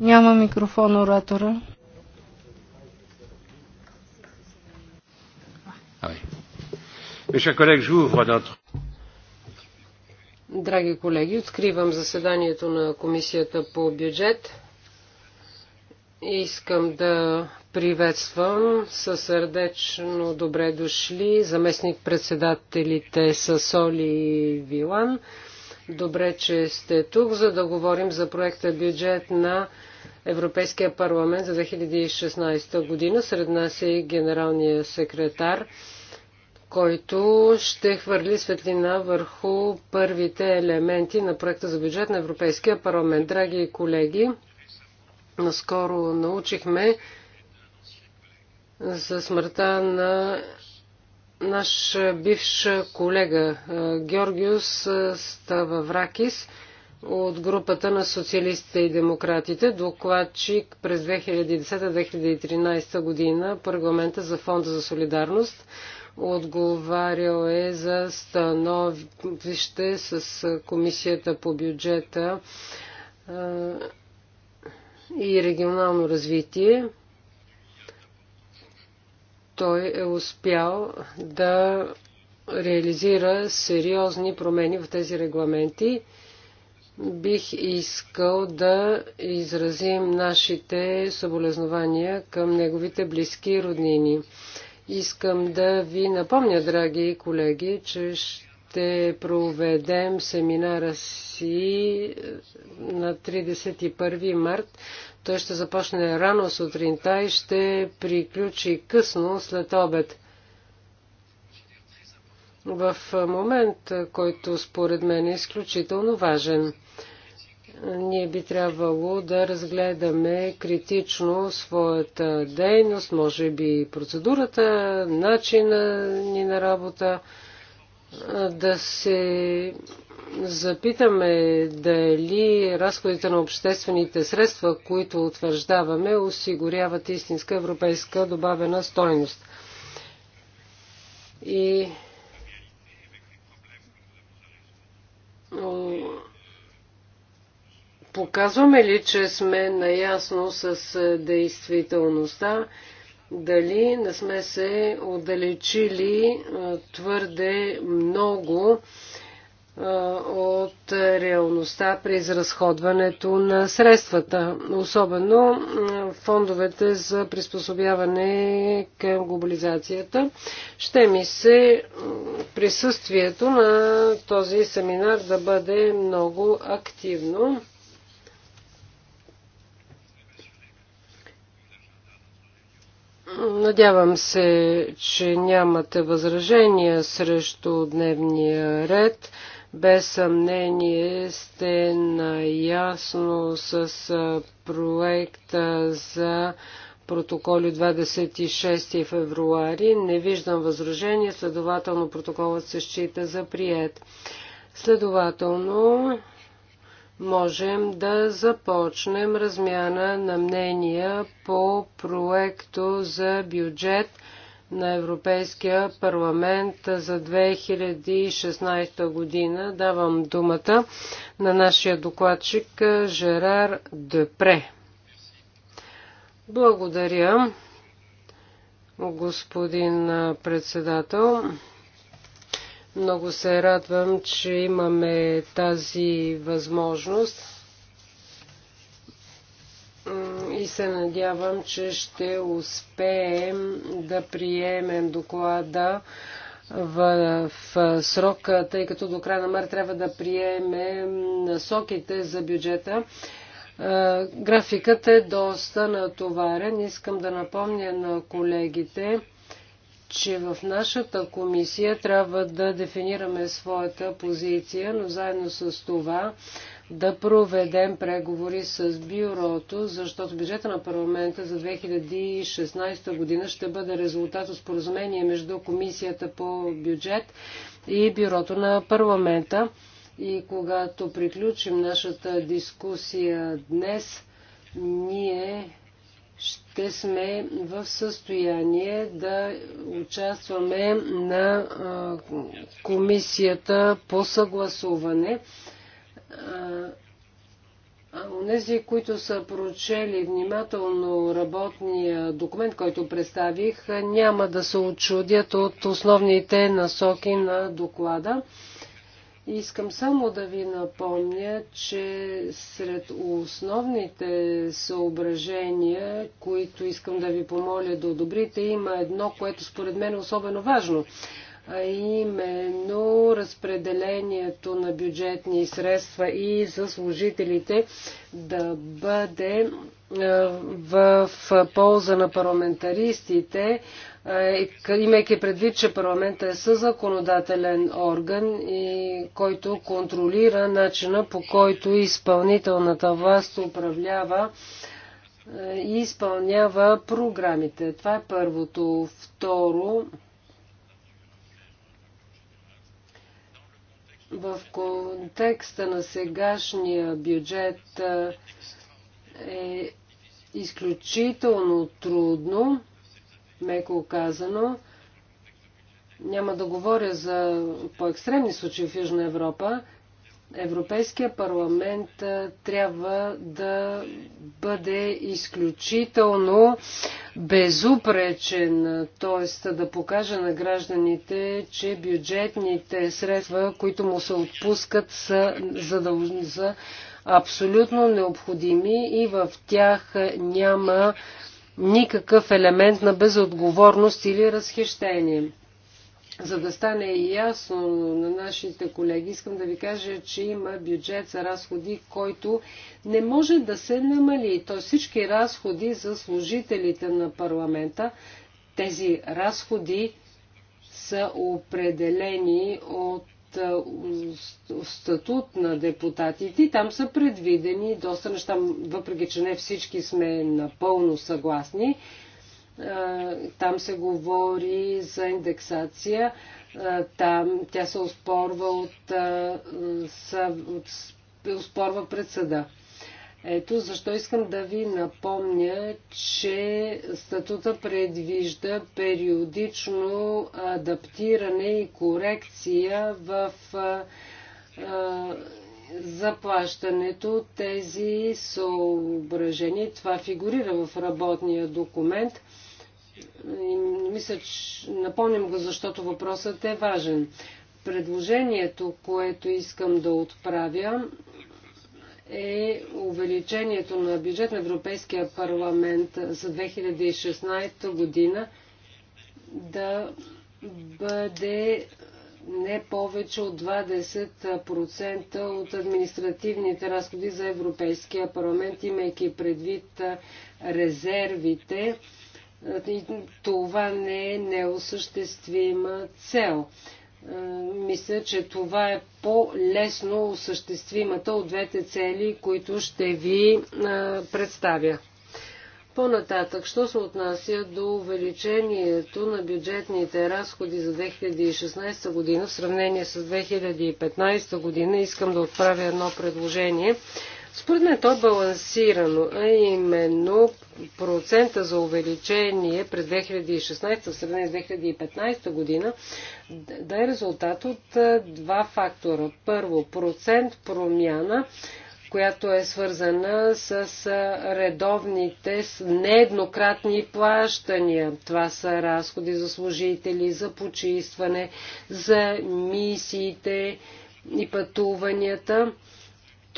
Няма микрофон оратора. Драги колеги, откривам заседанието на Комисията по бюджет. Искам да приветствам със сърдечно добре дошли заместник председателите Сасоли и Вилан. Добре, че сте тук, за да говорим за проекта бюджет на Европейския парламент за 2016 година. Сред нас е генералния секретар, който ще хвърли светлина върху първите елементи на проекта за бюджет на Европейския парламент. Драги колеги, наскоро научихме за смъртта на наш бивш колега Георгиус Стававракис – от групата на социалистите и демократите, докладчик през 2010-2013 година парламента за Фонда за солидарност. Отговарял е за становище с Комисията по бюджета и регионално развитие. Той е успял да реализира сериозни промени в тези регламенти бих искал да изразим нашите съболезнования към неговите близки роднини. Искам да ви напомня, драги колеги, че ще проведем семинара си е, на 31 март. Той ще започне рано сутринта и ще приключи късно след обед. В момент, който според мен е изключително важен – ние би трябвало да разгледаме критично своята дейност, може би процедурата, начина ни на работа, да се запитаме дали разходите на обществените средства, които утвърждаваме, осигуряват истинска европейска добавена стойност. И Показваме ли, че сме наясно с е, действителността? Дали не сме се отдалечили е, твърде много е, от реалността при изразходването на средствата, особено фондовете за приспособяване към глобализацията. Ще ми се присъствието на този семинар да бъде много активно. Надявам се, че нямате възражения срещу дневния ред. Без съмнение сте наясно с проекта за протоколи 26 февруари. Не виждам възражения, следователно протоколът се счита за прият. Следователно, можем да започнем размяна на мнения по проекто за бюджет на Европейския парламент за 2016 година. Давам думата на нашия докладчик Жерар Депре. Благодаря, господин председател. Много се радвам, че имаме тази възможност и се надявам, че ще успеем да приемем доклада в, в срока, тъй като до края на март трябва да приемем насоките за бюджета. Графикът е доста натоварен. Искам да напомня на колегите, че в нашата комисия трябва да дефинираме своята позиция, но заедно с това да проведем преговори с бюрото, защото бюджета на парламента за 2016 година ще бъде резултат от споразумение между комисията по бюджет и бюрото на парламента. И когато приключим нашата дискусия днес, ние ще сме в състояние да участваме на комисията по съгласуване. Онези, които са прочели внимателно работния документ, който представих, няма да се очудят от основните насоки на доклада. Искам само да ви напомня, че сред основните съображения, които искам да ви помоля да одобрите, има едно, което според мен е особено важно, а именно разпределението на бюджетни средства и за служителите да бъде в полза на парламентаристите, имайки предвид, че парламента е съзаконодателен орган и който контролира начина по който изпълнителната власт управлява и изпълнява програмите. Това е първото. Второ, в контекста на сегашния бюджет е изключително трудно меко казано. Няма да говоря за по-екстремни случаи в Южна Европа. Европейския парламент трябва да бъде изключително безупречен, т.е. да покаже на гражданите, че бюджетните средства, които му се отпускат, са задължени за абсолютно необходими и в тях няма никакъв елемент на безотговорност или разхищение. За да стане ясно на нашите колеги, искам да ви кажа, че има бюджет за разходи, който не може да се намали. То всички разходи за служителите на парламента, тези разходи са определени от статут на депутатите. Там са предвидени доста неща, въпреки че не всички сме напълно съгласни. Там се говори за индексация. Там тя се успорва, от, се оспорва пред съда. Ето защо искам да ви напомня, че статута предвижда периодично адаптиране и корекция в заплащането тези съображения. Това фигурира в работния документ. И мисля, че напомням го, защото въпросът е важен. Предложението, което искам да отправя, е увеличението на бюджет на Европейския парламент за 2016 година да бъде не повече от 20% от административните разходи за Европейския парламент, имайки предвид резервите. Това не е неосъществима цел мисля, че това е по-лесно осъществимата от двете цели, които ще ви представя. По-нататък, що се отнася до увеличението на бюджетните разходи за 2016 година в сравнение с 2015 година, искам да отправя едно предложение според мен е то е балансирано, а именно процента за увеличение през 2016 в сравнение с 2015 година да е резултат от два фактора. Първо, процент промяна която е свързана с редовните, нееднократни плащания. Това са разходи за служители, за почистване, за мисиите и пътуванията.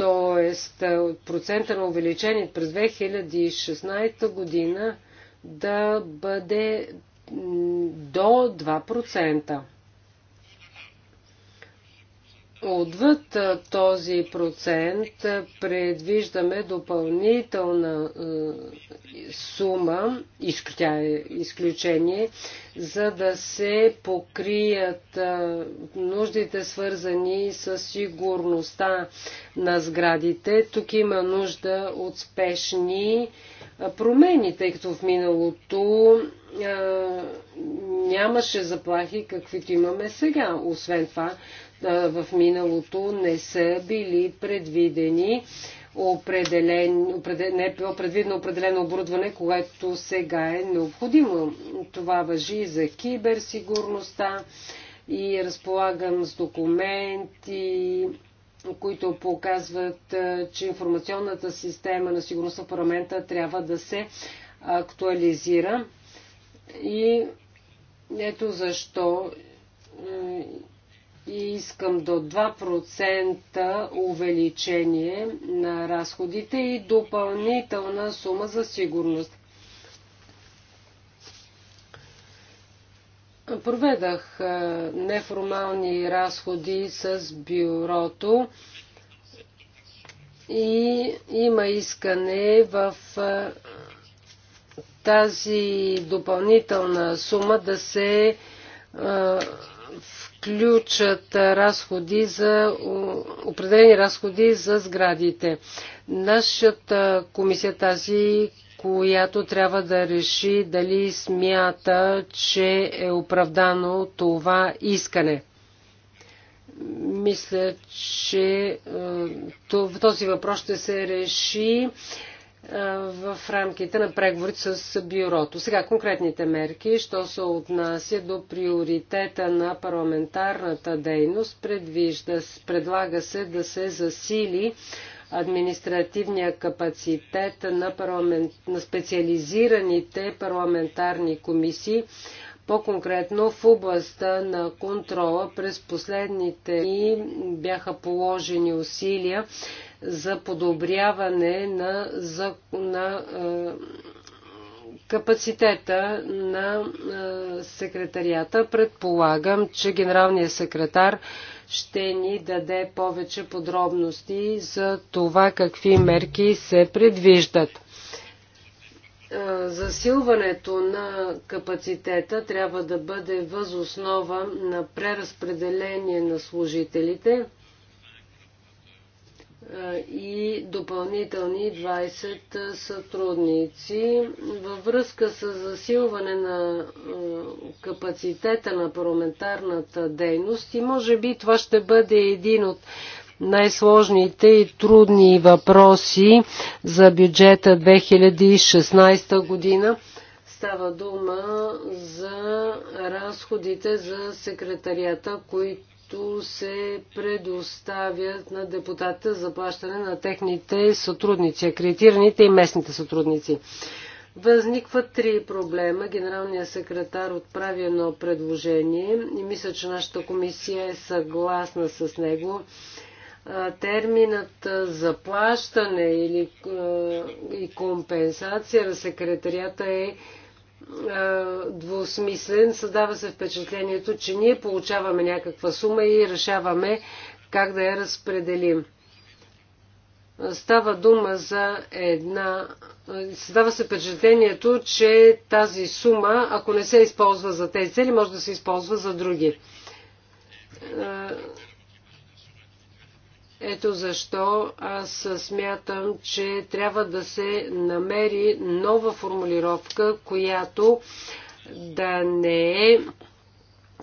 Тоест, е, процента на увеличение през 2016 година да бъде до 2%. Отвъд този процент предвиждаме допълнителна сума, тя е изключение, за да се покрият нуждите свързани с сигурността на сградите. Тук има нужда от спешни промени, тъй като в миналото нямаше заплахи, каквито имаме сега. Освен това, в миналото не са били предвидени определен, определен, не предвидено определено оборудване, което сега е необходимо. Това въжи за киберсигурността и разполагам с документи, които показват, че информационната система на сигурността в парламента трябва да се актуализира. И ето защо и искам до 2% увеличение на разходите и допълнителна сума за сигурност. Проведах е, неформални разходи с бюрото и има искане в е, тази допълнителна сума да се е, включат разходи за, определени разходи за сградите. Нашата комисия тази която трябва да реши дали смята, че е оправдано това искане. Мисля, че в този въпрос ще се реши в рамките на преговори с бюрото. Сега конкретните мерки, що се отнася до приоритета на парламентарната дейност, предвижда, предлага се да се засили административния капацитет на, парламент, на специализираните парламентарни комисии, по-конкретно в областта на контрола през последните дни бяха положени усилия за подобряване на, за, на капацитета на секретарията. Предполагам, че генералният секретар ще ни даде повече подробности за това какви мерки се предвиждат. Е, засилването на капацитета трябва да бъде възоснова на преразпределение на служителите е, и допълнителни 20 е, сътрудници. Във връзка с засилване на капацитета на парламентарната дейност и може би това ще бъде един от най-сложните и трудни въпроси за бюджета 2016 година. Става дума за разходите за секретарията, които се предоставят на депутата за плащане на техните сътрудници, акредитираните и местните сътрудници. Възникват три проблема. Генералният секретар отправи едно предложение и мисля, че нашата комисия е съгласна с него терминът за плащане или и компенсация на секретарията е двусмислен. Създава се впечатлението, че ние получаваме някаква сума и решаваме как да я разпределим. Става дума за една... Създава се впечатлението, че тази сума, ако не се използва за тези цели, може да се използва за други ето защо аз смятам, че трябва да се намери нова формулировка, която да не е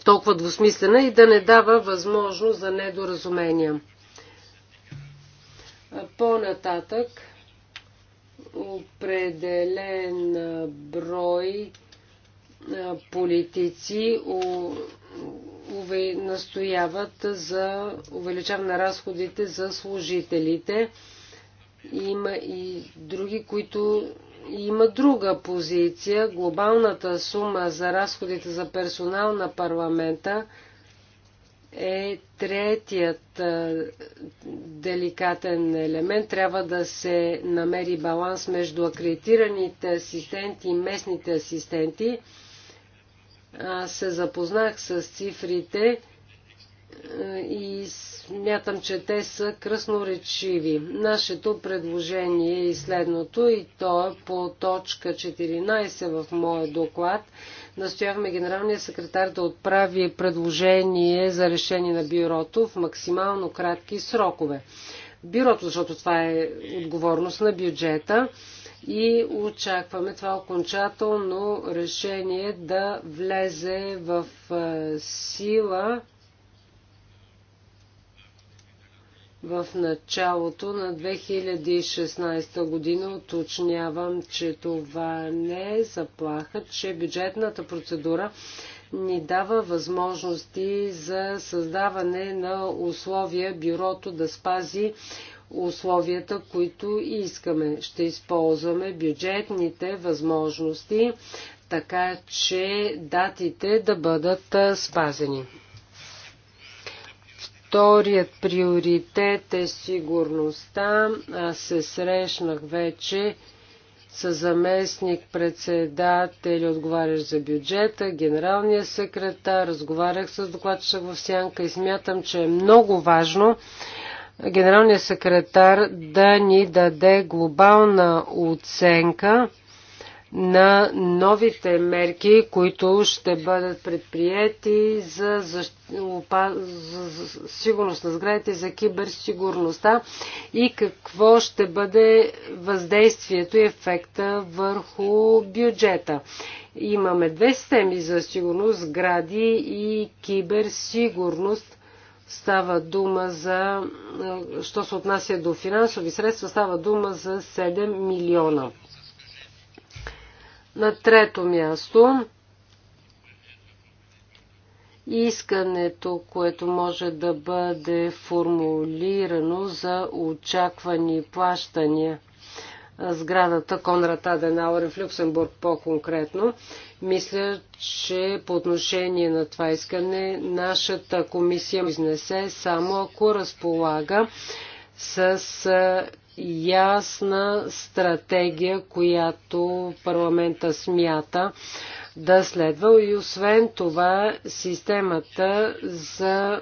толкова двусмислена и да не дава възможност за недоразумения. По-нататък определен брой политици настояват за увеличаване на разходите за служителите. Има и други, които има друга позиция. Глобалната сума за разходите за персонал на парламента е третият деликатен елемент. Трябва да се намери баланс между акредитираните асистенти и местните асистенти. Аз се запознах с цифрите е, и смятам, че те са кръсноречиви. Нашето предложение е следното и то е по точка 14 в моя доклад. Настояваме генералния секретар да отправи предложение за решение на бюрото в максимално кратки срокове. Бюрото, защото това е отговорност на бюджета, и очакваме това окончателно решение да влезе в е, сила в началото на 2016 година. Уточнявам, че това не е заплаха, че бюджетната процедура ни дава възможности за създаване на условия бюрото да спази условията, които искаме. Ще използваме бюджетните възможности, така че датите да бъдат спазени. Вторият приоритет е сигурността. Аз се срещнах вече с заместник председател, отговарящ за бюджета, генералния секретар, разговарях с докладчик в Сянка и смятам, че е много важно генералния секретар да ни даде глобална оценка на новите мерки, които ще бъдат предприяти за, защ... за сигурност на сградите, за киберсигурността и какво ще бъде въздействието и ефекта върху бюджета. Имаме две системи за сигурност, сгради и киберсигурност Става дума за, е, що се отнася до финансови средства, става дума за 7 милиона. На трето място, искането, което може да бъде формулирано за очаквани плащания сградата Конрад Аденауер в Люксембург по-конкретно. Мисля, че по отношение на това искане нашата комисия изнесе само ако разполага с ясна стратегия, която парламента смята да следва. И освен това, системата за,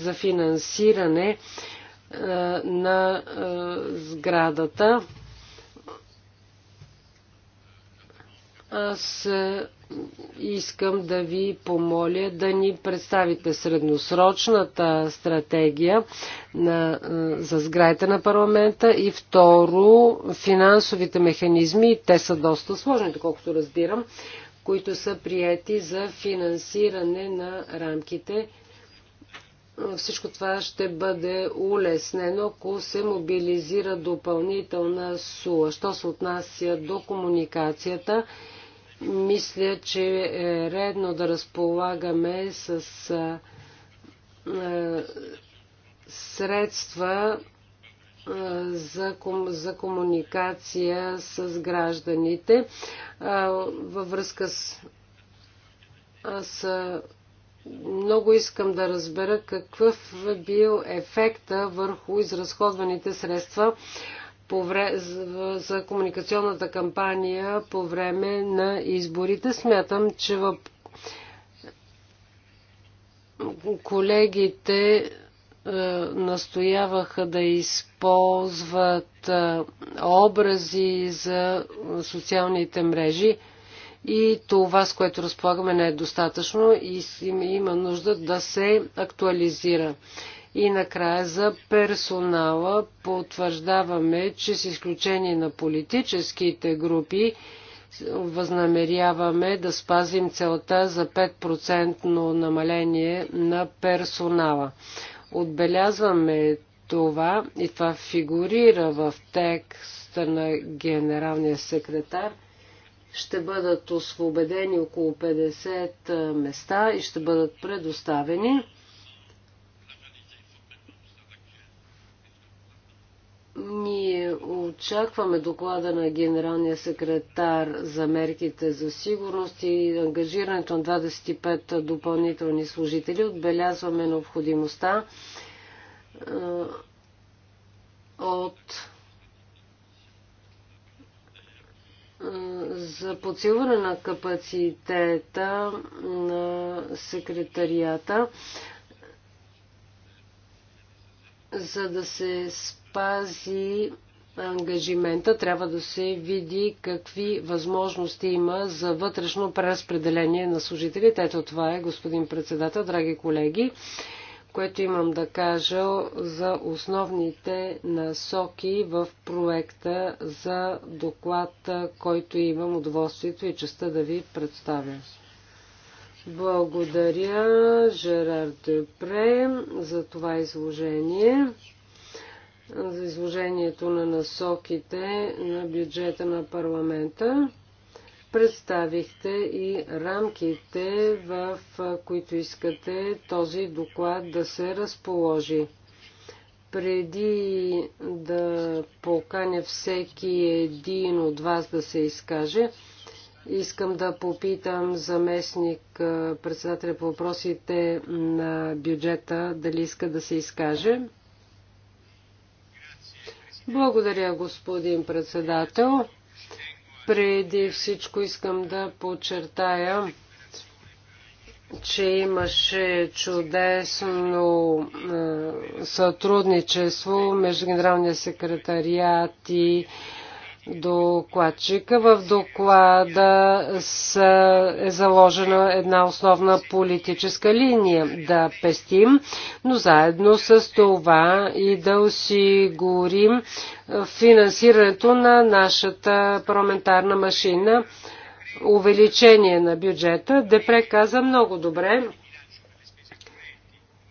за финансиране на сградата Аз е, искам да ви помоля да ни представите средносрочната стратегия на, е, за сградите на парламента и второ финансовите механизми, те са доста сложни, доколкото разбирам, които са приети за финансиране на рамките. Всичко това ще бъде улеснено, ако се мобилизира допълнителна сула. Що се отнася до комуникацията, мисля, че е редно да разполагаме с е, е, средства е, за, ком, за комуникация с гражданите във връзка с. Аз много искам да разбера какъв бил ефекта върху изразходваните средства вре... за комуникационната кампания по време на изборите. Смятам, че в колегите е, настояваха да използват е, образи за социалните мрежи и това, с което разполагаме, не е достатъчно и има нужда да се актуализира. И накрая за персонала потвърждаваме, че с изключение на политическите групи възнамеряваме да спазим целта за 5% намаление на персонала. Отбелязваме това и това фигурира в текста на генералния секретар. Ще бъдат освободени около 50 места и ще бъдат предоставени Ние очакваме доклада на генералния секретар за мерките за сигурност и ангажирането на 25 допълнителни служители. Отбелязваме необходимостта от за подсилване на капацитета на секретарията, за да се спи Пази ангажимента, трябва да се види какви възможности има за вътрешно преразпределение на служителите. Ето това е, господин председател, драги колеги, което имам да кажа за основните насоки в проекта за доклад, който имам удоволствието и честа да ви представя. Благодаря, Жерар Депре, за това изложение за изложението на насоките на бюджета на парламента. Представихте и рамките, в които искате този доклад да се разположи. Преди да поканя всеки един от вас да се изкаже, Искам да попитам заместник председателя по въпросите на бюджета дали иска да се изкаже. Благодаря, господин председател. Преди всичко искам да подчертая, че имаше чудесно е, сътрудничество между Генералния секретариат и докладчика. В доклада са, е заложена една основна политическа линия да пестим, но заедно с това и да осигурим финансирането на нашата парламентарна машина, увеличение на бюджета. Депре каза много добре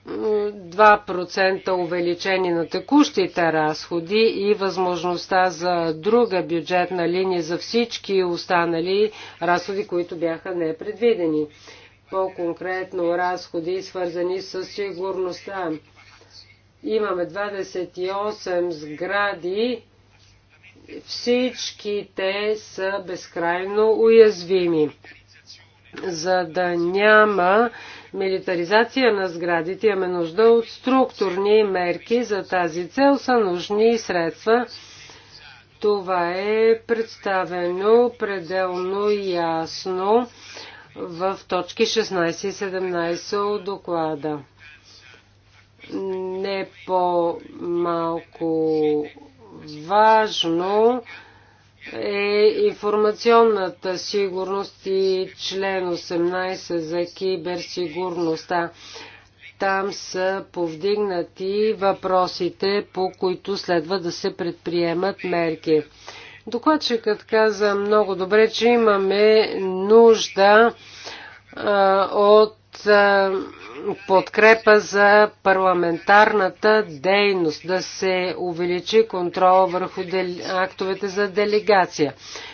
2% увеличение на текущите разходи и възможността за друга бюджетна линия за всички останали разходи, които бяха непредвидени. По-конкретно разходи, свързани с сигурността. Имаме 28 сгради, всичките са безкрайно уязвими. За да няма милитаризация на сградите. Имаме нужда от структурни мерки за тази цел. Са нужни средства. Това е представено пределно ясно в точки 16 и 17 от доклада. Не по-малко важно е информационната сигурност и член 18 за киберсигурността. Там са повдигнати въпросите, по които следва да се предприемат мерки. Докладчикът каза много добре, че имаме нужда а, от подкрепа за парламентарната дейност, да се увеличи контрол върху дел... актовете за делегация.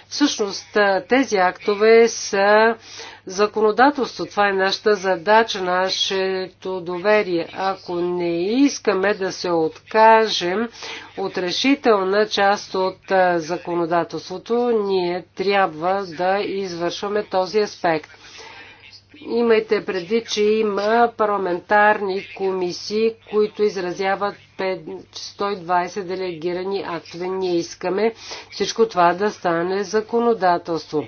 Всъщност тези актове са законодателство. Това е нашата задача, нашето доверие. Ако не искаме да се откажем от решителна част от законодателството, ние трябва да извършваме този аспект. Имайте преди, че има парламентарни комисии, които изразяват 120 делегирани актове. Ние искаме всичко това да стане законодателство.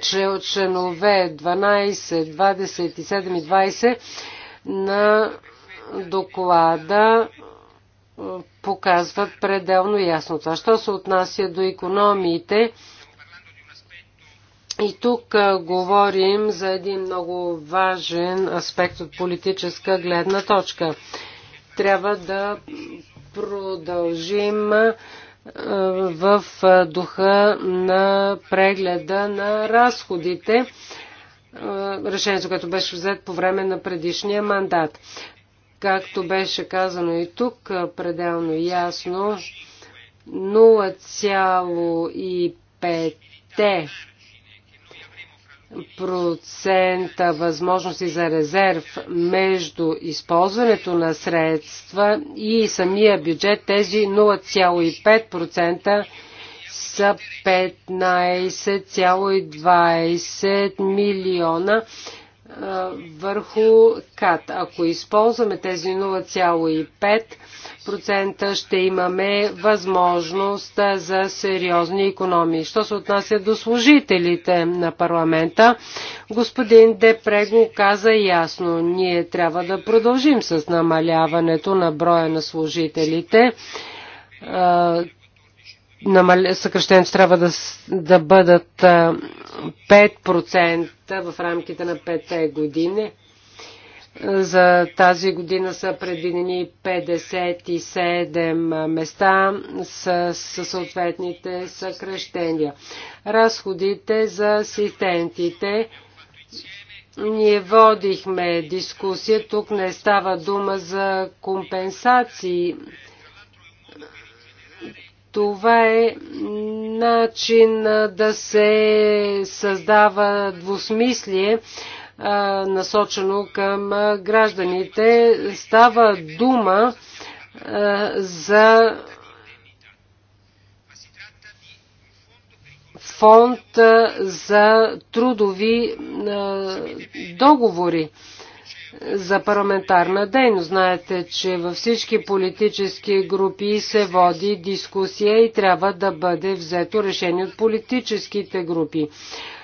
Че от Членове 12, 27 и 20 на доклада показват пределно ясно това. Що се отнася до економиите, и тук а, говорим за един много важен аспект от политическа гледна точка. Трябва да продължим а, в а, духа на прегледа на разходите, решението, което беше взет по време на предишния мандат. Както беше казано и тук, пределно ясно, 0,5 процента възможности за резерв между използването на средства и самия бюджет, тези 0,5% са 15,20 милиона върху КАТ. Ако използваме тези 0,5%, ще имаме възможност за сериозни економии. Що се отнася до служителите на парламента, господин Депре го каза ясно. Ние трябва да продължим с намаляването на броя на служителите съкръщението трябва да, да бъдат 5% в рамките на 5 години. За тази година са предвидени 57 места с, с съответните съкръщения. Разходите за асистентите. Ние водихме дискусия. Тук не става дума за компенсации това е начин да се създава двусмислие, насочено към гражданите. Става дума за фонд за трудови договори за парламентарна дейност. Знаете, че във всички политически групи се води дискусия и трябва да бъде взето решение от политическите групи.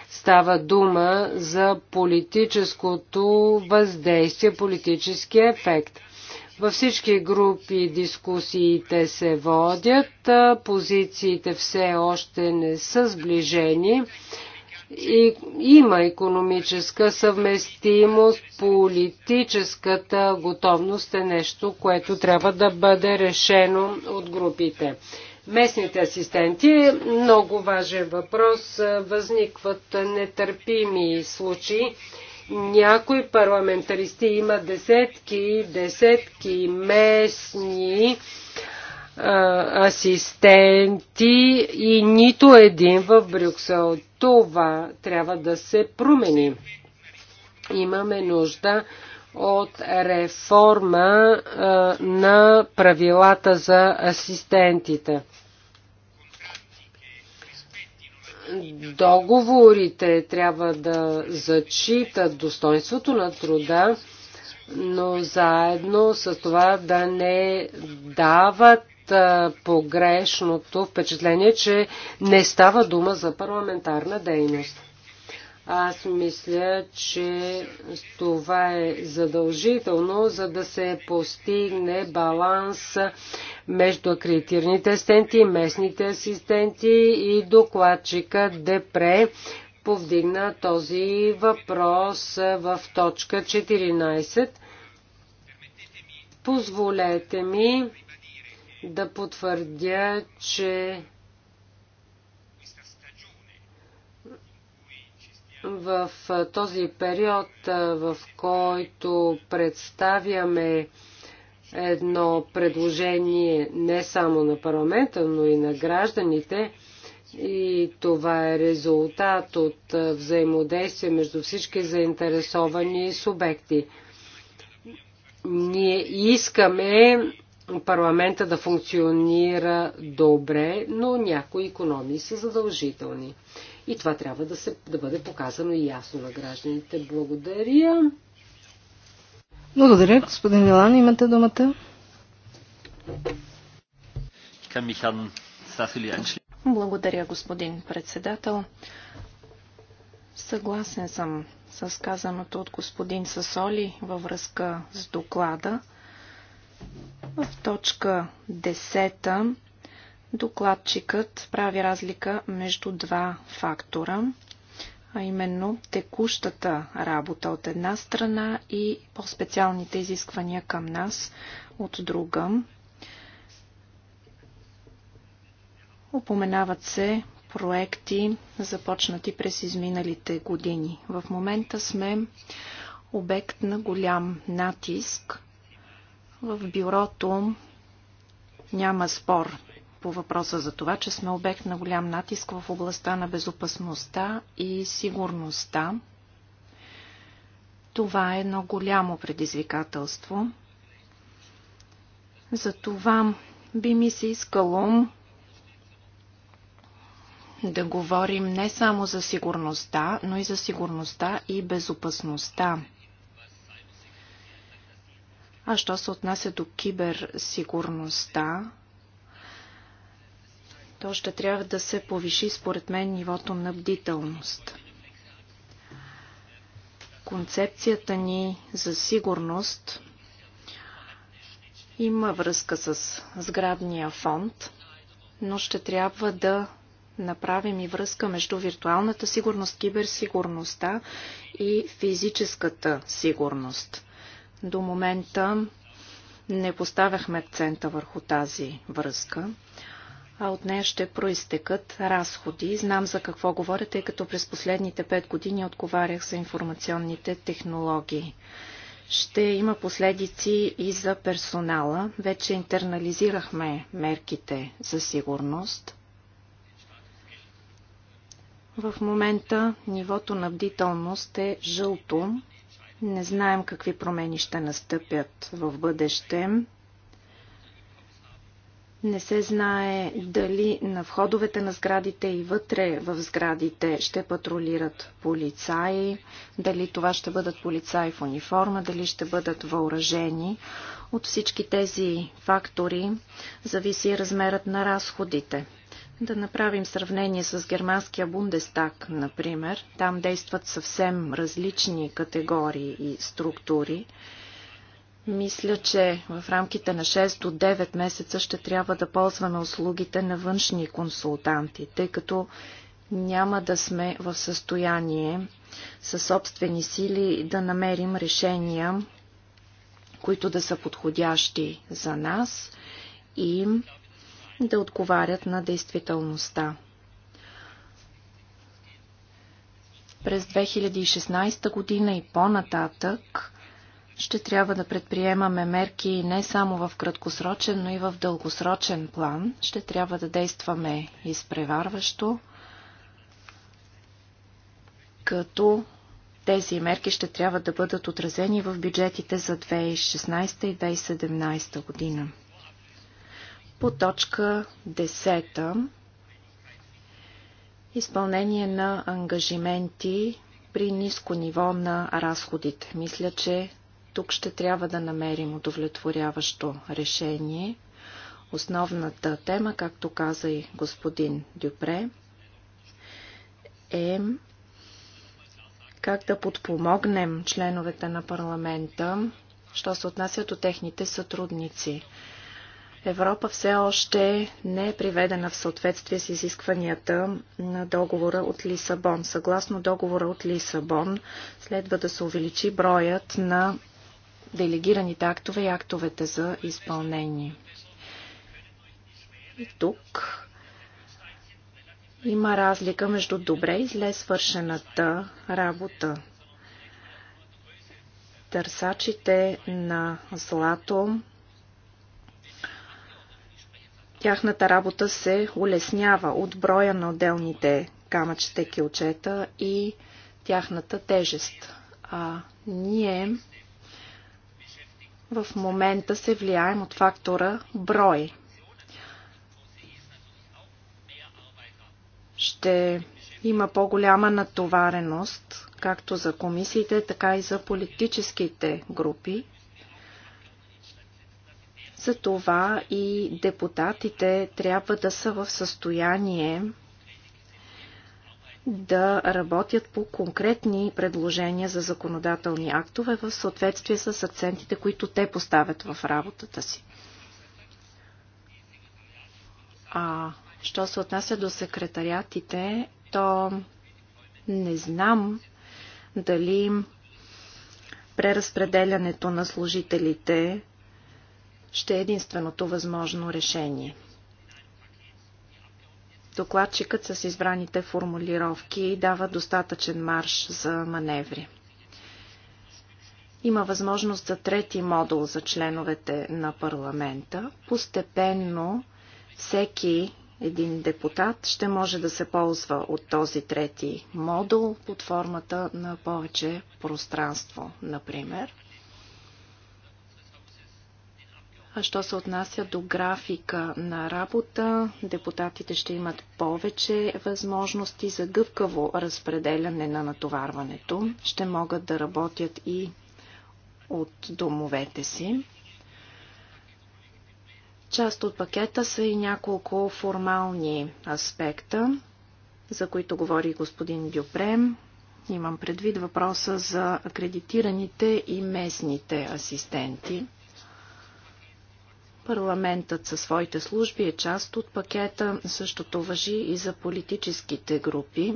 Става дума за политическото въздействие, политическия ефект. Във всички групи дискусиите се водят, позициите все още не са сближени. И, има економическа съвместимост, политическата готовност е нещо, което трябва да бъде решено от групите. Местните асистенти, много важен въпрос, възникват нетърпими случаи. Някои парламентаристи има десетки, десетки местни асистенти и нито един в Брюксел. Това трябва да се промени. Имаме нужда от реформа на правилата за асистентите. Договорите трябва да зачитат достоинството на труда, но заедно с това да не дават погрешното впечатление, че не става дума за парламентарна дейност. Аз мисля, че това е задължително, за да се постигне баланс между акредитираните асистенти, местните асистенти и докладчика Депре повдигна този въпрос в точка 14. Позволете ми да потвърдя, че в този период, в който представяме едно предложение не само на парламента, но и на гражданите, и това е резултат от взаимодействие между всички заинтересовани субекти. Ние искаме парламента да функционира добре, но някои економии са задължителни. И това трябва да, се, да бъде показано и ясно на гражданите. Благодаря. Благодаря, господин Милан. Имате думата. Благодаря, господин председател. Съгласен съм с казаното от господин Сасоли във връзка с доклада. В точка 10 докладчикът прави разлика между два фактора, а именно текущата работа от една страна и по-специалните изисквания към нас от друга. Упоменават се проекти, започнати през изминалите години. В момента сме обект на голям натиск в бюрото няма спор по въпроса за това, че сме обект на голям натиск в областта на безопасността и сигурността. Това е едно голямо предизвикателство. Затова би ми се искало да говорим не само за сигурността, но и за сигурността и безопасността. А що се отнася до киберсигурността, то ще трябва да се повиши според мен нивото на бдителност. Концепцията ни за сигурност има връзка с сградния фонд, но ще трябва да направим и връзка между виртуалната сигурност, киберсигурността и физическата сигурност. До момента не поставяхме акцента върху тази връзка, а от нея ще проистекат разходи. Знам за какво говоря, тъй като през последните пет години отговарях за информационните технологии. Ще има последици и за персонала. Вече интернализирахме мерките за сигурност. В момента нивото на бдителност е жълто не знаем какви промени ще настъпят в бъдеще. Не се знае дали на входовете на сградите и вътре в сградите ще патрулират полицаи, дали това ще бъдат полицаи в униформа, дали ще бъдат въоръжени. От всички тези фактори зависи размерът на разходите. Да направим сравнение с германския Бундестаг, например. Там действат съвсем различни категории и структури. Мисля, че в рамките на 6 до 9 месеца ще трябва да ползваме услугите на външни консултанти, тъй като няма да сме в състояние със собствени сили да намерим решения, които да са подходящи за нас и да отговарят на действителността. През 2016 година и по-нататък ще трябва да предприемаме мерки не само в краткосрочен, но и в дългосрочен план. Ще трябва да действаме изпреварващо, като тези мерки ще трябва да бъдат отразени в бюджетите за 2016 и 2017 година. По точка 10 изпълнение на ангажименти при ниско ниво на разходите. Мисля, че тук ще трябва да намерим удовлетворяващо решение. Основната тема, както каза и господин Дюпре, е как да подпомогнем членовете на парламента, що се отнасят от техните сътрудници. Европа все още не е приведена в съответствие с изискванията на договора от Лисабон. Съгласно договора от Лисабон следва да се увеличи броят на делегираните актове и актовете за изпълнение. И тук има разлика между добре и зле свършената работа. Търсачите на злато Тяхната работа се улеснява от броя на отделните камъчета, и килчета и тяхната тежест. А ние в момента се влияем от фактора брой. Ще има по-голяма натовареност, както за комисиите, така и за политическите групи. Затова и депутатите трябва да са в състояние да работят по конкретни предложения за законодателни актове в съответствие с акцентите, които те поставят в работата си. А що се отнася до секретариатите, то не знам дали преразпределянето на служителите ще е единственото възможно решение. Докладчикът с избраните формулировки дава достатъчен марш за маневри. Има възможност за трети модул за членовете на парламента. Постепенно всеки един депутат ще може да се ползва от този трети модул под формата на повече пространство, например. Що се отнася до графика на работа, депутатите ще имат повече възможности за гъвкаво разпределяне на натоварването. Ще могат да работят и от домовете си. Част от пакета са и няколко формални аспекта, за които говори господин Дюпрем. Имам предвид въпроса за акредитираните и местните асистенти. Парламентът със своите служби е част от пакета, същото въжи и за политическите групи.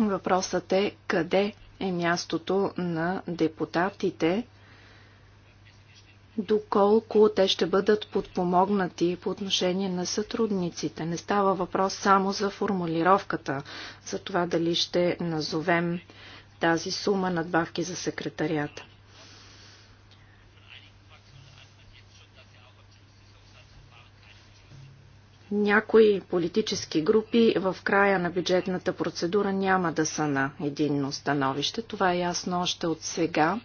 Въпросът е къде е мястото на депутатите, доколко те ще бъдат подпомогнати по отношение на сътрудниците. Не става въпрос само за формулировката, за това дали ще назовем тази сума надбавки за секретарията. Някои политически групи в края на бюджетната процедура няма да са на единно становище. Това е ясно още от сега.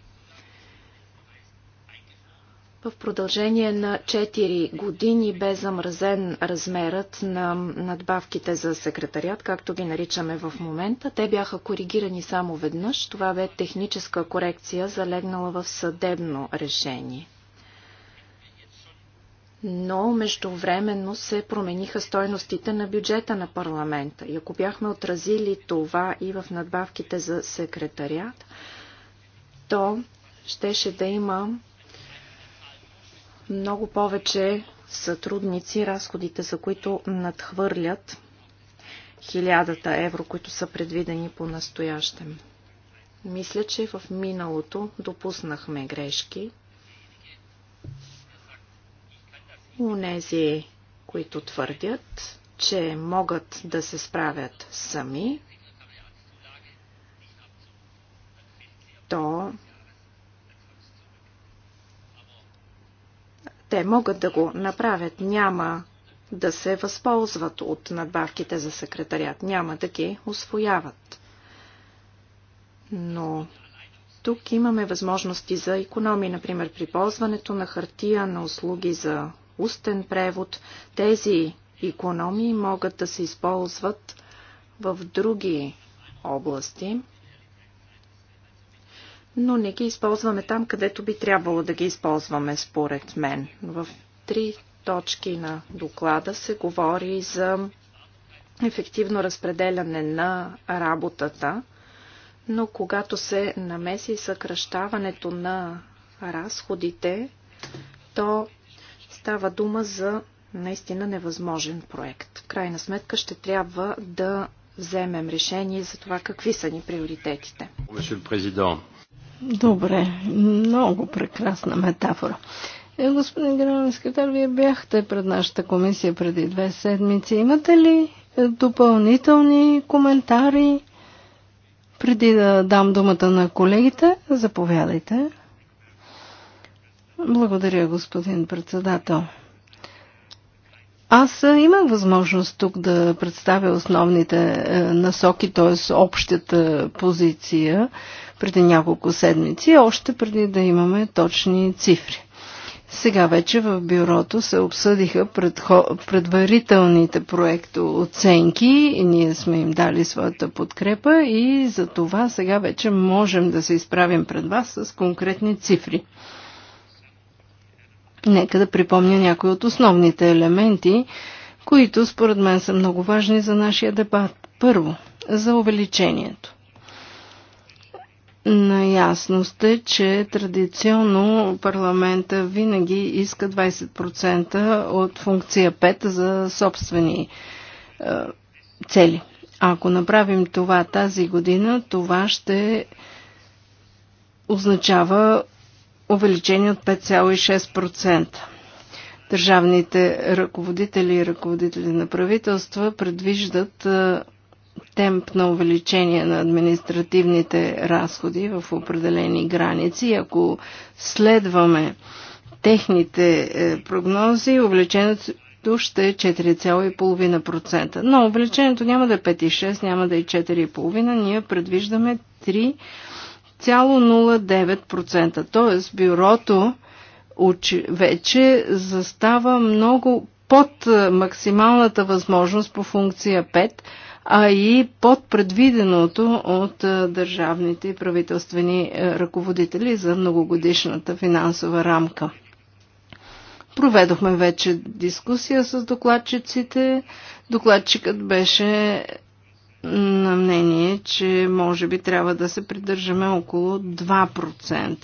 В продължение на 4 години бе замразен размерът на надбавките за секретариат, както ги наричаме в момента. Те бяха коригирани само веднъж. Това бе техническа корекция, залегнала в съдебно решение но междувременно се промениха стойностите на бюджета на парламента. И ако бяхме отразили това и в надбавките за секретарят, то щеше да има много повече сътрудници, разходите за които надхвърлят хилядата евро, които са предвидени по настоящем. Мисля, че в миналото допуснахме грешки, Унези, които твърдят, че могат да се справят сами, то те могат да го направят. Няма да се възползват от надбавките за секретарят. Няма да ги освояват. Но тук имаме възможности за економии, например при ползването на хартия, на услуги за устен превод, тези економии могат да се използват в други области, но не ги използваме там, където би трябвало да ги използваме, според мен. В три точки на доклада се говори за ефективно разпределяне на работата, но когато се намеси съкръщаването на разходите, то Става дума за наистина невъзможен проект. В крайна сметка ще трябва да вземем решение за това какви са ни приоритетите. Добре, много прекрасна метафора. Е, господин генерален секретар, вие бяхте пред нашата комисия преди две седмици. Имате ли е, допълнителни коментари? Преди да дам думата на колегите, заповядайте. Благодаря, господин председател. Аз е, имам възможност тук да представя основните е, насоки, т.е. общата позиция преди няколко седмици, още преди да имаме точни цифри. Сега вече в бюрото се обсъдиха предварителните проекто оценки и ние сме им дали своята подкрепа и за това сега вече можем да се изправим пред вас с конкретни цифри. Нека да припомня някои от основните елементи, които според мен са много важни за нашия дебат. Първо, за увеличението. Наясно сте, че традиционно парламента винаги иска 20% от функция 5 за собствени е, цели. Ако направим това тази година, това ще означава увеличение от 5,6%. Държавните ръководители и ръководители на правителства предвиждат темп на увеличение на административните разходи в определени граници. Ако следваме техните е, прогнози, увеличението ще е 4,5%. Но увеличението няма да е 5,6, няма да е 4,5. Ние предвиждаме 3 0,09%. Тоест бюрото вече застава много под е, максималната възможност по функция 5, а и под предвиденото от е, държавните и правителствени е, ръководители за многогодишната финансова рамка. Проведохме вече дискусия с докладчиците. Докладчикът беше на мнение, че може би трябва да се придържаме около 2%.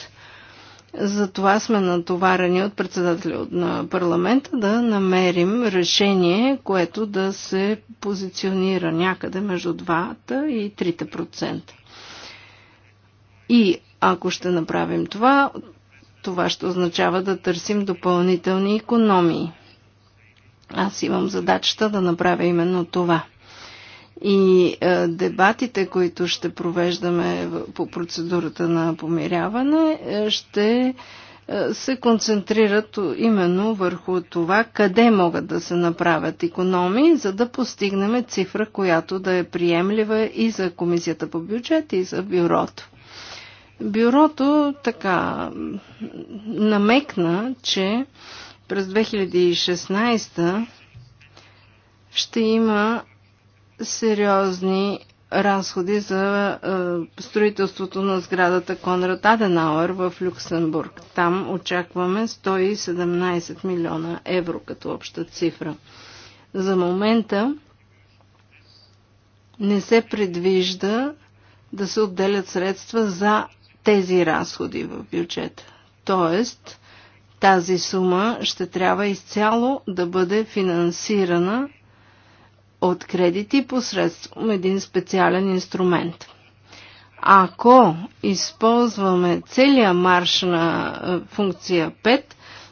Затова сме натоварени от председателя на парламента да намерим решение, което да се позиционира някъде между 2 и 3%. И ако ще направим това, това ще означава да търсим допълнителни економии. Аз имам задачата да направя именно това – и е, дебатите, които ще провеждаме по процедурата на помиряване, е, ще е, се концентрират именно върху това къде могат да се направят економии, за да постигнем цифра, която да е приемлива и за Комисията по бюджет, и за бюрото. Бюрото така намекна, че през 2016 ще има сериозни разходи за е, строителството на сградата Конрад Аденауер в Люксембург. Там очакваме 117 милиона евро като обща цифра. За момента не се предвижда да се отделят средства за тези разходи в бюджета. Тоест, тази сума ще трябва изцяло да бъде финансирана от кредити посредством един специален инструмент. Ако използваме целия марш на е, функция 5,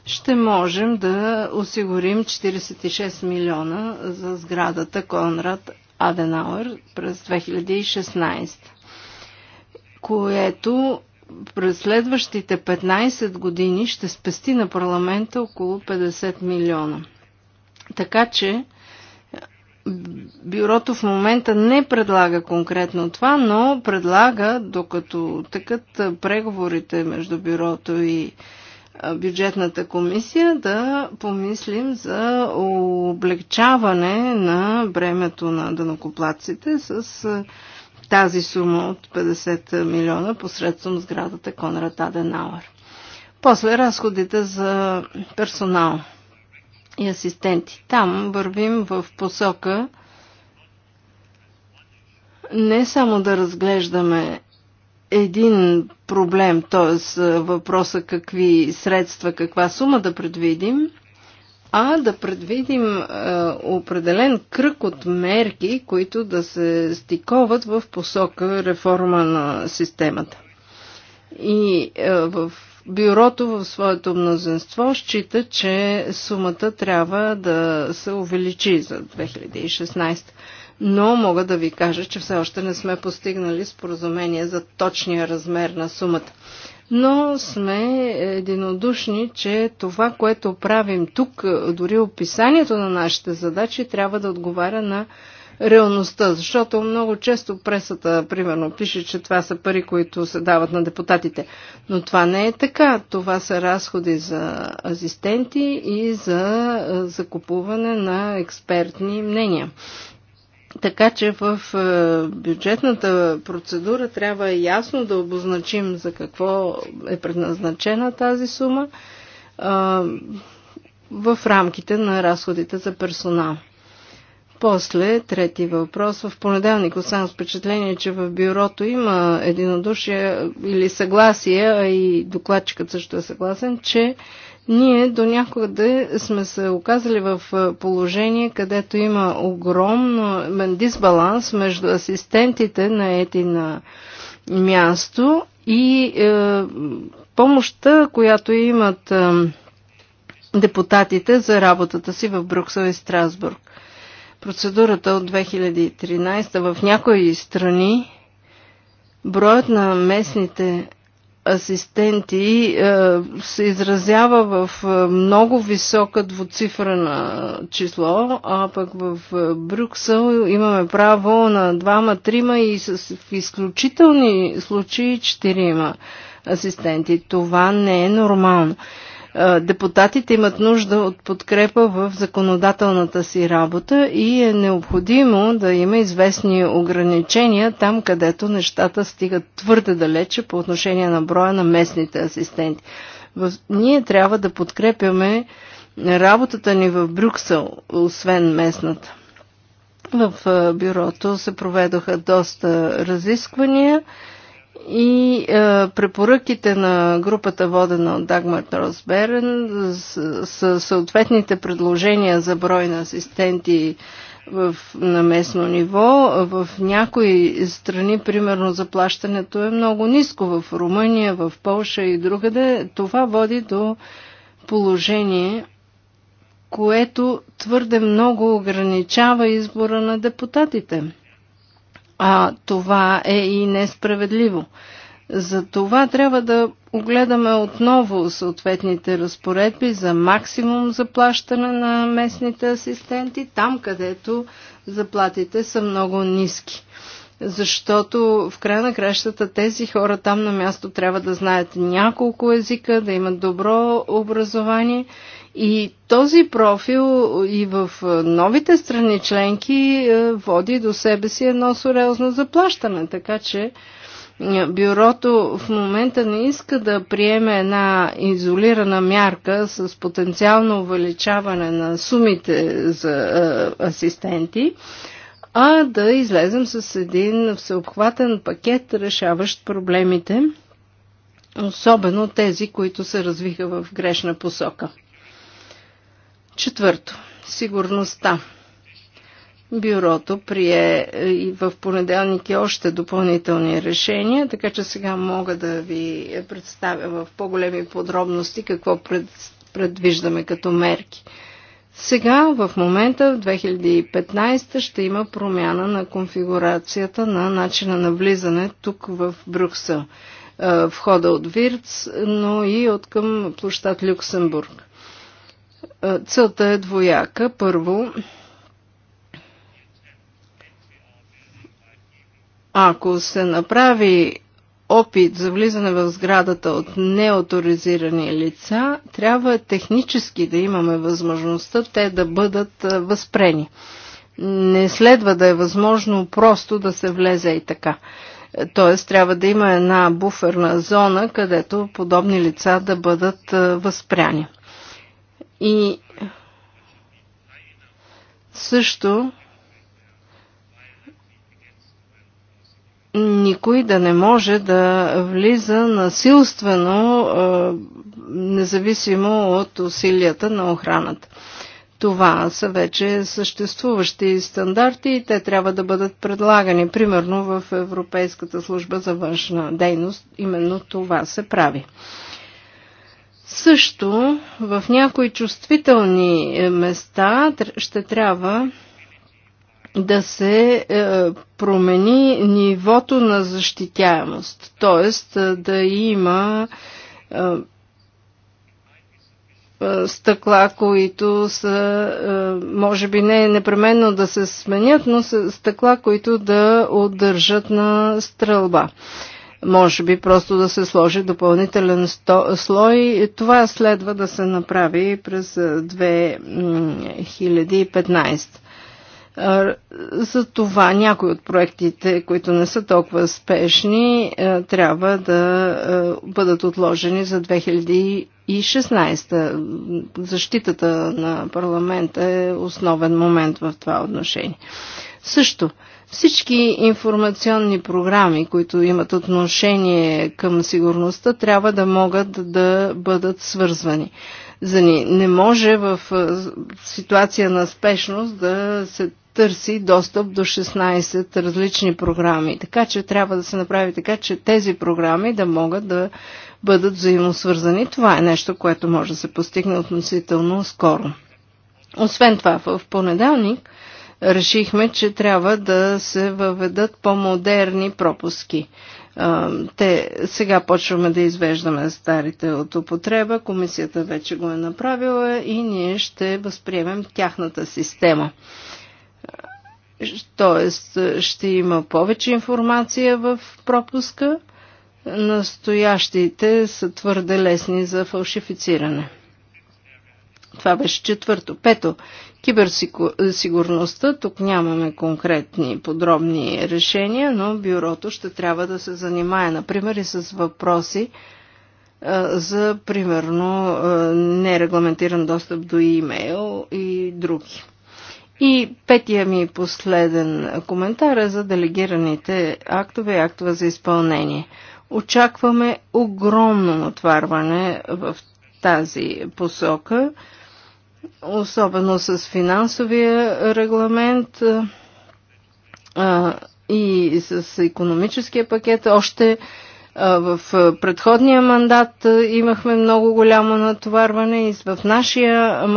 ще можем да осигурим 46 милиона за сградата Конрад Аденауер през 2016, което през следващите 15 години ще спести на парламента около 50 милиона. Така че Бюрото в момента не предлага конкретно това, но предлага, докато тъкат преговорите между бюрото и бюджетната комисия, да помислим за облегчаване на бремето на данокоплаците с тази сума от 50 милиона посредством сградата Конрад Аденауър. После разходите за персонал – и асистенти. Там вървим в посока не само да разглеждаме един проблем, т.е. въпроса какви средства, каква сума да предвидим, а да предвидим е, определен кръг от мерки, които да се стиковат в посока реформа на системата. И е, в Бюрото в своето мнозинство счита, че сумата трябва да се увеличи за 2016. Но мога да ви кажа, че все още не сме постигнали споразумение за точния размер на сумата. Но сме единодушни, че това, което правим тук, дори описанието на нашите задачи, трябва да отговаря на реалността, защото много често пресата, примерно, пише, че това са пари, които се дават на депутатите. Но това не е така. Това са разходи за асистенти и за закупуване на експертни мнения. Така че в бюджетната процедура трябва ясно да обозначим за какво е предназначена тази сума в рамките на разходите за персонал. После, трети въпрос. В понеделник оставам впечатление, че в бюрото има единодушие или съгласие, а и докладчикът също е съгласен, че ние до някъде сме се оказали в положение, където има огромен дисбаланс между асистентите на ети на място и е, помощта, която имат е, депутатите за работата си в Брюксел и Страсбург процедурата от 2013 в някои страни броят на местните асистенти е, се изразява в е, много висока двуцифрена е, число, а пък в Брюксел имаме право на двама, трима и с изключителни случаи четирима асистенти. Това не е нормално. Е, депутатите имат нужда от подкрепа в законодателната си работа и е необходимо да има известни ограничения там, където нещата стигат твърде далече по отношение на броя на местните асистенти. Ние трябва да подкрепяме работата ни в Брюксел, освен местната. В е, бюрото се проведоха доста разисквания и е, препоръките на групата водена от Дагмар Тросберен с, с съответните предложения за брой на асистенти в, на местно ниво. В някои страни, примерно, заплащането е много ниско. В Румъния, в Полша и другаде. Това води до положение, което твърде много ограничава избора на депутатите. А това е и несправедливо. За това трябва да огледаме отново съответните разпоредби за максимум заплащане на местните асистенти, там където заплатите са много ниски. Защото в края на кращата тези хора там на място трябва да знаят няколко езика, да имат добро образование и този профил и в е, новите страни членки е, води до себе си едно сериозно заплащане, така че е, бюрото в момента не иска да приеме една изолирана мярка с потенциално увеличаване на сумите за асистенти, а да излезем с един всеобхватен пакет, решаващ проблемите, особено тези, които се развиха в грешна посока. Четвърто, сигурността. Бюрото прие е, и в понеделник и е още допълнителни решения, така че сега мога да ви представя в по-големи подробности какво предвиждаме като мерки. Сега, в момента, в 2015, ще има промяна на конфигурацията на начина на влизане тук в Брюксел. Е, входа от Вирц, но и от към площад Люксембург. Целта е двояка. Първо, ако се направи опит за влизане в сградата от неоторизирани лица, трябва технически да имаме възможността те да бъдат възпрени. Не следва да е възможно просто да се влезе и така. Тоест трябва да има една буферна зона, където подобни лица да бъдат възпряни. И също никой да не може да влиза насилствено, независимо от усилията на охраната. Това са вече съществуващи стандарти и те трябва да бъдат предлагани. Примерно в Европейската служба за външна дейност именно това се прави. Също в някои чувствителни е, места ще трябва да се е, промени нивото на защитяемост, т.е. да има е, стъкла, които са, може би не непременно да се сменят, но са стъкла, които да отдържат на стрелба. Може би просто да се сложи допълнителен слой. Това следва да се направи през 2015. За това някои от проектите, които не са толкова спешни, трябва да бъдат отложени за 2016. Защитата на парламента е основен момент в това отношение. Също всички информационни програми, които имат отношение към сигурността, трябва да могат да бъдат свързвани. За ни не може в ситуация на спешност да се търси достъп до 16 различни програми. Така че трябва да се направи така, че тези програми да могат да бъдат взаимосвързани. Това е нещо, което може да се постигне относително скоро. Освен това, в понеделник решихме, че трябва да се въведат по-модерни пропуски. Те сега почваме да извеждаме старите от употреба, комисията вече го е направила и ние ще възприемем тяхната система. Тоест ще има повече информация в пропуска, настоящите са твърде лесни за фалшифициране. Това беше четвърто. Пето, Киберсигурността, тук нямаме конкретни подробни решения, но бюрото ще трябва да се занимае, например, и с въпроси за, примерно, нерегламентиран достъп до имейл и други. И петия ми последен коментар е за делегираните актове и актове за изпълнение. Очакваме огромно натварване в тази посока – особено с финансовия регламент и с економическия пакет. Още в предходния мандат имахме много голямо натоварване и в нашия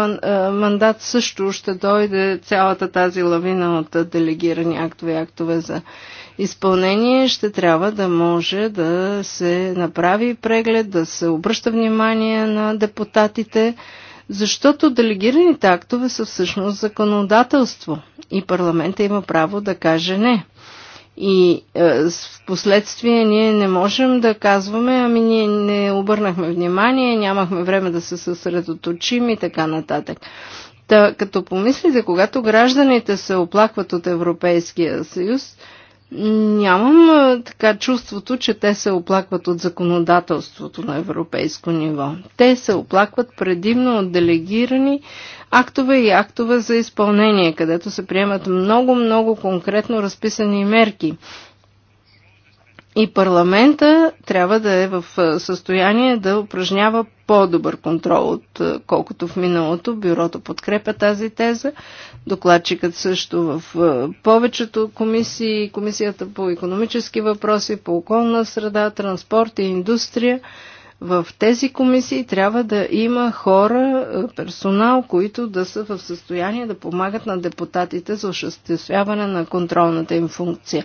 мандат също ще дойде цялата тази лавина от делегирани актове и актове за изпълнение. Ще трябва да може да се направи преглед, да се обръща внимание на депутатите защото делегираните актове са всъщност законодателство и парламента има право да каже не. И е, в последствие ние не можем да казваме, ами ние не обърнахме внимание, нямахме време да се съсредоточим и така нататък. Та, като помислите, когато гражданите се оплакват от Европейския съюз, нямам така чувството, че те се оплакват от законодателството на европейско ниво. Те се оплакват предимно от делегирани актове и актове за изпълнение, където се приемат много-много конкретно разписани мерки и парламента трябва да е в състояние да упражнява по-добър контрол, от колкото в миналото. Бюрото подкрепя тази теза. Докладчикът също в повечето комисии, комисията по економически въпроси, по околна среда, транспорт и индустрия, в тези комисии трябва да има хора, персонал, които да са в състояние да помагат на депутатите за осъществяване на контролната им функция.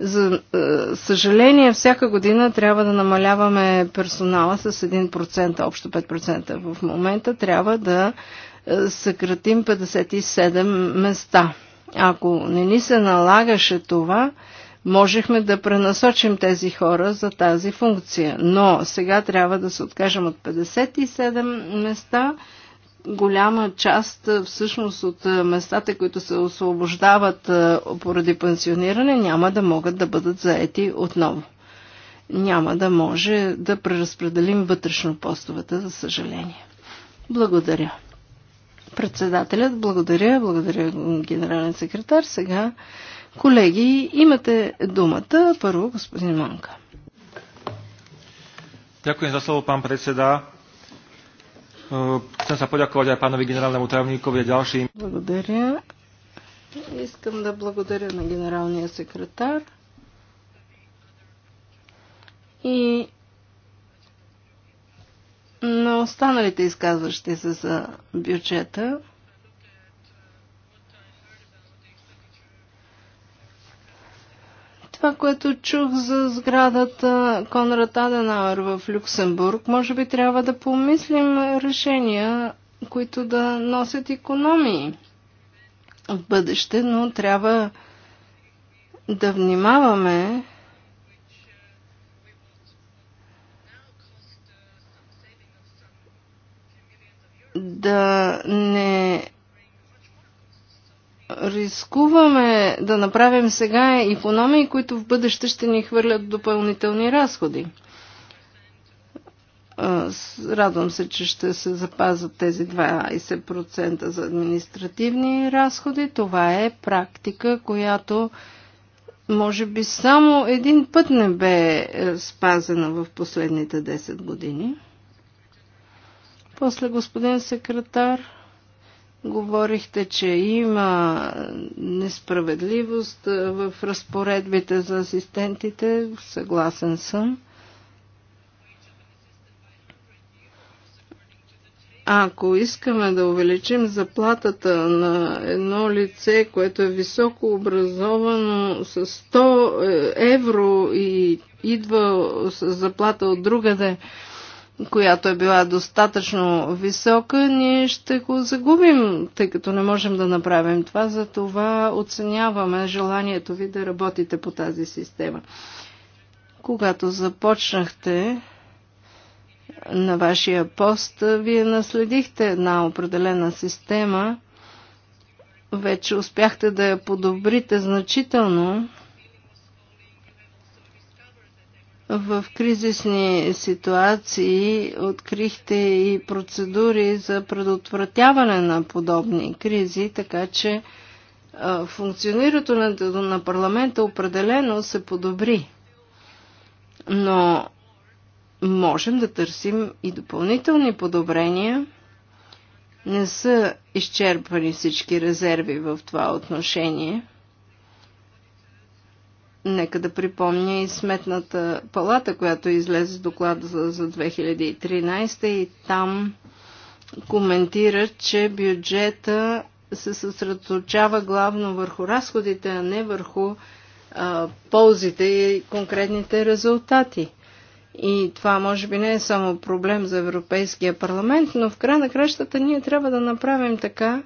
За е, съжаление, всяка година трябва да намаляваме персонала с 1%, общо 5%. В момента трябва да е, съкратим 57 места. Ако не ни се налагаше това, можехме да пренасочим тези хора за тази функция. Но сега трябва да се откажем от 57 места голяма част е, всъщност от е, местата, които се освобождават е, поради пенсиониране, няма да могат да бъдат заети отново. Няма да може да преразпределим вътрешно постовете, за съжаление. Благодаря. Председателят, благодаря, благодаря генерален секретар. Сега, колеги, имате думата. Първо, господин Манка. Дякую за слово, пан председател. Chcem sa poďakovať aj pánovi generálnemu tajomníkovi a ďalším. Благодаря. Искам да благодаря на генералния секретар и на останалите изказващи се за бюджета. Това, което чух за сградата Конрад Аденауер в Люксембург, може би трябва да помислим решения, които да носят економии в бъдеще, но трябва да внимаваме да не рискуваме да направим сега економии, които в бъдеще ще ни хвърлят допълнителни разходи. Радвам се, че ще се запазят тези 20% за административни разходи. Това е практика, която може би само един път не бе е, спазена в последните 10 години. После господин секретар. Говорихте, че има несправедливост в разпоредбите за асистентите. Съгласен съм. Ако искаме да увеличим заплатата на едно лице, което е високо образовано с 100 е, евро и идва с заплата от другаде, да която е била достатъчно висока, ние ще го загубим, тъй като не можем да направим това. Затова оценяваме желанието ви да работите по тази система. Когато започнахте на вашия пост, вие наследихте една определена система. Вече успяхте да я подобрите значително в кризисни ситуации открихте и процедури за предотвратяване на подобни кризи, така че функционирането на парламента определено се подобри. Но можем да търсим и допълнителни подобрения. Не са изчерпани всички резерви в това отношение – Нека да припомня и сметната палата, която излезе с доклад за, за 2013 и там коментира, че бюджета се съсредоточава главно върху разходите, а не върху а, ползите и конкретните резултати. И това може би не е само проблем за Европейския парламент, но в края на кращата ние трябва да направим така,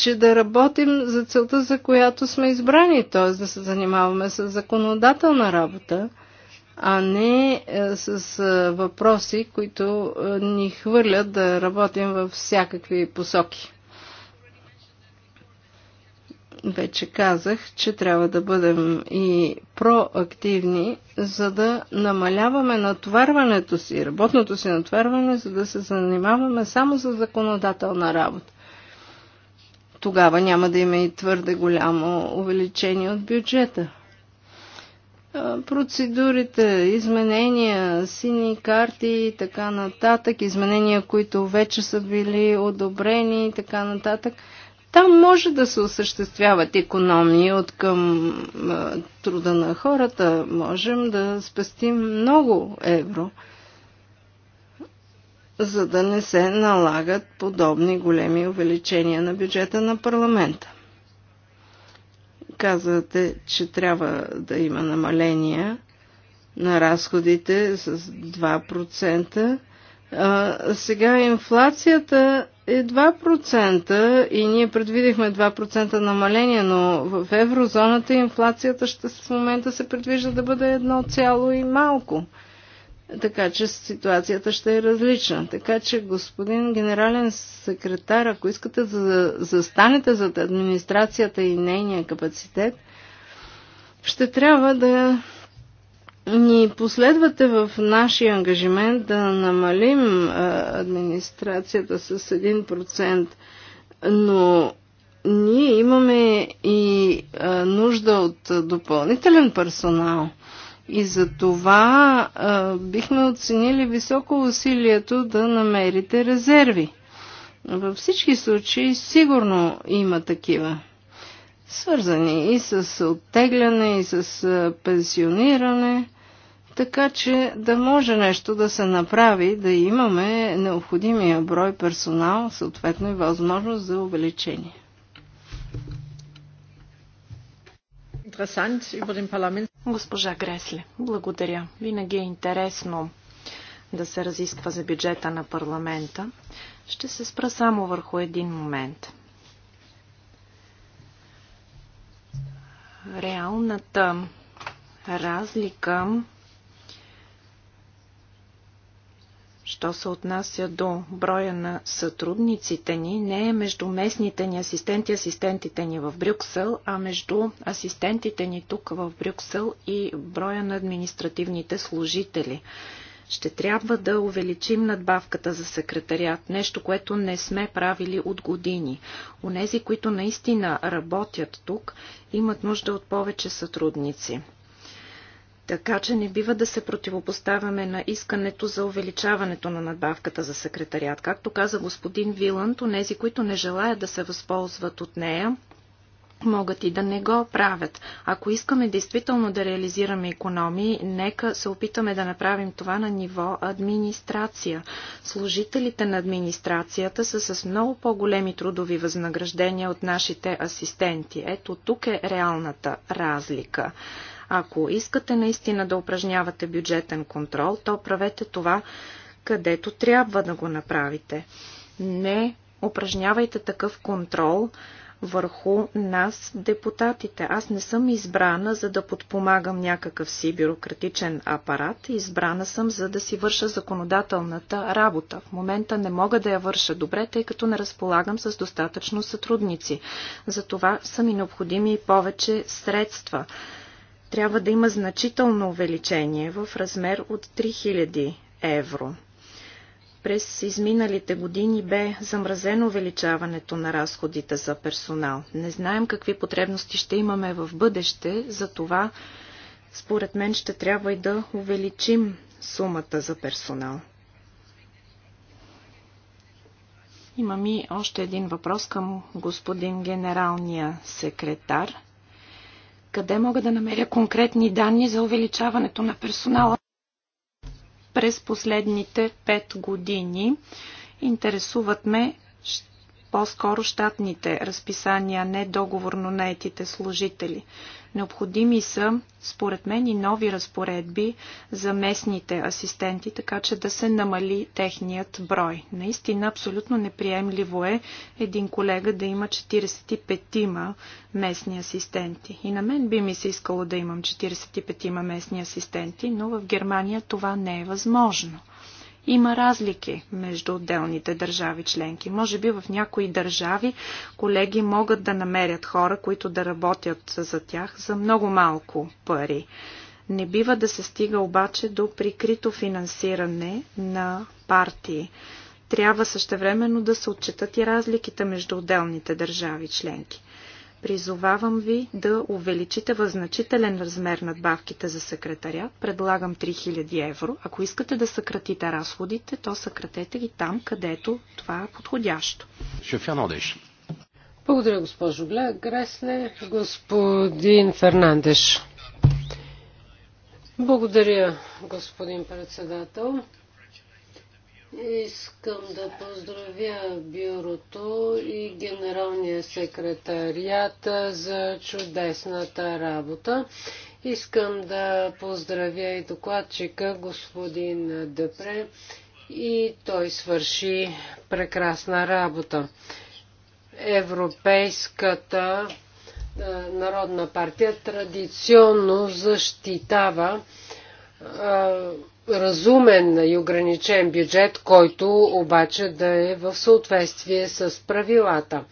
че да работим за целта, за която сме избрани, т.е. да се занимаваме с законодателна работа, а не е, с е, въпроси, които е, ни хвърлят да работим във всякакви посоки. Вече казах, че трябва да бъдем и проактивни, за да намаляваме натварването си, работното си натварване, за да се занимаваме само с законодателна работа тогава няма да има и твърде голямо увеличение от бюджета. Процедурите, изменения, сини карти и така нататък, изменения, които вече са били одобрени и така нататък, там може да се осъществяват економии от към труда на хората. Можем да спестим много евро за да не се налагат подобни големи увеличения на бюджета на парламента. Казвате, че трябва да има намаления на разходите с 2%. А, сега инфлацията е 2% и ние предвидихме 2% намаление, но в еврозоната инфлацията ще, в момента се предвижда да бъде 1, и малко така че ситуацията ще е различна. Така че, господин генерален секретар, ако искате да застанете зад администрацията и нейния капацитет, ще трябва да ни последвате в нашия ангажимент да намалим администрацията с 1%, но ние имаме и нужда от допълнителен персонал – и за това а, бихме оценили високо усилието да намерите резерви. Във всички случаи сигурно има такива. Свързани и с оттегляне, и с пенсиониране, така че да може нещо да се направи, да имаме необходимия брой персонал, съответно и възможност за увеличение. Интересант, über den Госпожа Гресле, благодаря. Винаги е интересно да се разисква за бюджета на парламента. Ще се спра само върху един момент. Реалната разлика Що се отнася до броя на сътрудниците ни, не е между местните ни асистенти, асистентите ни в Брюксел, а между асистентите ни тук в Брюксел и броя на административните служители. Ще трябва да увеличим надбавката за секретариат, нещо, което не сме правили от години. Онези, които наистина работят тук, имат нужда от повече сътрудници. Така че не бива да се противопоставяме на искането за увеличаването на надбавката за секретариат. Както каза господин Виланд, онези, които не желаят да се възползват от нея, могат и да не го правят. Ако искаме действително да реализираме економии, нека се опитаме да направим това на ниво администрация. Служителите на администрацията са с много по-големи трудови възнаграждения от нашите асистенти. Ето тук е реалната разлика. Ако искате наистина да упражнявате бюджетен контрол, то правете това където трябва да го направите. Не упражнявайте такъв контрол върху нас, депутатите. Аз не съм избрана, за да подпомагам някакъв си бюрократичен апарат. Избрана съм, за да си върша законодателната работа. В момента не мога да я върша добре, тъй като не разполагам с достатъчно сътрудници. Затова са ми необходими и повече средства трябва да има значително увеличение в размер от 3000 евро. През изминалите години бе замразено увеличаването на разходите за персонал. Не знаем какви потребности ще имаме в бъдеще, за това според мен ще трябва и да увеличим сумата за персонал. Имам и още един въпрос към господин генералния секретар – къде мога да намеря конкретни данни за увеличаването на персонала през последните 5 години? Интересуват ме по-скоро щатните разписания, не договорно наетите служители. Необходими са, според мен, и нови разпоредби за местните асистенти, така че да се намали техният брой. Наистина, абсолютно неприемливо е един колега да има 45-ма местни асистенти. И на мен би ми се искало да имам 45-ма местни асистенти, но в Германия това не е възможно има разлики между отделните държави членки. Може би в някои държави колеги могат да намерят хора, които да работят за тях за много малко пари. Не бива да се стига обаче до прикрито финансиране на партии. Трябва същевременно да се отчитат и разликите между отделните държави членки. Призовавам ви да увеличите възначителен размер надбавките за секретаря. Предлагам 3000 евро. Ако искате да съкратите разходите, то съкратете ги там, където това е подходящо. Благодаря, госпожо Гресле. Господин Фернандеш. Благодаря, господин председател. Искам да поздравя бюрото и генералния секретарият за чудесната работа. Искам да поздравя и докладчика господин Депре и той свърши прекрасна работа. Европейската народна партия традиционно защитава разумен и ограничен бюджет, който обаче да е в съответствие с правилата. Е,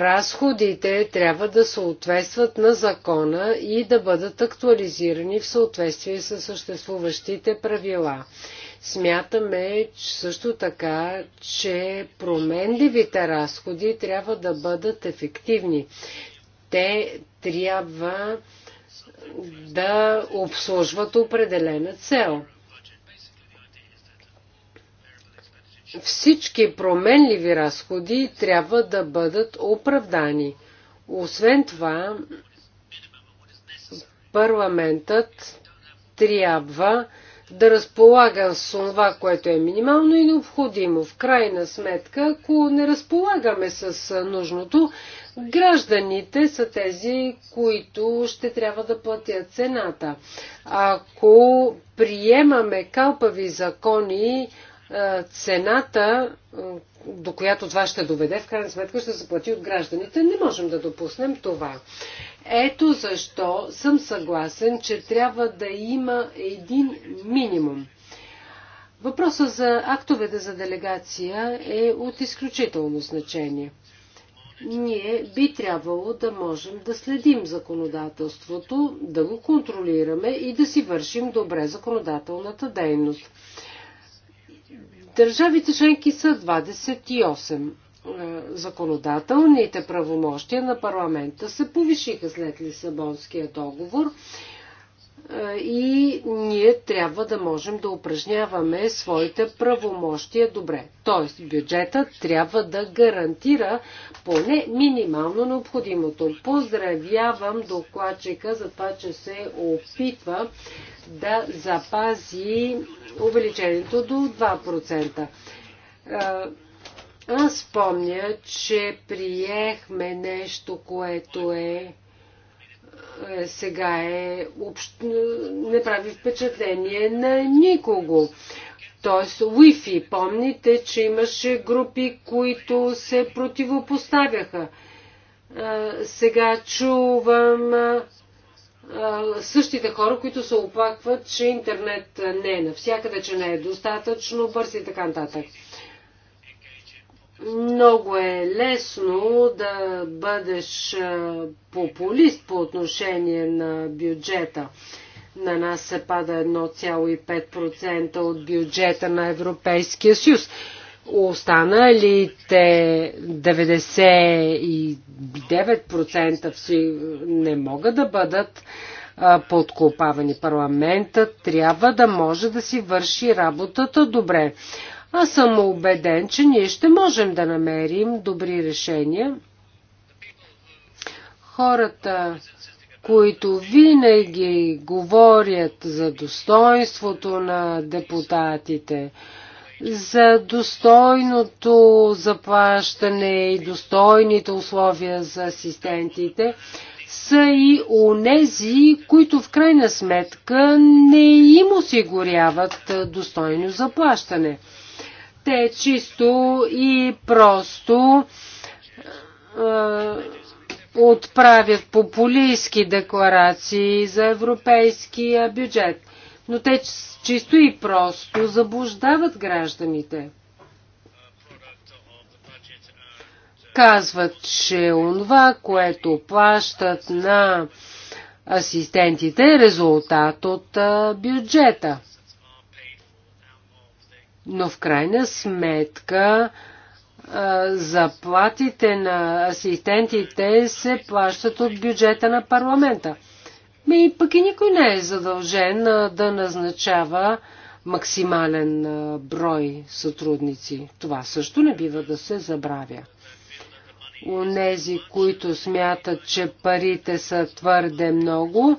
разходите трябва да съответстват на закона и да бъдат актуализирани в съответствие с съществуващите правила. Смятаме също така, че променливите разходи трябва да бъдат ефективни. Те трябва да обслужват определена цел. Всички променливи разходи трябва да бъдат оправдани. Освен това, парламентът трябва да разполага с това, което е минимално и необходимо. В крайна сметка, ако не разполагаме с нужното, Гражданите са тези, които ще трябва да платят цената. Ако приемаме калпави закони, е, цената, е, до която това ще доведе, в крайна сметка ще се плати от гражданите. Не можем да допуснем това. Ето защо съм съгласен, че трябва да има един минимум. Въпросът за актовете за делегация е от изключително значение ние би трябвало да можем да следим законодателството, да го контролираме и да си вършим добре законодателната дейност. Държавите членки са 28. Е, законодателните правомощия на парламента се повишиха след Лисабонския договор и ние трябва да можем да упражняваме своите правомощия добре. Тоест бюджетът трябва да гарантира поне минимално необходимото. Поздравявам докладчика за това, че се опитва да запази увеличението до 2%. Аз спомня, че приехме нещо, което е е, сега е общ... не прави впечатление на никого. Тоест Wi-Fi. Помните, че имаше групи, които се противопоставяха. Сега чувам същите хора, които се оплакват, че интернет не е навсякъде, че не е достатъчно бърз и така нататък. Много е лесно да бъдеш популист по отношение на бюджета. На нас се пада 1,5% от бюджета на Европейския съюз. Останалите 99% не могат да бъдат подкопавани. Парламентът трябва да може да си върши работата добре. Аз съм убеден, че ние ще можем да намерим добри решения. Хората, които винаги говорят за достоинството на депутатите, за достойното заплащане и достойните условия за асистентите, са и онези, които в крайна сметка не им осигуряват достойно заплащане е чисто и просто отправят популистски декларации за европейския бюджет. Но те чисто и просто заблуждават гражданите. Казват, че онова, което плащат на асистентите е резултат от бюджета. Но в крайна сметка заплатите на асистентите се плащат от бюджета на парламента. Ми пък и никой не е задължен да назначава максимален брой сътрудници. Това също не бива да се забравя. нези, които смятат, че парите са твърде много,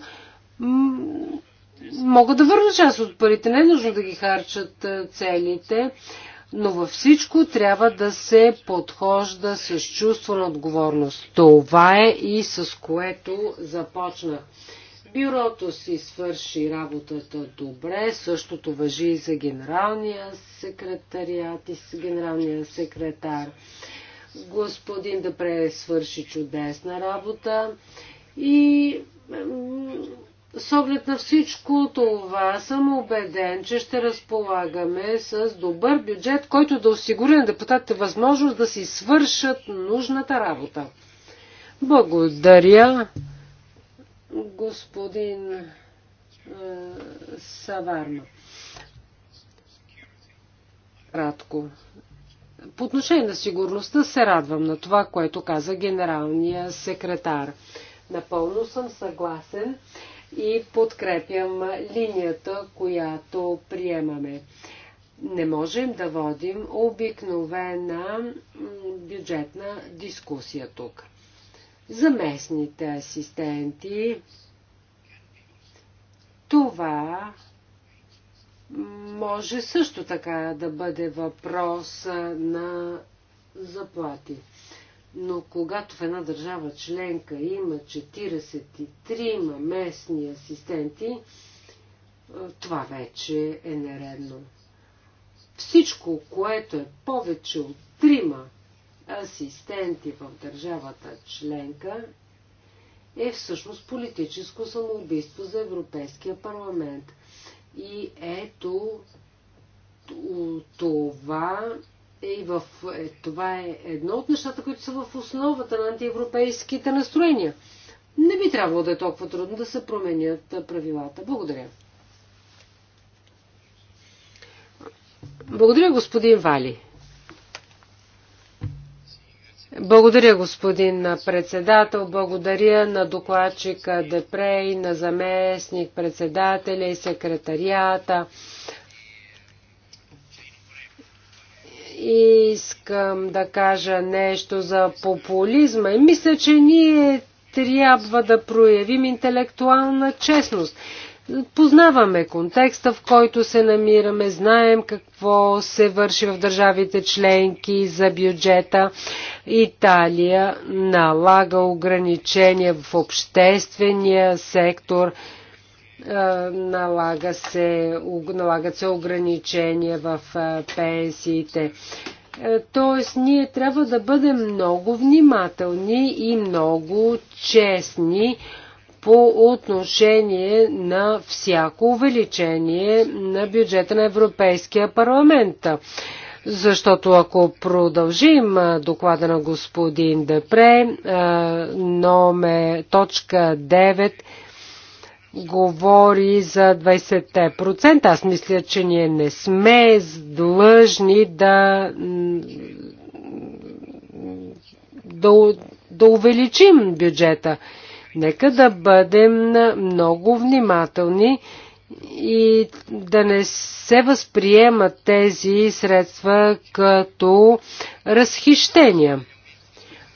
могат да върнат част от парите, не е нужно да ги харчат целите, но във всичко трябва да се подхожда с чувство на отговорност. Това е и с което започнах. Бюрото си свърши работата добре, същото въжи и за генералния секретариат и с генералния секретар. Господин Депре свърши чудесна работа и с оглед на всичко това съм убеден, че ще разполагаме с добър бюджет, който да осигури на депутатите възможност да си свършат нужната работа. Благодаря, господин е, Саварма. Кратко. По отношение на сигурността се радвам на това, което каза генералния секретар. Напълно съм съгласен и подкрепям линията, която приемаме. Не можем да водим обикновена бюджетна дискусия тук. За местните асистенти. Това може също така да бъде въпрос на заплати. Но когато в една държава членка има 43 местни асистенти, е, това вече е нередно. Всичко, което е повече от трима асистенти в държавата членка, е всъщност политическо самоубийство за Европейския парламент. И ето това е, и в, е, това е едно от нещата, които са в основата на антиевропейските настроения. Не би трябвало да е толкова трудно да се променят правилата. Благодаря. Благодаря, господин Вали. Благодаря, господин председател. Благодаря на докладчика Депрей, на заместник председателя и секретарията Искам да кажа нещо за популизма и мисля, че ние трябва да проявим интелектуална честност. Познаваме контекста, в който се намираме, знаем какво се върши в държавите членки за бюджета. Италия налага ограничения в обществения сектор – е, налага се, налагат се ограничения в е, пенсиите. Е, тоест, ние трябва да бъдем много внимателни и много честни по отношение на всяко увеличение на бюджета на Европейския парламент. Защото ако продължим доклада на господин Депре, номер точка 9 говори за 20%. Аз мисля, че ние не сме длъжни да, да, да увеличим бюджета. Нека да бъдем много внимателни и да не се възприемат тези средства като разхищения.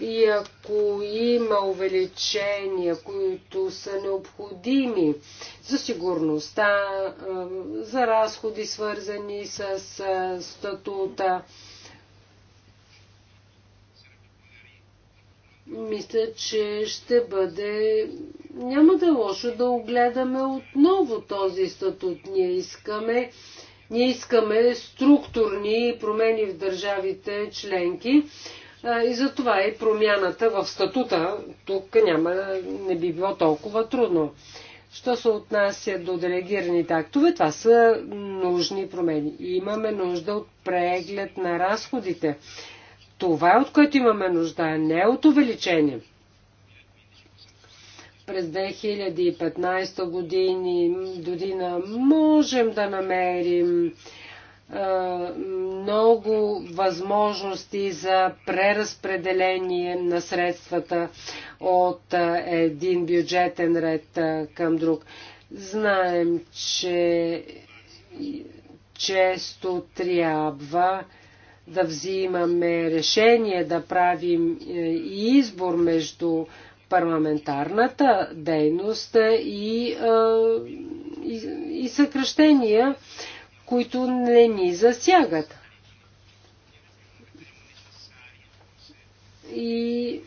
И ако има увеличения, които са необходими за сигурността, за разходи свързани с статута, мисля, че ще бъде... Няма да е лошо да огледаме отново този статут. Ние искаме, ние искаме структурни промени в държавите членки, и затова и е промяната в статута тук няма, не би било толкова трудно. Що се отнася до делегираните актове, това са нужни промени. Имаме нужда от преглед на разходите. Това, е от което имаме нужда, не е от увеличение. През 2015 години, година можем да намерим много възможности за преразпределение на средствата от един бюджетен ред към друг. Знаем, че често трябва да взимаме решение да правим е, избор между парламентарната дейност и, е, и, и съкръщения които не ни засягат. И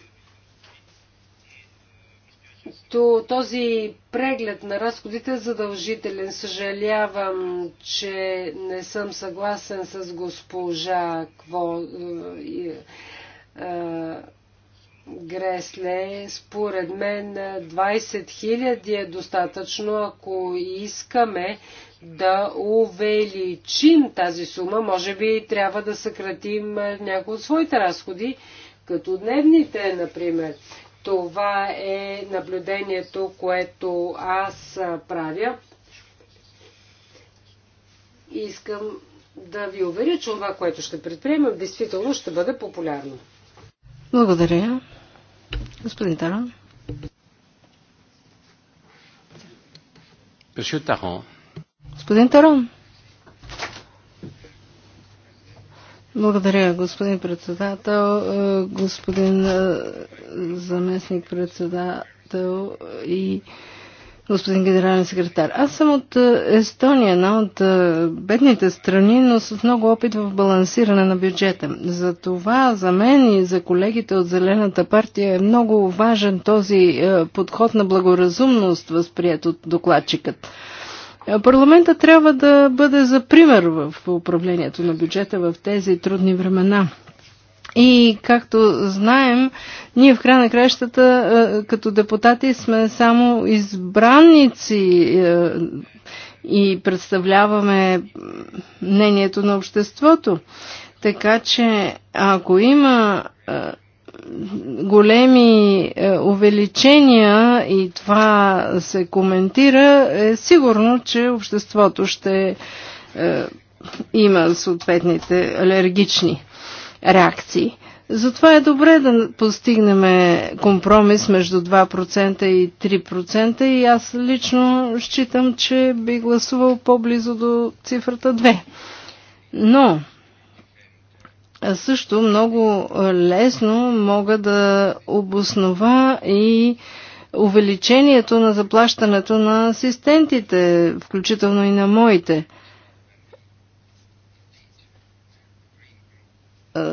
то, този преглед на разходите е задължителен. Съжалявам, че не съм съгласен с госпожа Кво, е, е, е Гресле. Според мен 20 000 е достатъчно, ако искаме да увеличим тази сума, може би трябва да съкратим е, някои от своите разходи, като дневните, например. Това е наблюдението, което аз е, правя. Искам да ви уверя, че това, което ще предприемам, действително ще бъде популярно. Благодаря. Господин Таран. Monsieur Tarant, Господин Тарон. Благодаря, господин председател, е, господин е, заместник председател и господин генерален секретар. Аз съм от е, Естония, една от бедните страни, но с много опит в балансиране на бюджета. За това за мен и за колегите от Зелената партия е много важен този подход на благоразумност, възприят от докладчикът. Парламента трябва да бъде за пример в управлението на бюджета в тези трудни времена. И както знаем, ние в края на кращата е, като депутати сме само избранници е, и представляваме мнението на обществото. Така че ако има е, големи е, увеличения и това се коментира, е сигурно, че обществото ще е, има съответните алергични реакции. Затова е добре да постигнем компромис между 2% и 3% и аз лично считам, че би гласувал по-близо до цифрата 2. Но също много лесно мога да обоснова и увеличението на заплащането на асистентите, включително и на моите.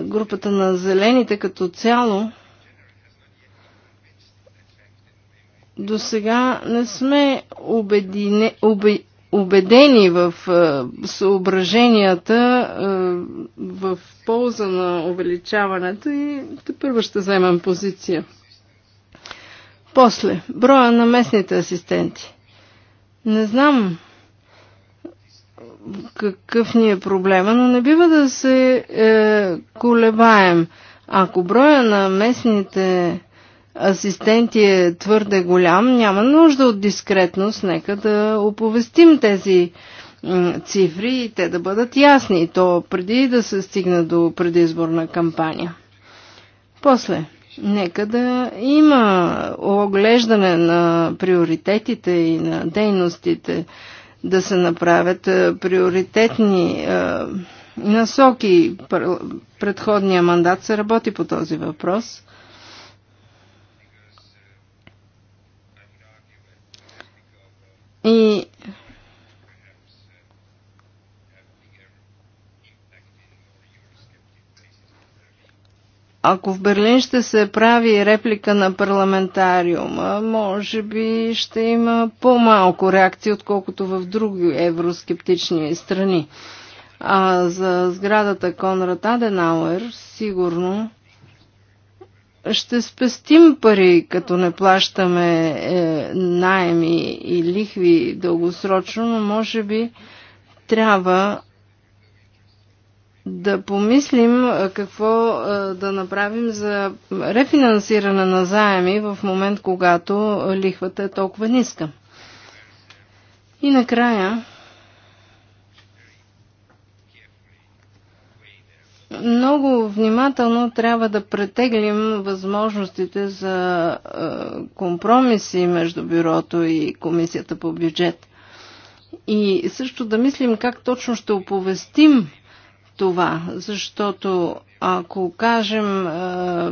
Групата на зелените като цяло до сега не сме обе, убедени в е, съображенията е, в полза на увеличаването и те първо ще вземем позиция. После, броя на местните асистенти. Не знам какъв ни е проблема, но не бива да се е, колебаем. Ако броя на местните асистенти е твърде голям, няма нужда от дискретност, нека да оповестим тези цифри и те да бъдат ясни, и то преди да се стигне до предизборна кампания. После, нека да има оглеждане на приоритетите и на дейностите, да се направят е, приоритетни е, насоки. Предходния мандат се работи по този въпрос. И ако в Берлин ще се прави реплика на парламентариума, може би ще има по-малко реакции, отколкото в други евроскептични страни. А за сградата Конрад Аденауер сигурно ще спестим пари, като не плащаме е, найеми и лихви дългосрочно, но може би трябва да помислим е, какво е, да направим за рефинансиране на заеми в момент, когато лихвата е толкова ниска. И накрая, много внимателно трябва да претеглим възможностите за е, компромиси между бюрото и комисията по бюджет. И също да мислим как точно ще оповестим това, защото ако кажем е,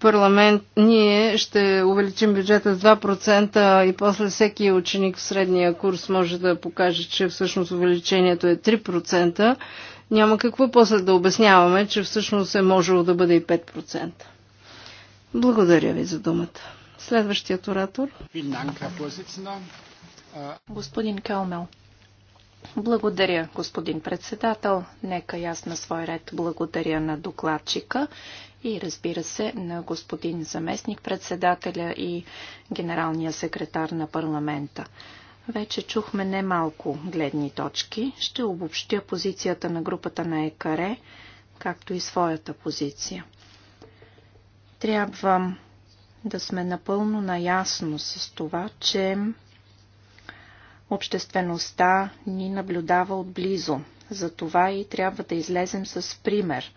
парламент, ние ще увеличим бюджета с 2% и после всеки ученик в средния курс може да покаже, че всъщност увеличението е 3%, няма какво после да обясняваме, че всъщност е можело да бъде и 5%. Благодаря ви за думата. Следващият оратор. Господин Келмел. Благодаря, господин председател. Нека аз на свой ред благодаря на докладчика и разбира се на господин заместник председателя и генералния секретар на парламента. Вече чухме немалко гледни точки. Ще обобщя позицията на групата на ЕКАРЕ, както и своята позиция. Трябва да сме напълно наясно с това, че обществеността ни наблюдава отблизо. това и трябва да излезем с пример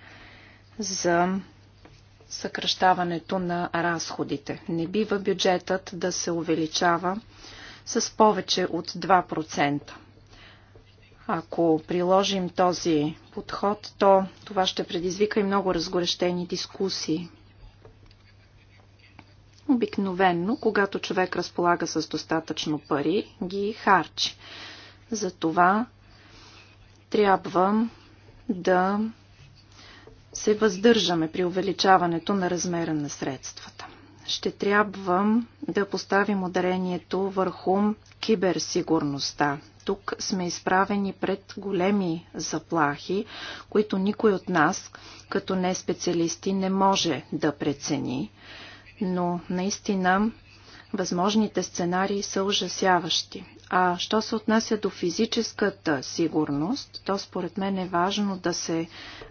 за съкръщаването на разходите. Не бива бюджетът да се увеличава с повече от 2%. Ако приложим този подход, то това ще предизвика и много разгорещени дискусии. Обикновенно, когато човек разполага с достатъчно пари, ги харчи. Затова трябва да се въздържаме при увеличаването на размера на средствата ще трябва да поставим ударението върху киберсигурността. Тук сме изправени пред големи заплахи, които никой от нас, като не специалисти, не може да прецени. Но наистина възможните сценарии са ужасяващи. А що се отнася до физическата сигурност, то според мен е важно да се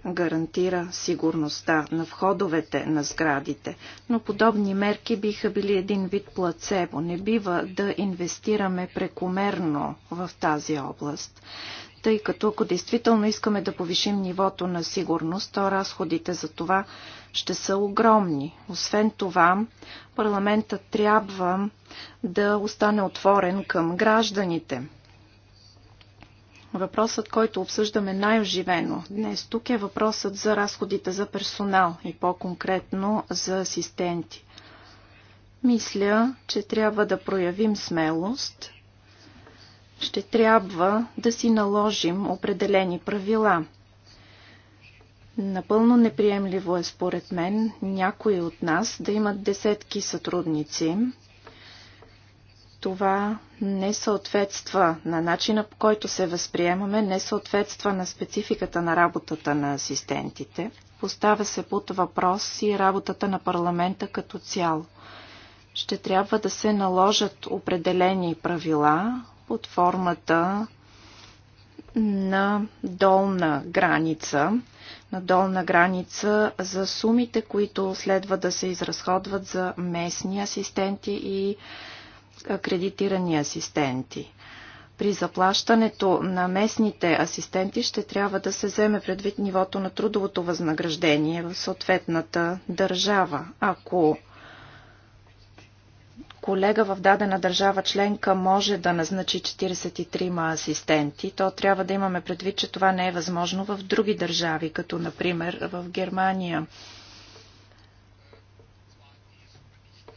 гарантира сигурността на входовете на сградите. Но подобни мерки биха били един вид плацебо. Не бива да инвестираме прекомерно в тази област тъй като ако действително искаме да повишим нивото на сигурност, то разходите за това ще са огромни. Освен това, парламентът трябва да остане отворен към гражданите. Въпросът, който обсъждаме най-оживено днес тук е въпросът за разходите за персонал и по-конкретно за асистенти. Мисля, че трябва да проявим смелост ще трябва да си наложим определени правила. Напълно неприемливо е според мен някои от нас да имат десетки сътрудници. Това не съответства на начина по който се възприемаме, не съответства на спецификата на работата на асистентите. Поставя се под въпрос и работата на парламента като цяло. Ще трябва да се наложат определени правила, под формата на долна граница, на долна граница за сумите, които следва да се изразходват за местни асистенти и акредитирани асистенти. При заплащането на местните асистенти ще трябва да се вземе предвид нивото на трудовото възнаграждение в съответната държава. Ако колега в дадена държава членка може да назначи 43 асистенти, то трябва да имаме предвид, че това не е възможно в други държави, като например в Германия.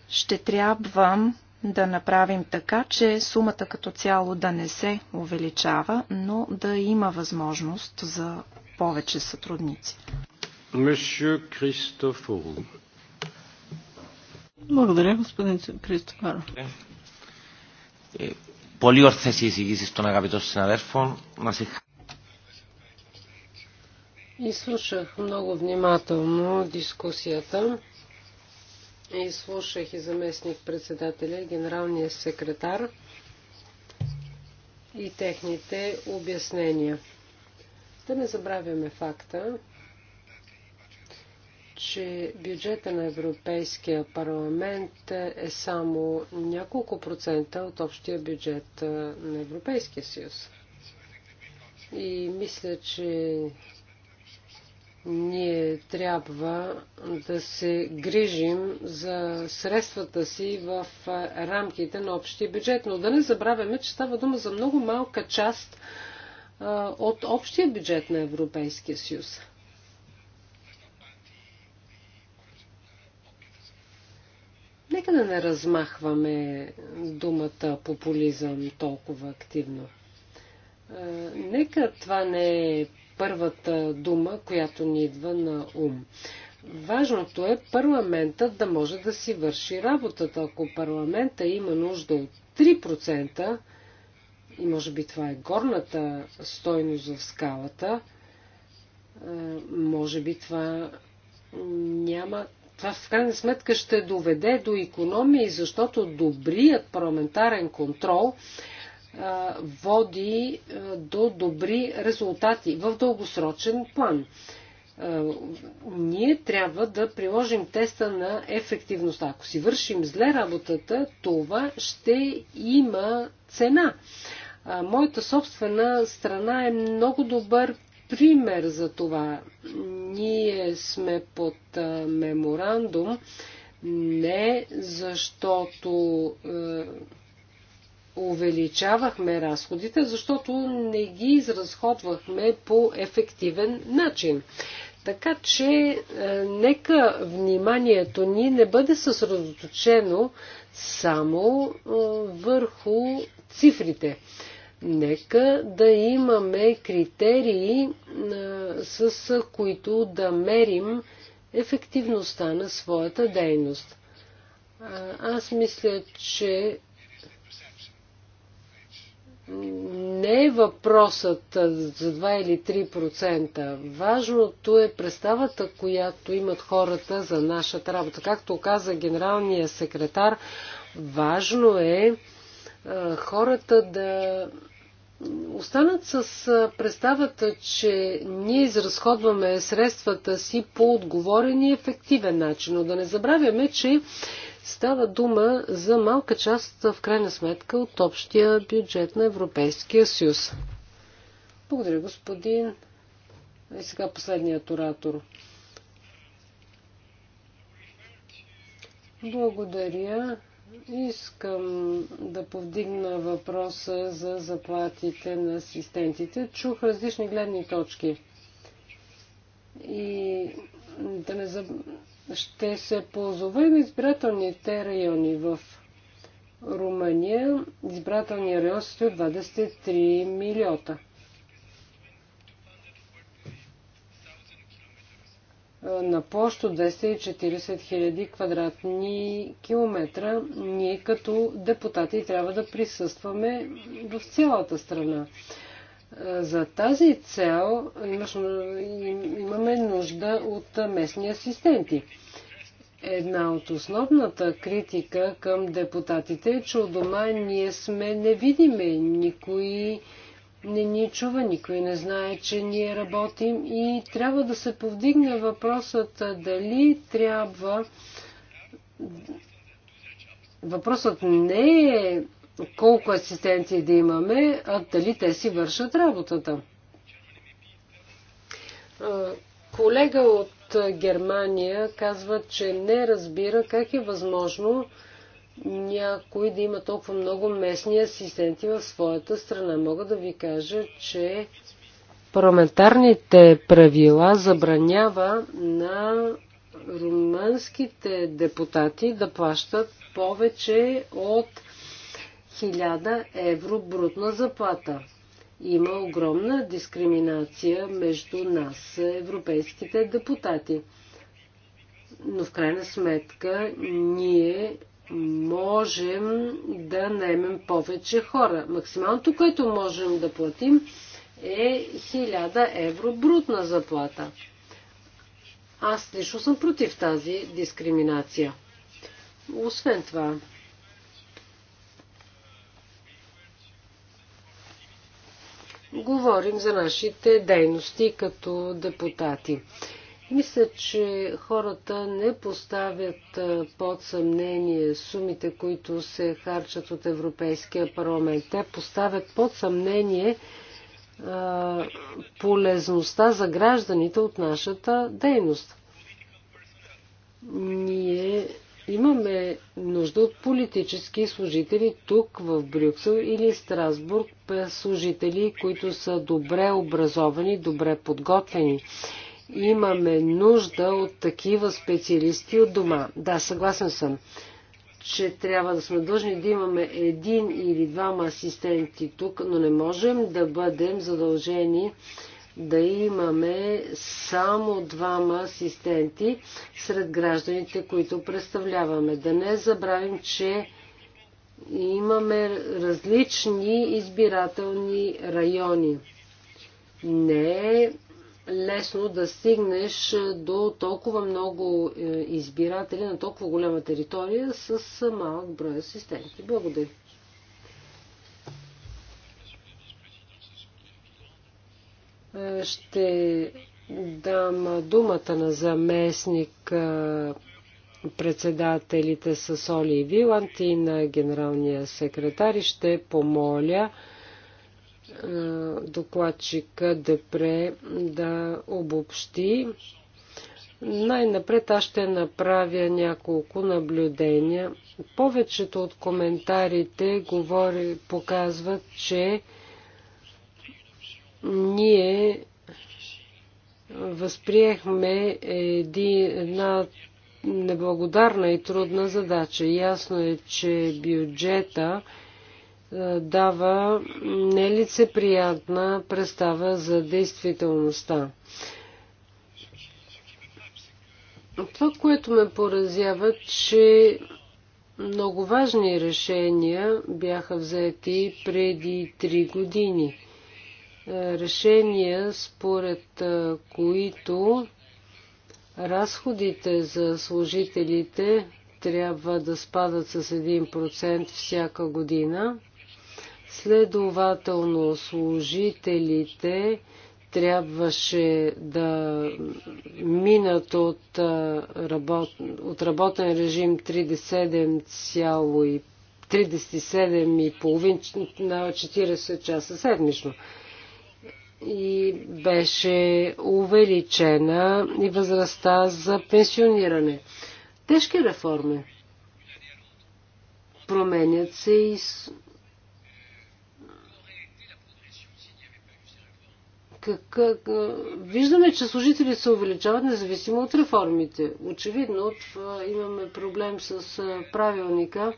Ще трябва да направим така, че сумата като цяло да не се увеличава, но да има възможност за повече сътрудници. Monsieur Christophorou. Благодаря, господин Кристофаров. Πολύ ορθέ οι εισηγήσει των αγαπητών συναδέρφων. Να σε Изслушах много внимателно дискусията. Изслушах и заместник председателя, генералния секретар и техните обяснения. Да не забравяме факта, че бюджета на Европейския парламент е само няколко процента от общия бюджет на Европейския съюз. И мисля, че ние трябва да се грижим за средствата си в рамките на общия бюджет. Но да не забравяме, че става дума за много малка част от общия бюджет на Европейския съюз. нека да не размахваме думата популизъм толкова активно. Е, нека това не е първата дума, която ни идва на ум. Важното е парламентът да може да си върши работата. Ако парламента има нужда от 3%, и може би това е горната стойност в скалата, е, може би това няма това в крайна сметка ще доведе до економии, защото добрият парламентарен контрол а, води а, до добри резултати в дългосрочен план. А, ние трябва да приложим теста на ефективността. Ако си вършим зле работата, това ще има цена. Моята собствена страна е много добър пример за това. Ние сме под меморандум не защото е, увеличавахме разходите, защото не ги изразходвахме по ефективен начин. Така че е, нека вниманието ни не бъде съсредоточено само е, върху цифрите. Нека да имаме критерии, с които да мерим ефективността на своята дейност. Аз мисля, че не е въпросът за 2 или 3%. Важното е представата, която имат хората за нашата работа. Както каза генералния секретар, важно е хората да останат с представата, че ние изразходваме средствата си по отговорен и ефективен начин. Но да не забравяме, че става дума за малка част, в крайна сметка, от общия бюджет на Европейския съюз. Благодаря, господин. И сега последният оратор. Благодаря. Искам да повдигна въпроса за заплатите на асистентите. Чух различни гледни точки. И да не заб... ще се ползова на избирателните райони в Румъния. Избирателният район стои 23 милиота. на площ от 240 000 квадратни километра. Ние като депутати трябва да присъстваме в цялата страна. За тази цел имаме нужда от местни асистенти. Една от основната критика към депутатите е, че у дома ние сме невидими. Никой не ни чува, никой не знае, че ние работим и трябва да се повдигне въпросът дали трябва. Въпросът не е колко асистенти да имаме, а дали те си вършат работата. Колега от Германия казва, че не разбира как е възможно някой да има толкова много местни асистенти в своята страна. Мога да ви кажа, че парламентарните правила забранява на румънските депутати да плащат повече от 1000 евро брутна заплата. Има огромна дискриминация между нас, европейските депутати. Но в крайна сметка ние можем да наемем повече хора. Максималното, което можем да платим е 1000 евро брутна заплата. Аз лично съм против тази дискриминация. Освен това, говорим за нашите дейности като депутати. Мисля, че хората не поставят под съмнение сумите, които се харчат от Европейския парламент. Те поставят под съмнение а, полезността за гражданите от нашата дейност. Ние имаме нужда от политически служители тук в Брюксел или Страсбург, служители, които са добре образовани, добре подготвени имаме нужда от такива специалисти от дома. Да, съгласен съм, че трябва да сме длъжни да имаме един или двама асистенти тук, но не можем да бъдем задължени да имаме само двама асистенти сред гражданите, които представляваме. Да не забравим, че имаме различни избирателни райони. Не е лесно да стигнеш до толкова много е, избиратели на толкова голяма територия с е, малък брой асистенти. Благодаря. Е, ще дам думата на заместник председателите с Оли и Вилант и на генералния секретар и ще помоля е, докладчика Депре да обобщи. Най-напред аз ще направя няколко наблюдения. Повечето от коментарите говори, показват, че ние възприехме една неблагодарна и трудна задача. Ясно е, че бюджета е, дава нелицеприятна представа за действителността. Това, което ме поразява, че много важни решения бяха взети преди три години. Е, решения, според е, които разходите за служителите трябва да спадат с 1% всяка година Следователно, служителите трябваше да минат от, работ, от работен режим 37,5 37,5 на 40 часа седмично. И беше увеличена и възрастта за пенсиониране. Тежки реформи. Променят се и Как, виждаме, че служители се увеличават независимо от реформите. Очевидно, имаме проблем с правилника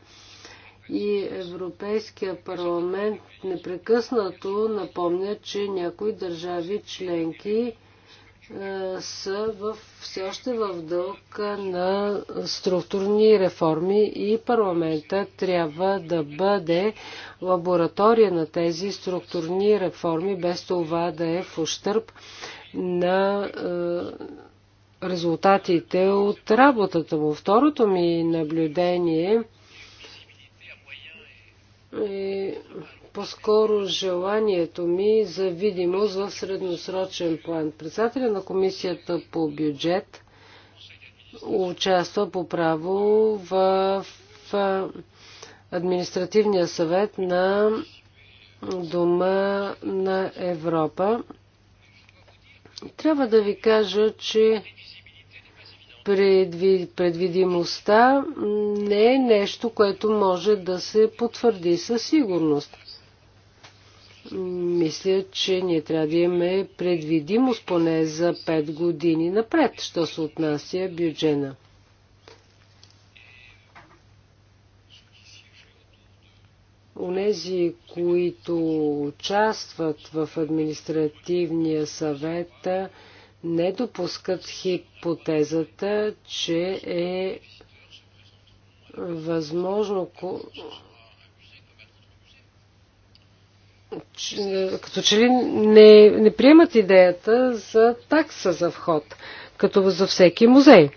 и Европейския парламент непрекъснато напомня, че някои държави членки е, са в, все още в дълг на структурни реформи и парламента трябва да бъде лаборатория на тези структурни реформи, без това да е в ущърп на е, резултатите от работата му. Второто ми наблюдение е по-скоро желанието ми за видимост в средносрочен план. Председателя на комисията по бюджет участва по право в административния съвет на Дома на Европа. Трябва да ви кажа, че предвидимостта не е нещо, което може да се потвърди със сигурност. Мисля, че ние трябва да имаме предвидимост поне за 5 години напред, що се отнася бюджена. Онези, които участват в административния съвет, не допускат хипотезата, че е възможно като че ли не, не приемат идеята за такса за вход, като за всеки музей.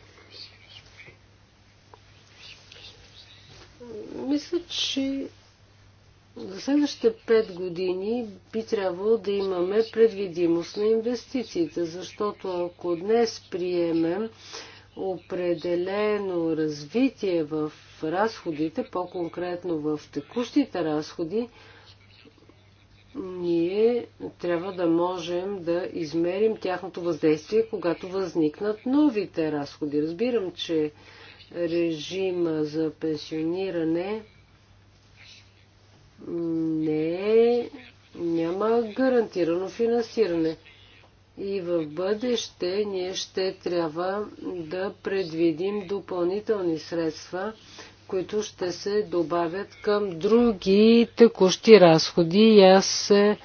Мисля, че за следващите 5 години би трябвало да имаме предвидимост на инвестициите, защото ако днес приемем определено развитие в разходите, по-конкретно в текущите разходи, ние трябва да можем да измерим тяхното въздействие, когато възникнат новите разходи. Разбирам, че режима за пенсиониране не е, няма гарантирано финансиране. И в бъдеще ние ще трябва да предвидим допълнителни средства които ще се добавят към други текущи разходи. И аз е,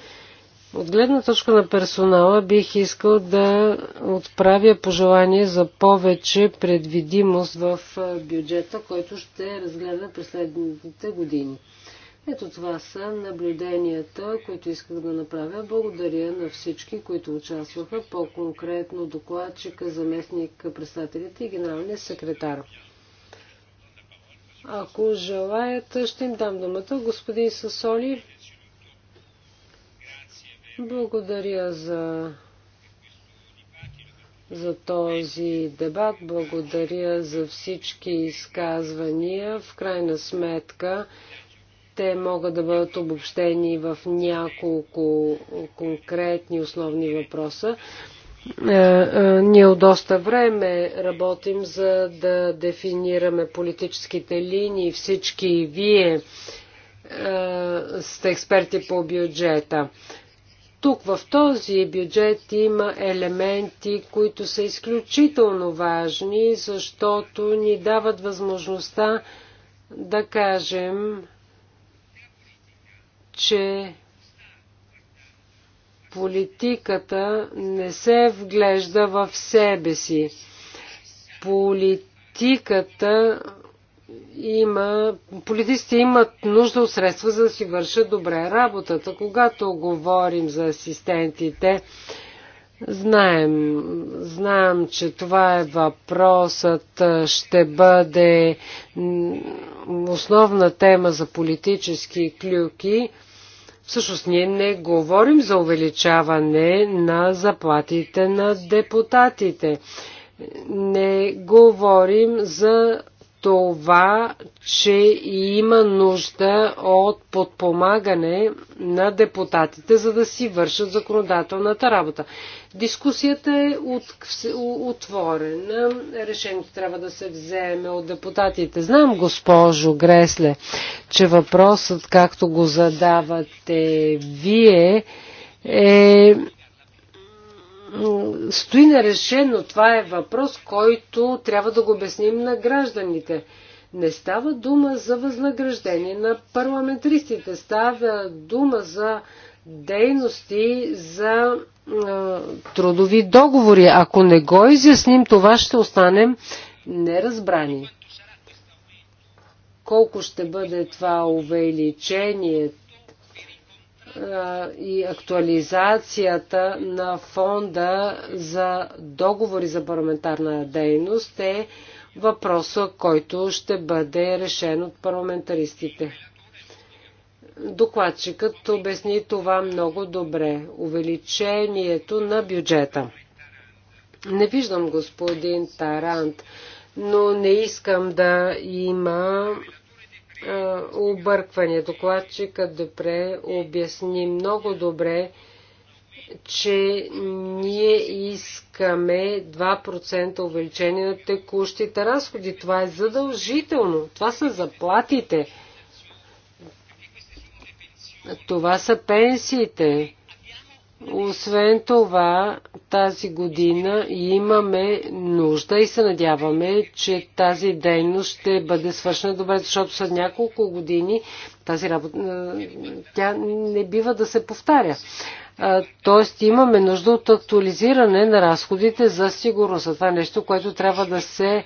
от гледна точка на персонала бих искал да отправя пожелание за повече предвидимост в е, бюджета, който ще разгледа през следните години. Ето това са наблюденията, които исках да направя. Благодаря на всички, които участваха, по-конкретно докладчика, заместник председателите и генералния секретар. Ако желаят, ще им дам думата. Господин Сасоли, благодаря за, за този дебат. Благодаря за всички изказвания. В крайна сметка, те могат да бъдат обобщени в няколко конкретни основни въпроса. Е, е, ние от доста време работим за да дефинираме политическите линии. Всички вие е, сте експерти по бюджета. Тук в този бюджет има елементи, които са изключително важни, защото ни дават възможността да кажем, че Политиката не се вглежда в себе си. Политиката има, политиците имат нужда от средства, за да си вършат добре работата. Когато говорим за асистентите, знаем, знаем, че това е въпросът, ще бъде основна тема за политически клюки. Всъщност ние не говорим за увеличаване на заплатите на депутатите. Не говорим за това, че има нужда от подпомагане на депутатите, за да си вършат законодателната работа. Дискусията е от, отворена. Решението трябва да се вземе от депутатите. Знам, госпожо Гресле, че въпросът, както го задавате вие, е стои нерешено. Това е въпрос, който трябва да го обясним на гражданите. Не става дума за възнаграждение на парламентаристите. Става дума за дейности, за е, трудови договори. Ако не го изясним, това ще останем неразбрани. Колко ще бъде това увеличение? Е, и актуализацията на фонда за договори за парламентарна дейност е въпроса, който ще бъде решен от парламентаристите. Докладчикът обясни това много добре. Увеличението на бюджета. Не виждам господин Тарант, но не искам да има е, объркване. Докладчикът Депре обясни много добре, че ние искаме 2% увеличение на текущите разходи. Това е задължително. Това са заплатите. Това са пенсиите. Освен това, тази година имаме нужда и се надяваме, че тази дейност ще бъде свършена добре, защото след няколко години тази работа, тя не бива да се повтаря. Тоест имаме нужда от актуализиране на разходите за сигурност. Това е нещо, което трябва да се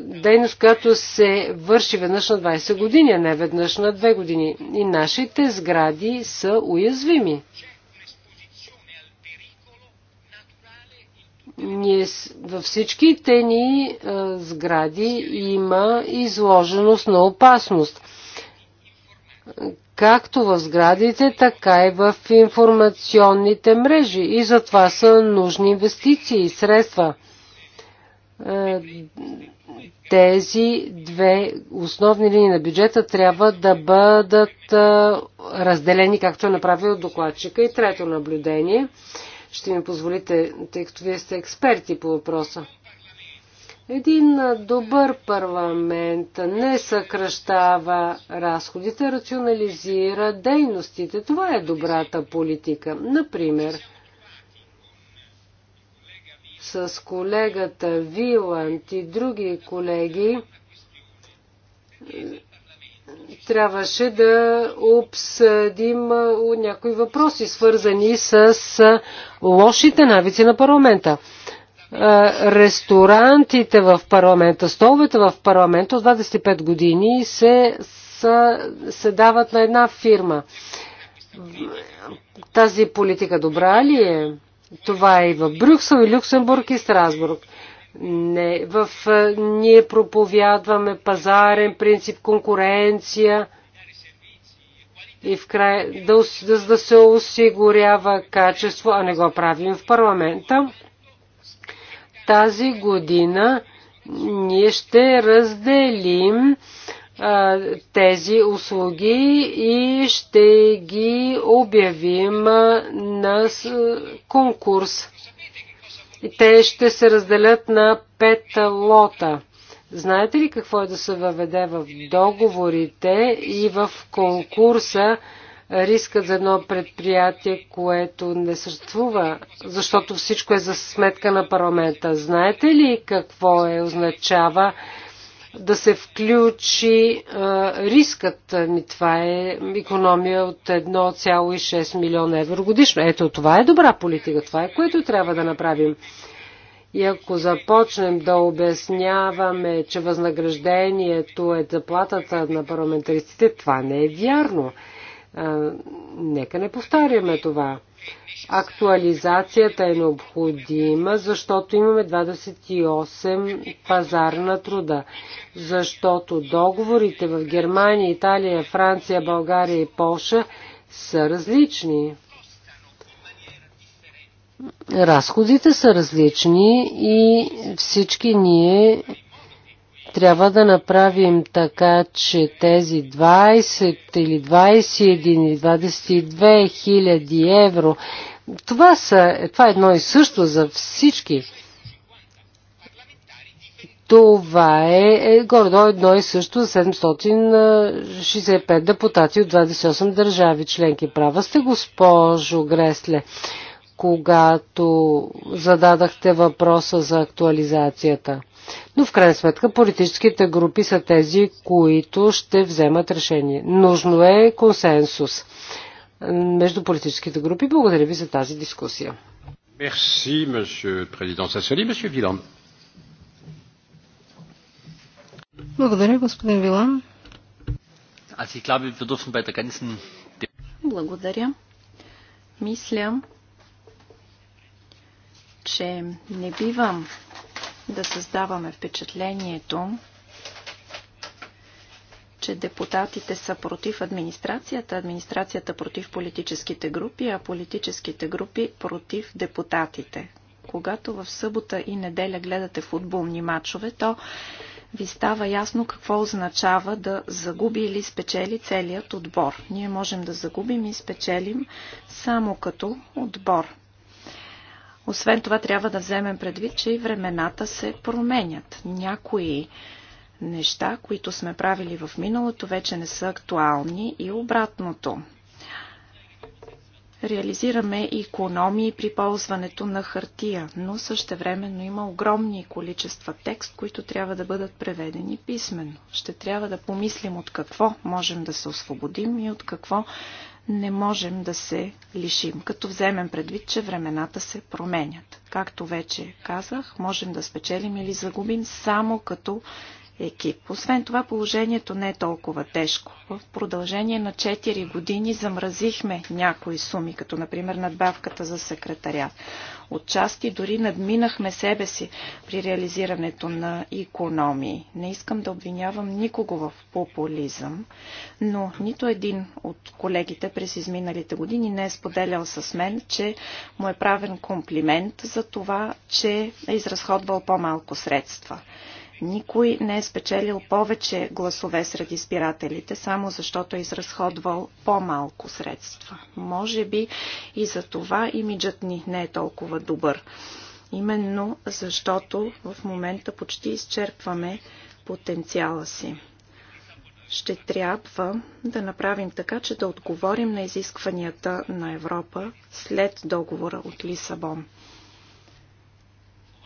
дейност, която се върши веднъж на 20 години, а не веднъж на 2 години. И нашите сгради са уязвими. ние във всичките ни а, сгради има изложеност на опасност. Както в сградите, така и в информационните мрежи. И за това са нужни инвестиции и средства. Тези две основни линии на бюджета трябва да бъдат разделени, както е направил докладчика. И трето наблюдение – ще ми позволите, тъй като вие сте експерти по въпроса. Един добър парламент не съкръщава разходите, рационализира дейностите. Това е добрата политика. Например, с колегата Виланд и други колеги трябваше да обсъдим някои въпроси, свързани с лошите навици на парламента. Ресторантите в парламента, столовете в парламента от 25 години се, са, се дават на една фирма. Тази политика добра ли е? Това е и в Брюксел, и Люксембург, и Страсбург. Не, в, ние проповядваме пазарен принцип, конкуренция и в край, да, да, да се осигурява качество, а не го правим в парламента. Тази година ние ще разделим а, тези услуги и ще ги обявим а, на с, конкурс. Те ще се разделят на пет лота. Знаете ли какво е да се въведе в договорите и в конкурса риска за едно предприятие, което не съществува, защото всичко е за сметка на парламента? Знаете ли какво е означава? да се включи а, рискът. Ми, това е економия от 1,6 милиона евро годишно. Ето това е добра политика. Това е което трябва да направим. И ако започнем да обясняваме, че възнаграждението е заплатата на парламентаристите, това не е вярно. А, нека не повтаряме това. Актуализацията е необходима, защото имаме 28 пазар на труда, защото договорите в Германия, Италия, Франция, България и Польша са различни. Разходите са различни и всички ние трябва да направим така, че тези 20 или 21 или 22 хиляди евро, това, са, това е едно и също за всички. Това е, е горе едно и също 765 депутати от 28 държави членки. Права сте, госпожо Гресле, когато зададахте въпроса за актуализацията. Но в крайна сметка политическите групи са тези, които ще вземат решение. Нужно е консенсус между политическите групи. Благодаря ви за тази дискусия. Merci, monsieur président Sassoli. Monsieur Вилан. Благодаря, господин Вилан. Аз си glaube, wir dürfen bei der ganzen... Благодаря. Мисля, че не бивам да създаваме впечатлението, че депутатите са против администрацията, администрацията против политическите групи, а политическите групи против депутатите. Когато в събота и неделя гледате футболни матчове, то ви става ясно какво означава да загуби или спечели целият отбор. Ние можем да загубим и спечелим само като отбор. Освен това трябва да вземем предвид, че и времената се променят. Някои неща, които сме правили в миналото, вече не са актуални и обратното. Реализираме економии при ползването на хартия, но същевременно има огромни количества текст, които трябва да бъдат преведени писменно. Ще трябва да помислим от какво можем да се освободим и от какво не можем да се лишим, като вземем предвид, че времената се променят. Както вече казах, можем да спечелим или загубим само като екип. Освен това, положението не е толкова тежко. В продължение на 4 години замразихме някои суми, като например надбавката за секретарят. Отчасти дори надминахме себе си при реализирането на економии. Не искам да обвинявам никого в популизъм, но нито един от колегите през изминалите години не е споделял с мен, че му е правен комплимент за това, че е изразходвал по-малко средства. Никой не е спечелил повече гласове сред избирателите, само защото е изразходвал по-малко средства. Може би и за това имиджът ни не е толкова добър. Именно защото в момента почти изчерпваме потенциала си ще трябва да направим така, че да отговорим на изискванията на Европа след договора от Лисабон.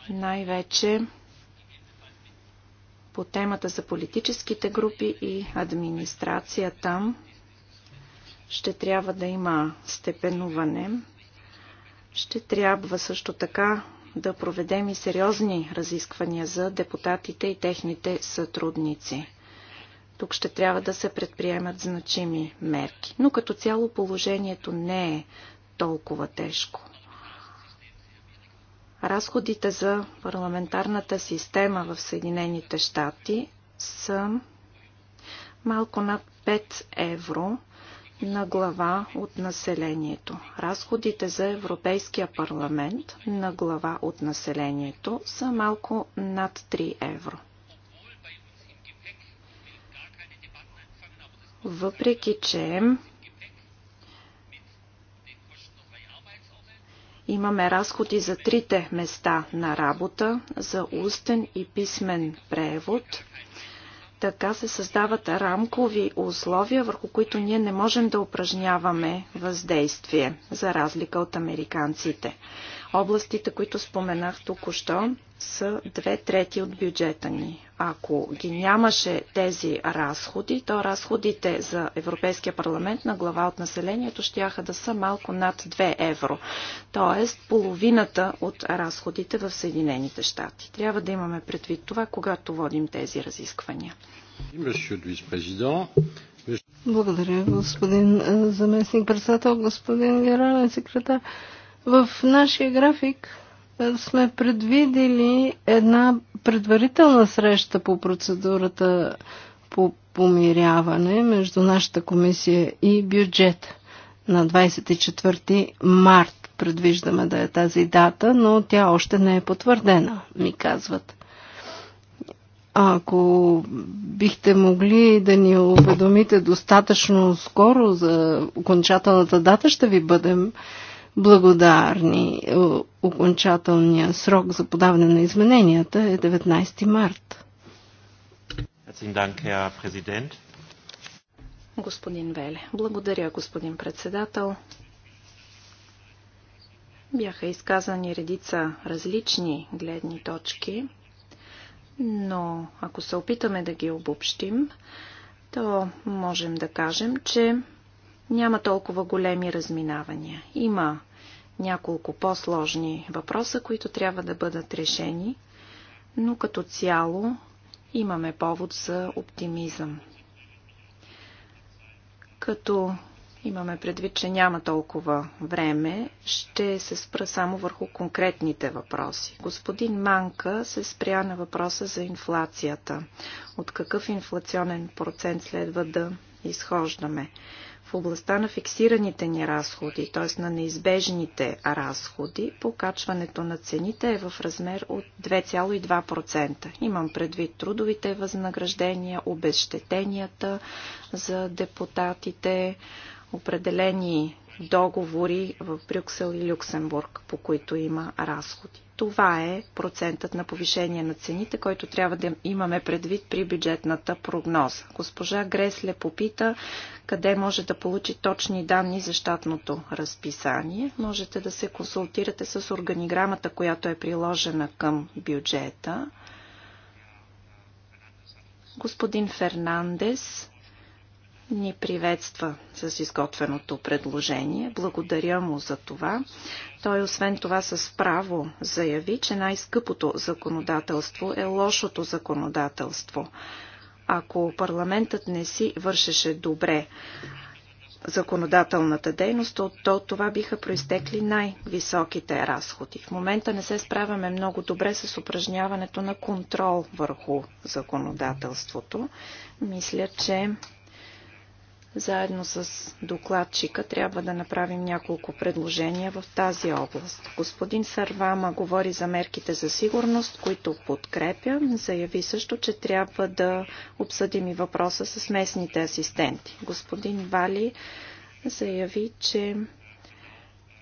Най-вече по темата за политическите групи и администрация там ще трябва да има степенуване. Ще трябва също така да проведем и сериозни разисквания за депутатите и техните сътрудници. Тук ще трябва да се предприемат значими мерки. Но като цяло положението не е толкова тежко. Разходите за парламентарната система в Съединените щати са малко над 5 евро на глава от населението. Разходите за Европейския парламент на глава от населението са малко над 3 евро. Въпреки, че Имаме разходи за трите места на работа, за устен и писмен превод. Така се създават рамкови условия, върху които ние не можем да упражняваме въздействие, за разлика от американците. Областите, които споменах току-що, са две трети от бюджета ни. Ако ги нямаше тези разходи, то разходите за Европейския парламент на глава от населението ще да са малко над 2 евро, т.е. половината от разходите в Съединените щати. Трябва да имаме предвид това, когато водим тези разисквания. Благодаря, господин е, заместник председател, господин генерален секретар. В нашия график е, сме предвидили една предварителна среща по процедурата по помиряване между нашата комисия и бюджет на 24 март. Предвиждаме да е тази дата, но тя още не е потвърдена, ми казват. Ако бихте могли да ни уведомите достатъчно скоро за окончателната дата, ще ви бъдем благодарни. Е, Окончателният срок за подаване на измененията е 19 март. Господин Веле, благодаря, господин председател. Бяха изказани редица различни гледни точки, но ако се опитаме да ги обобщим, то можем да кажем, че няма толкова големи разминавания. Има няколко по-сложни въпроса, които трябва да бъдат решени, но като цяло имаме повод за оптимизъм. Като имаме предвид, че няма толкова време, ще се спра само върху конкретните въпроси. Господин Манка се спря на въпроса за инфлацията. От какъв инфлационен процент следва да изхождаме? в областта на фиксираните ни разходи, т.е. на неизбежните разходи, покачването на цените е в размер от 2,2%. Имам предвид трудовите възнаграждения, обезщетенията за депутатите, определени договори в Брюксел и Люксембург, по които има разходи. Това е процентът на повишение на цените, който трябва да имаме предвид при бюджетната прогноза. Госпожа Гресле попита къде може да получи точни данни за щатното разписание. Можете да се консултирате с органиграмата, която е приложена към бюджета. Господин Фернандес ни приветства с изготвеното предложение. Благодаря му за това. Той освен това с право заяви, че най-скъпото законодателство е лошото законодателство. Ако парламентът не си вършеше добре законодателната дейност, от то това биха проистекли най-високите разходи. В момента не се справяме много добре с упражняването на контрол върху законодателството. Мисля, че заедно с докладчика трябва да направим няколко предложения в тази област. Господин Сарвама говори за мерките за сигурност, които подкрепя. Заяви също, че трябва да обсъдим и въпроса с местните асистенти. Господин Вали заяви, че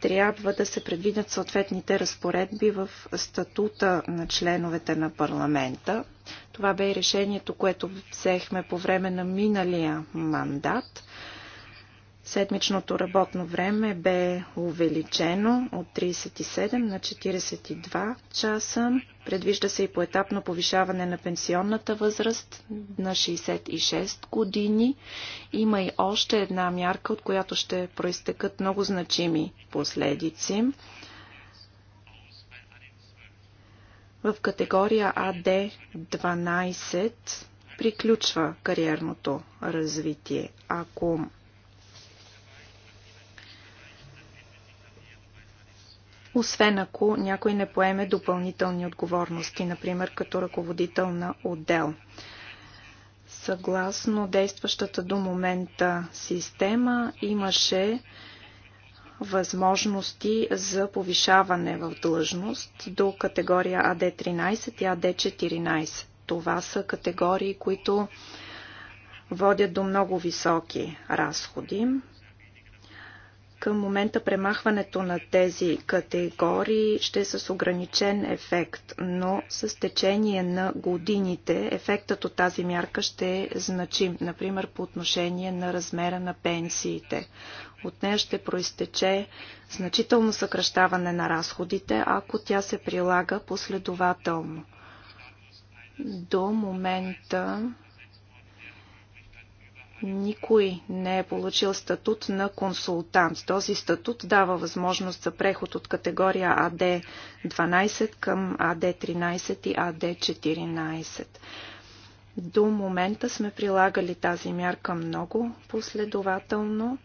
трябва да се предвидят съответните разпоредби в статута на членовете на парламента. Това бе и решението, което взехме по време на миналия мандат. Седмичното работно време бе увеличено от 37 на 42 часа. Предвижда се и поетапно повишаване на пенсионната възраст на 66 години. Има и още една мярка, от която ще проистекат много значими последици. В категория АД 12 приключва кариерното развитие. Ако освен ако някой не поеме допълнителни отговорности, например като ръководител на отдел. Съгласно действащата до момента система имаше възможности за повишаване в длъжност до категория АД-13 и АД-14. Това са категории, които водят до много високи разходи. Към момента премахването на тези категории ще е с ограничен ефект, но с течение на годините ефектът от тази мярка ще е значим, например по отношение на размера на пенсиите. От нея ще проистече значително съкръщаване на разходите, ако тя се прилага последователно. До момента никой не е получил статут на консултант. Този статут дава възможност за преход от категория АД-12 към АД-13 и АД-14. До момента сме прилагали тази мярка много последователно.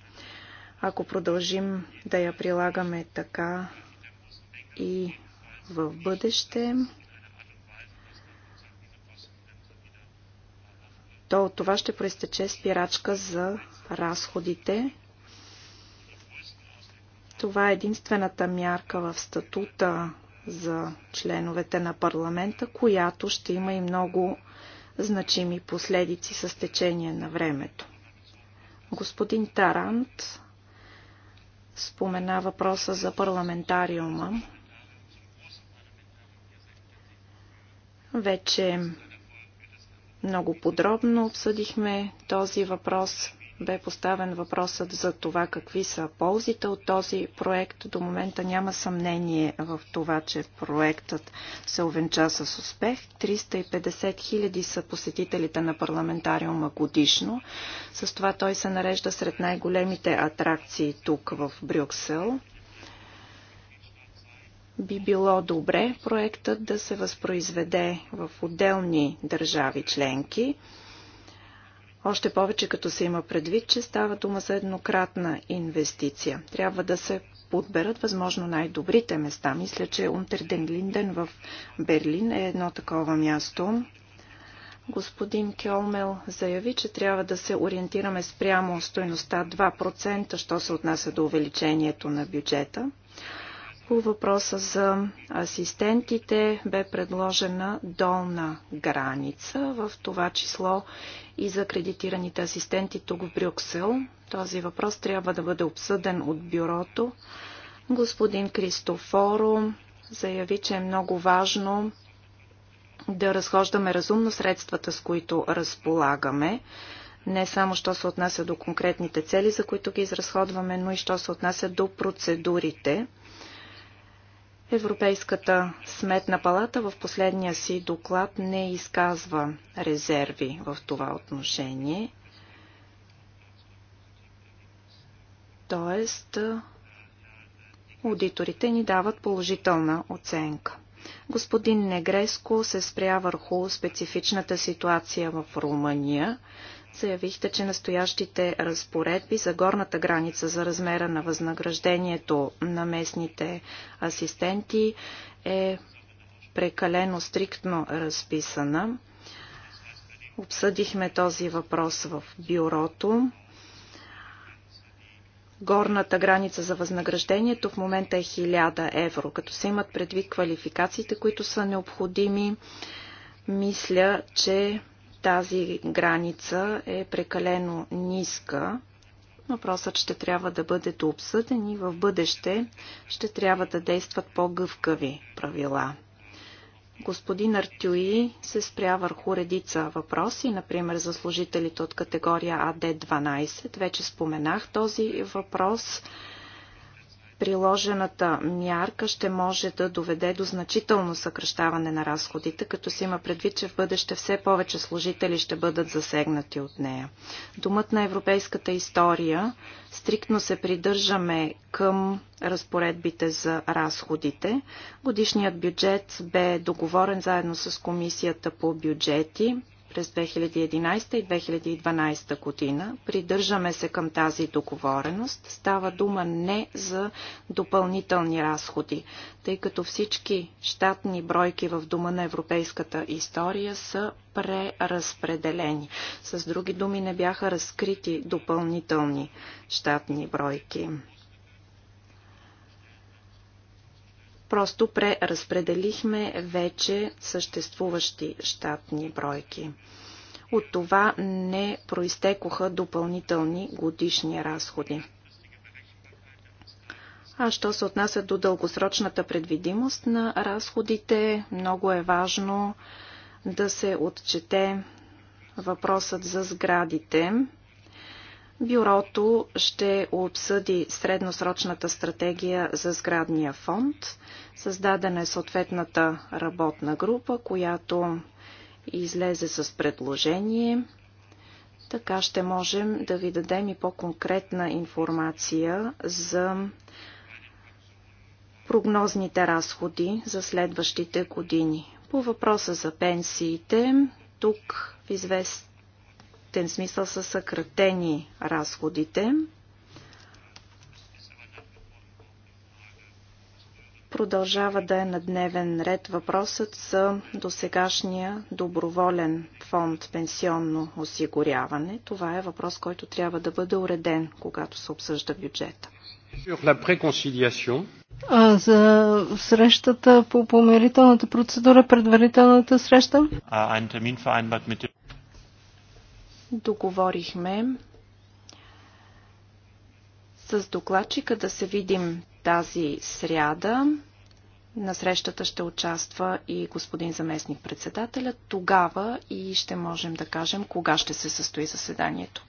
Ако продължим да я прилагаме така и в бъдеще, то от това ще проистече спирачка за разходите. Това е единствената мярка в статута за членовете на парламента, която ще има и много значими последици с течение на времето. Господин Тарант спомена въпроса за парламентариума. Вече много подробно обсъдихме този въпрос. Бе поставен въпросът за това какви са ползите от този проект. До момента няма съмнение в това, че проектът се увенча с успех. 350 хиляди са посетителите на парламентариума годишно. С това той се нарежда сред най-големите атракции тук в Брюксел би било добре проектът да се възпроизведе в отделни държави членки. Още повече като се има предвид, че става дума за еднократна инвестиция. Трябва да се подберат възможно най-добрите места. Мисля, че Унтерденлинден в Берлин е едно такова място. Господин Кьолмел заяви, че трябва да се ориентираме спрямо стоеността 2%, що се отнася до увеличението на бюджета. По въпроса за асистентите бе предложена долна граница, в това число и за кредитираните асистенти тук в Брюксел. Този въпрос трябва да бъде обсъден от бюрото. Господин Кристофоро заяви, че е много важно да разхождаме разумно средствата, с които разполагаме не само що се отнася до конкретните цели, за които ги изразходваме, но и що се отнася до процедурите. Европейската сметна палата в последния си доклад не изказва резерви в това отношение. Тоест, аудиторите ни дават положителна оценка. Господин Негреско се спря върху специфичната ситуация в Румъния заявихте, че настоящите разпоредби за горната граница за размера на възнаграждението на местните асистенти е прекалено стриктно разписана. Обсъдихме този въпрос в бюрото. Горната граница за възнаграждението в момента е 1000 евро. Като се имат предвид квалификациите, които са необходими, мисля, че тази граница е прекалено ниска. Въпросът ще трябва да бъде дообсъден и в бъдеще ще трябва да действат по-гъвкави правила. Господин Артюи се спря върху редица въпроси, например за служителите от категория АД-12. Вече споменах този въпрос приложената мярка ще може да доведе до значително съкръщаване на разходите, като се има предвид, че в бъдеще все повече служители ще бъдат засегнати от нея. Думът на европейската история стриктно се придържаме към разпоредбите за разходите. Годишният бюджет бе договорен заедно с Комисията по бюджети през 2011 и 2012 година. Придържаме се към тази договореност. Става дума не за допълнителни разходи, тъй като всички щатни бройки в Дома на европейската история са преразпределени. С други думи не бяха разкрити допълнителни щатни бройки. Просто преразпределихме вече съществуващи щатни бройки. От това не проистекоха допълнителни годишни разходи. А що се отнася до дългосрочната предвидимост на разходите, много е важно да се отчете въпросът за сградите. Бюрото ще обсъди средносрочната стратегия за сградния фонд. Създадена е съответната работна група, която излезе с предложение. Така ще можем да ви дадем и по-конкретна информация за прогнозните разходи за следващите години. По въпроса за пенсиите, тук в известен стриктен смисъл са съкратени разходите. Продължава да е на дневен ред въпросът за досегашния доброволен фонд пенсионно осигуряване. Това е въпрос, който трябва да бъде уреден, когато се обсъжда бюджета. А за срещата по помирителната процедура, предварителната среща? Договорихме с докладчика да се видим тази сряда. На срещата ще участва и господин заместник председателя. Тогава и ще можем да кажем кога ще се състои заседанието.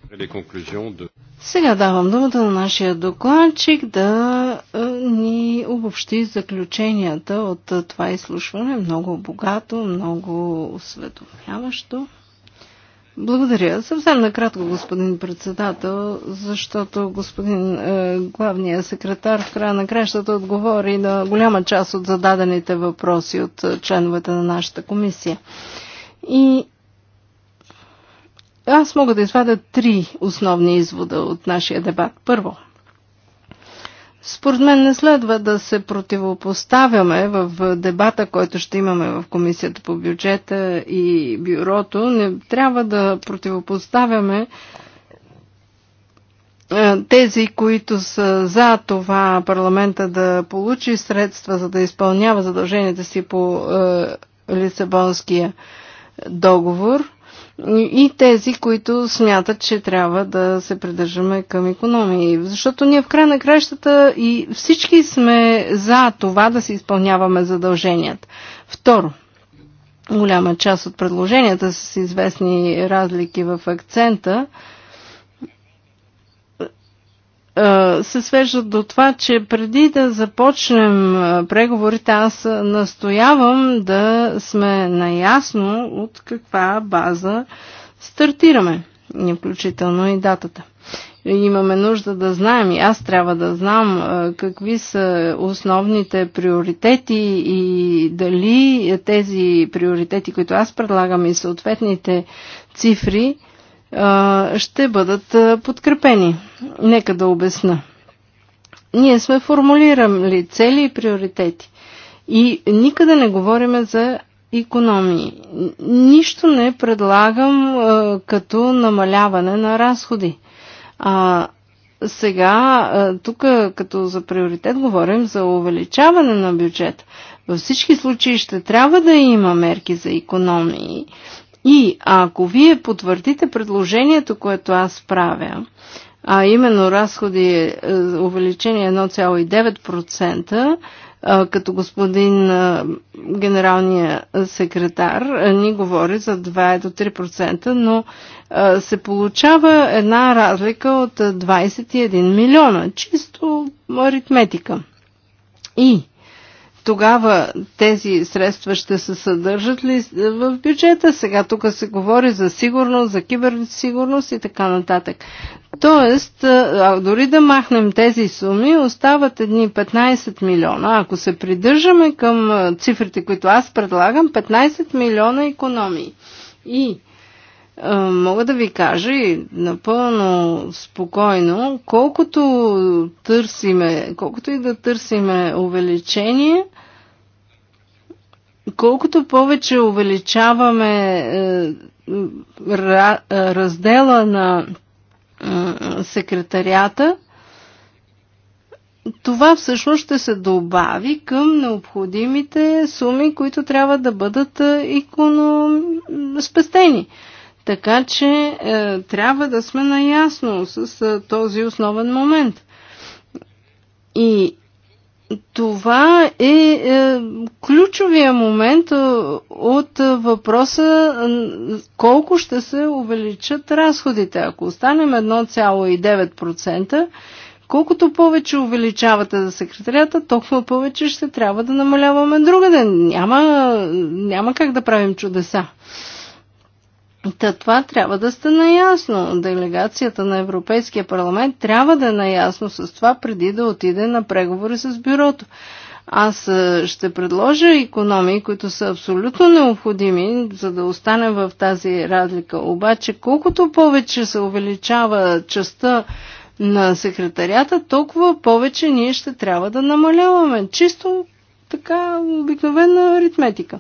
Сега давам думата на нашия докладчик да е, ни обобщи заключенията от това изслушване. Много богато, много осведомяващо. Благодаря. Съвсем накратко, господин председател, защото господин е, главния секретар в края на кращата отговори на голяма част от зададените въпроси от е, членовете на нашата комисия. И аз мога да извадя три основни извода от нашия дебат. Първо, според мен не следва да се противопоставяме в дебата, който ще имаме в Комисията по бюджета и бюрото. Не трябва да противопоставяме е, тези, които са за това парламента да получи средства, за да изпълнява задълженията си по е, Лисабонския договор – и тези, които смятат, че трябва да се придържаме към економии. Защото ние в край на кращата и всички сме за това да си изпълняваме задълженията. Второ, голяма част от предложенията с известни разлики в акцента, се свеждат до това, че преди да започнем преговорите, аз настоявам да сме наясно от каква база стартираме, включително и датата. Имаме нужда да знаем и аз трябва да знам какви са основните приоритети и дали тези приоритети, които аз предлагам и съответните цифри, ще бъдат подкрепени. Нека да обясна. Ние сме формулирали цели и приоритети. И никъде не говорим за економии. Нищо не предлагам като намаляване на разходи. А, сега, тук като за приоритет говорим за увеличаване на бюджет. Във всички случаи ще трябва да има мерки за економии. А, и ако вие потвърдите предложението, което аз правя, а именно разходи е, увеличение 1,9%, е, като господин е, генералния секретар ни говори за 2 до 3%, но се получава една разлика от 21 милиона, чисто аритметика. И тогава тези средства ще се съдържат ли в бюджета? Сега тук се говори за сигурност, за киберсигурност и така нататък. Тоест, дори да махнем тези суми, остават едни 15 милиона. Ако се придържаме към цифрите, които аз предлагам, 15 милиона економии. И е, мога да ви кажа и напълно спокойно, колкото търсиме, колкото и да търсиме увеличение, колкото повече увеличаваме е, е, раздела на секретарията, това всъщност ще се добави към необходимите суми, които трябва да бъдат економ... спестени. Така че е, трябва да сме наясно с с е, този основен момент. И това е, е ключовия момент е, от въпроса е, колко ще се увеличат разходите. Ако останем 1,9%, колкото повече увеличавате за секретарията, толкова повече ще трябва да намаляваме ден. Няма, няма как да правим чудеса. Та това трябва да сте наясно. Делегацията на Европейския парламент трябва да е наясно с това преди да отиде на преговори с бюрото. Аз е, ще предложа економии, които са абсолютно необходими, за да останем в тази разлика. Обаче, колкото повече се увеличава частта на секретарията, толкова повече ние ще трябва да намаляваме. Чисто така обикновена аритметика.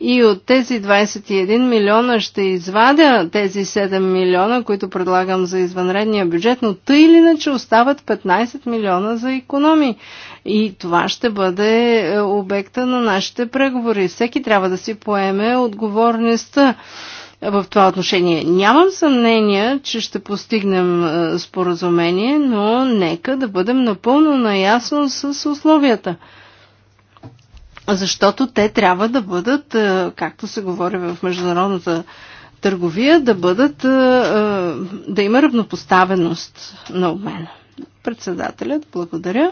И от тези 21 милиона ще извадя тези 7 милиона, които предлагам за извънредния бюджет, но тъй или иначе остават 15 милиона за економии. И това ще бъде е, обекта на нашите преговори. Всеки трябва да си поеме отговорността в това отношение. Нямам съмнение, че ще постигнем е, споразумение, но нека да бъдем напълно наясно с условията защото те трябва да бъдат, е, както се говори в международната търговия, да бъдат, е, е, да има равнопоставеност на обмена. Председателят, благодаря.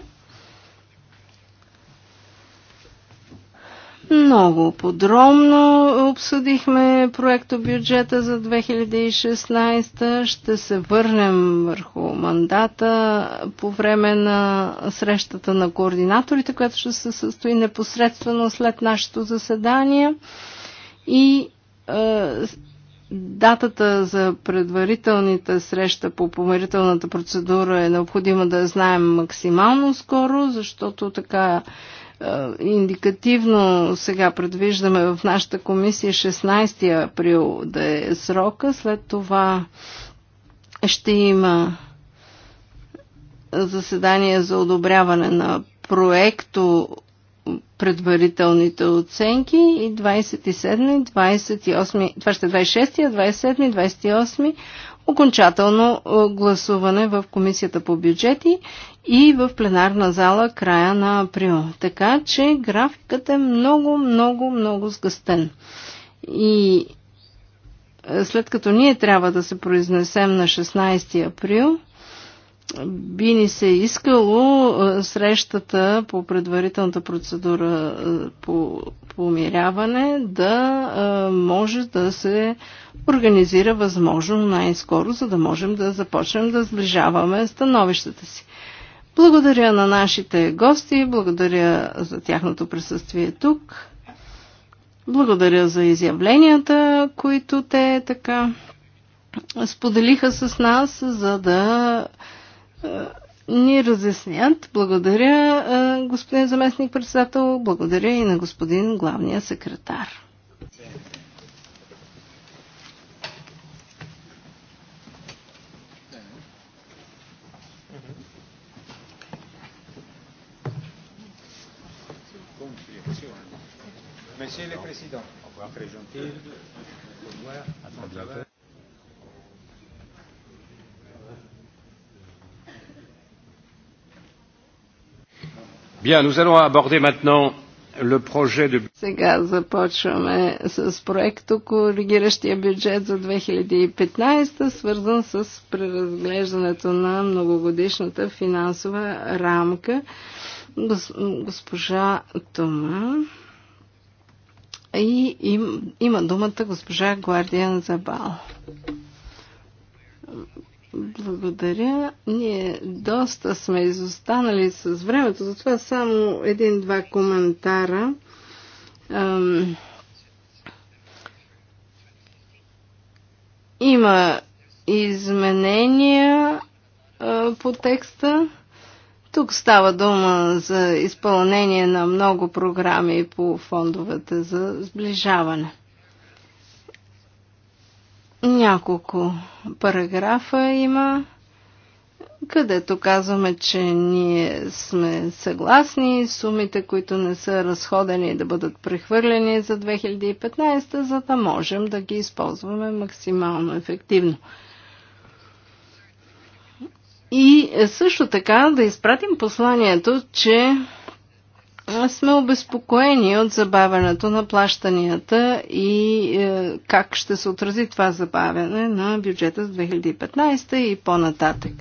Много подробно обсъдихме проекто бюджета за 2016. Ще се върнем върху мандата по време на срещата на координаторите, която ще се състои непосредствено след нашето заседание. И е, датата за предварителните среща по помирителната процедура е необходимо да знаем максимално скоро, защото така е, индикативно сега предвиждаме в нашата комисия 16 април да е срока. След това ще има заседание за одобряване на проекто предварителните оценки и 27, 28, това ще е 26, 27, 28 окончателно е, гласуване в Комисията по бюджети и в пленарна зала края на април. Така че графикът е много, много, много сгъстен. И е, след като ние трябва да се произнесем на 16 април, би ни се искало срещата по предварителната процедура по помиряване да може да се организира възможно най-скоро, за да можем да започнем да сближаваме становищата си. Благодаря на нашите гости, благодаря за тяхното присъствие тук, благодаря за изявленията, които те така споделиха с нас, за да ни разяснят. Благодаря, господин заместник председател, благодаря и на господин главния секретар. Monsieur le Président, au revoir, très gentil. Au revoir, à Bien, nous allons aborder maintenant le projet de... Сега започваме с проекто коригиращия бюджет за 2015, свързан с преразглеждането на многогодишната финансова рамка. Госпожа Тома и им, има думата госпожа Гвардия Забал. Благодаря. Ние доста сме изостанали с времето, затова само един-два коментара. Ам... Има изменения а, по текста. Тук става дума за изпълнение на много програми по фондовете за сближаване. Няколко параграфа има, където казваме, че ние сме съгласни сумите, които не са разходени да бъдат прехвърлени за 2015, за да можем да ги използваме максимално ефективно. И също така да изпратим посланието, че сме обезпокоени от забавянето на плащанията и е, как ще се отрази това забавяне на бюджета за 2015 и по-нататък.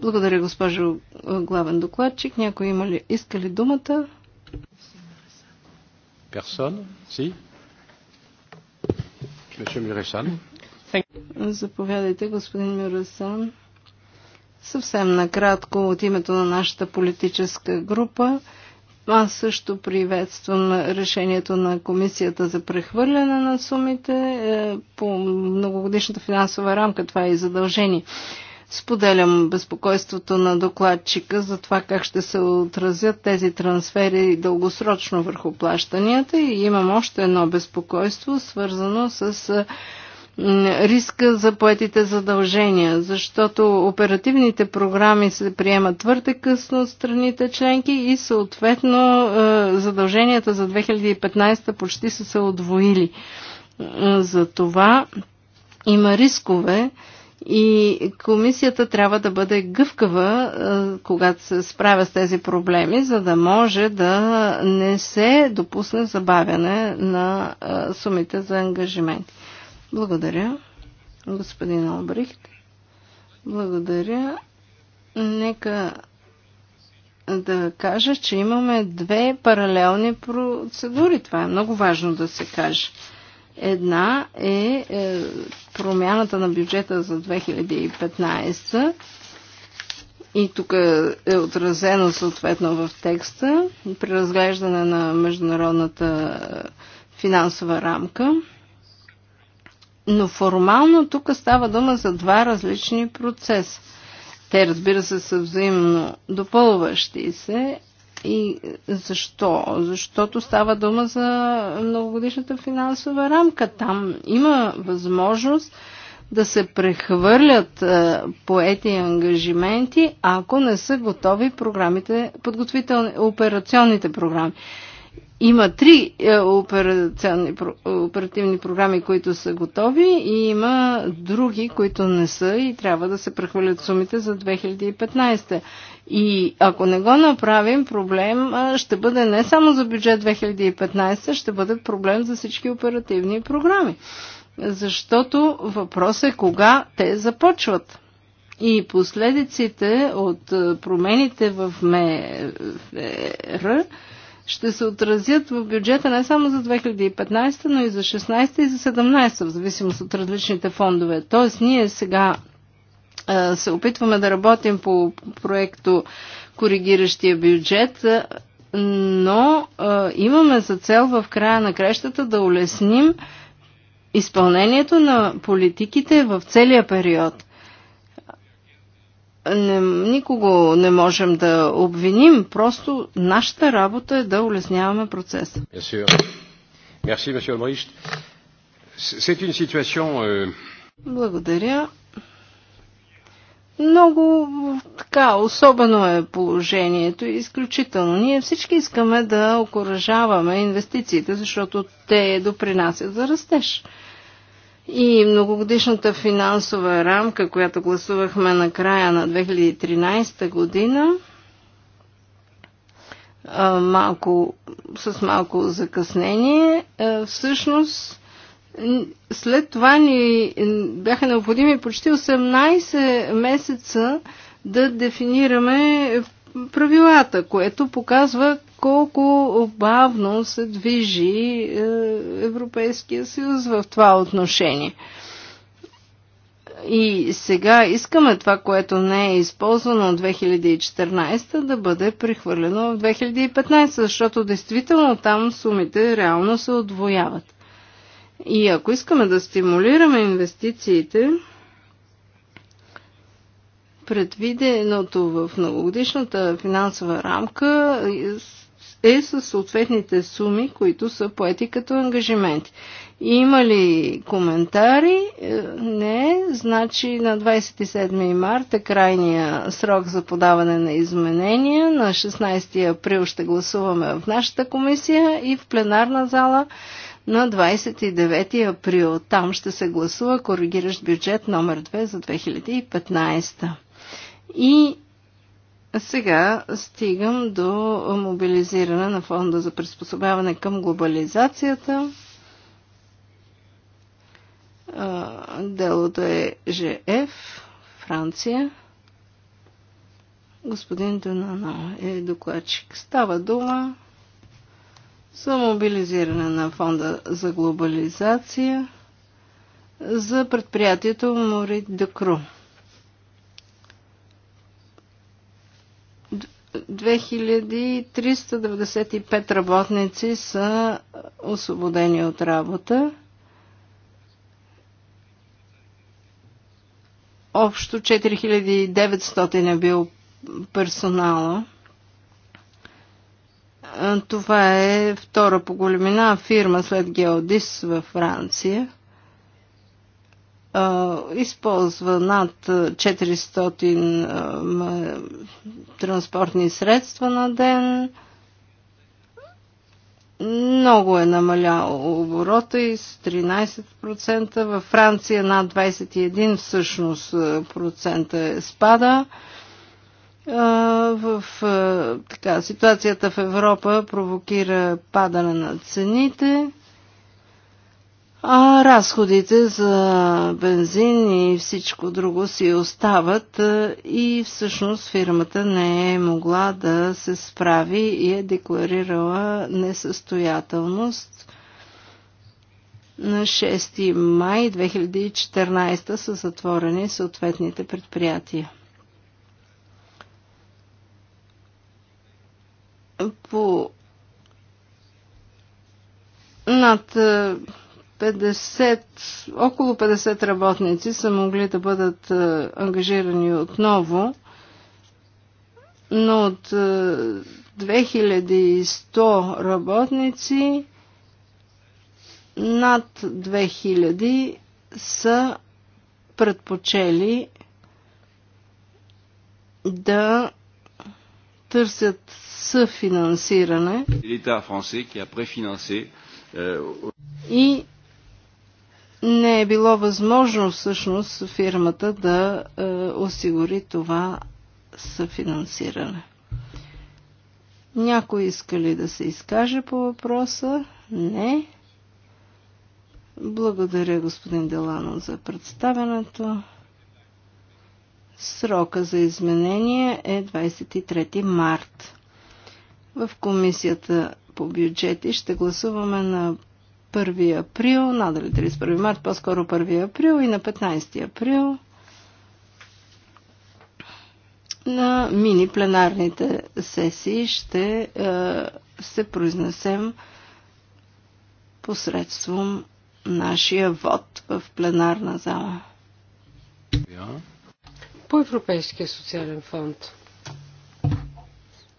Благодаря, госпожо е, главен докладчик. Някой има ли, иска ли думата? Персон? Си? Мюресан? Заповядайте, господин Мюресан. Съвсем накратко от името на нашата политическа група. Аз също приветствам решението на комисията за прехвърляне на сумите е, по многогодишната финансова рамка. Това е и задължение. Споделям безпокойството на докладчика за това как ще се отразят тези трансфери дългосрочно върху плащанията и имам още едно безпокойство, свързано с е, риска за поетите задължения, защото оперативните програми се приемат твърде късно от страните членки и съответно е, задълженията за 2015 почти са се отвоили. За това има рискове и комисията трябва да бъде гъвкава, е, когато се справя с тези проблеми, за да може да не се допусне забавяне на е, сумите за ангажименти. Благодаря, господин Албрихт. Благодаря. Нека да кажа, че имаме две паралелни процедури. Това е много важно да се каже. Една е, е промяната на бюджета за 2015 и тук е отразено съответно в текста при разглеждане на международната е, финансова рамка но формално тук става дума за два различни процеса. Те, разбира се, са взаимно допълващи се. И защо? Защото става дума за многогодишната финансова рамка. Там има възможност да се прехвърлят е, поети ангажименти, ако не са готови програмите, подготвителни, операционните програми има три е, оперативни програми, които са готови и има други, които не са и трябва да се прехвърлят сумите за 2015. И ако не го направим, проблем е, ще бъде не само за бюджет 2015, ще бъде проблем за всички оперативни програми. Защото въпросът е кога те започват. И последиците от е, промените в МР ще се отразят в бюджета не само за 2015, но и за 16 и за 17, в зависимост от различните фондове. Тоест, ние сега се опитваме да работим по проекто коригиращия бюджет, но имаме за цел в края на крещата да улесним изпълнението на политиките в целия период – не, никого не можем да обвиним, просто нашата работа е да улесняваме процеса. Euh, Благодаря. Много така, особено е положението и изключително. Ние всички искаме да окоръжаваме инвестициите, защото те допринасят за растеж и многогодишната финансова рамка, която гласувахме на края на 2013 година, малко, с малко закъснение, всъщност след това ни бяха необходими почти 18 месеца да дефинираме правилата, което показва колко бавно се движи е, Европейския съюз в това отношение. И сега искаме това, което не е използвано от 2014, да бъде прехвърлено в 2015, защото действително там сумите реално се отвояват. И ако искаме да стимулираме инвестициите, предвиденото в многогодишната финансова рамка е със съответните суми, които са поети като ангажименти. Има ли коментари? Е, не. Значи на 27 марта е крайния срок за подаване на изменения. На 16 април ще гласуваме в нашата комисия и в пленарна зала на 29 април. Там ще се гласува коригиращ бюджет номер 2 за 2015. И сега стигам до мобилизиране на фонда за приспособяване към глобализацията. Делото е ЖФ, Франция. Господин Донано е докладчик. Става дума за мобилизиране на фонда за глобализация за предприятието Морит Декру. 2395 работници са освободени от работа. Общо 4900 е бил персонала. Това е втора по големина фирма след Геодис във Франция използва над 400 транспортни средства на ден. Много е намалял оборота и с 13%. Във Франция над 21% всъщност процента е спада. В така, ситуацията в Европа провокира падане на цените а разходите за бензин и всичко друго си остават и всъщност фирмата не е могла да се справи и е декларирала несъстоятелност на 6 май 2014 са затворени съответните предприятия. По над 50, около 50 работници са могли да бъдат е, ангажирани отново, но от 2100 е, работници над 2000 са предпочели да търсят съфинансиране. Euh, и не е било възможно всъщност фирмата да е, осигури това съфинансиране. Някой иска ли да се изкаже по въпроса? Не. Благодаря господин Делано за представенето. Срока за изменение е 23 март. В комисията по бюджети ще гласуваме на 1 април, надали 31 март, по-скоро 1 април и на 15 април на мини пленарните сесии ще е, се произнесем посредством нашия вод в пленарна зала. По Европейския социален фонд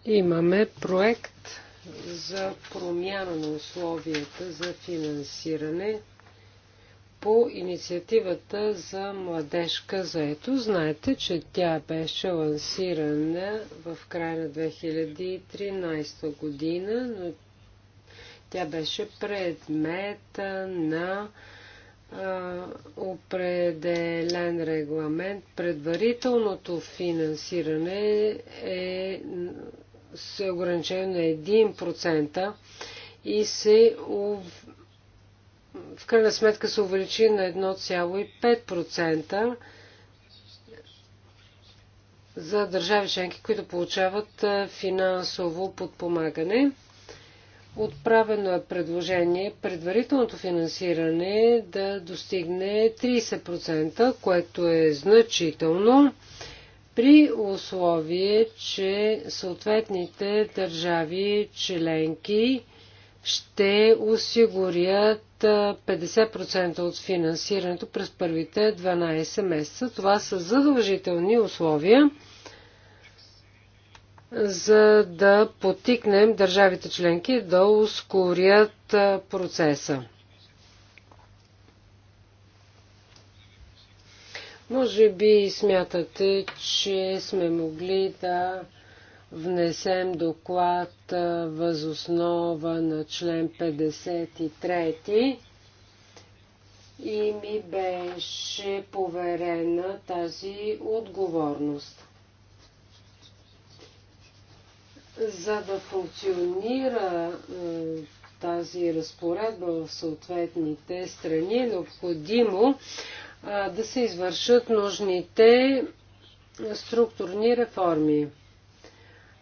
имаме проект за промяна на условията за финансиране по инициативата за младежка заето. Знаете, че тя беше лансирана в края на 2013 година, но тя беше предмета на а, определен регламент. Предварителното финансиране е се ограничено на 1% и се в крайна сметка се увеличи на 1,5% за държави членки, които получават финансово подпомагане. Отправено е предложение предварителното финансиране да достигне 30%, което е значително при условие, че съответните държави членки ще осигурят 50% от финансирането през първите 12 месеца. Това са задължителни условия, за да потикнем държавите членки да ускорят процеса. Може би смятате, че сме могли да внесем доклад възоснова на член 53 и ми беше поверена тази отговорност. За да функционира тази разпоредба в съответните страни е необходимо да се извършат нужните структурни реформи.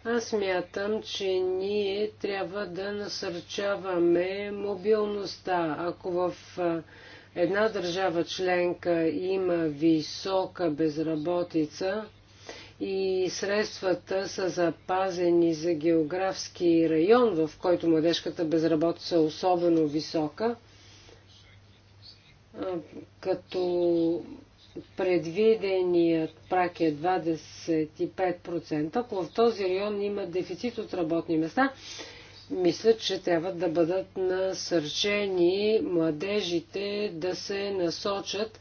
Аз мятам, че ние трябва да насърчаваме мобилността. Ако в една държава членка има висока безработица и средствата са запазени за географски район, в който младежката безработица е особено висока, като предвиденият прак е 25%. Ако в този район има дефицит от работни места, мисля, че трябва да бъдат насърчени младежите да се насочат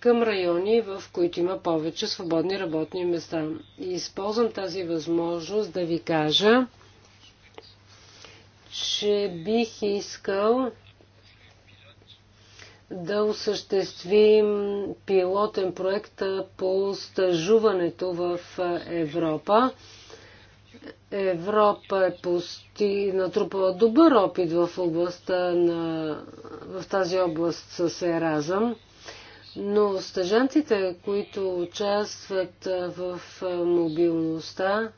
към райони, в които има повече свободни работни места. И използвам тази възможност да ви кажа, че бих искал да осъществим пилотен проект по стажуването в Европа. Европа е пости, натрупала добър опит в областта на, в тази област с Еразъм, но стажантите, които участват в мобилността,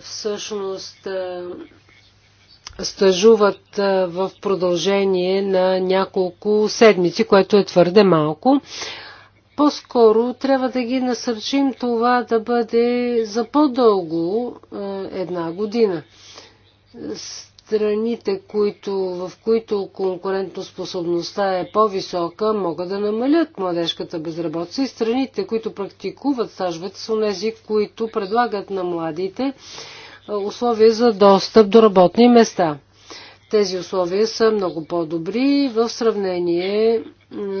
всъщност стажуват в продължение на няколко седмици, което е твърде малко. По-скоро трябва да ги насърчим това да бъде за по-дълго една година. Страните, които, в които конкурентоспособността е по-висока, могат да намалят младежката безработица и страните, които практикуват стажовете, са тези, които предлагат на младите условия за достъп до работни места. Тези условия са много по-добри в сравнение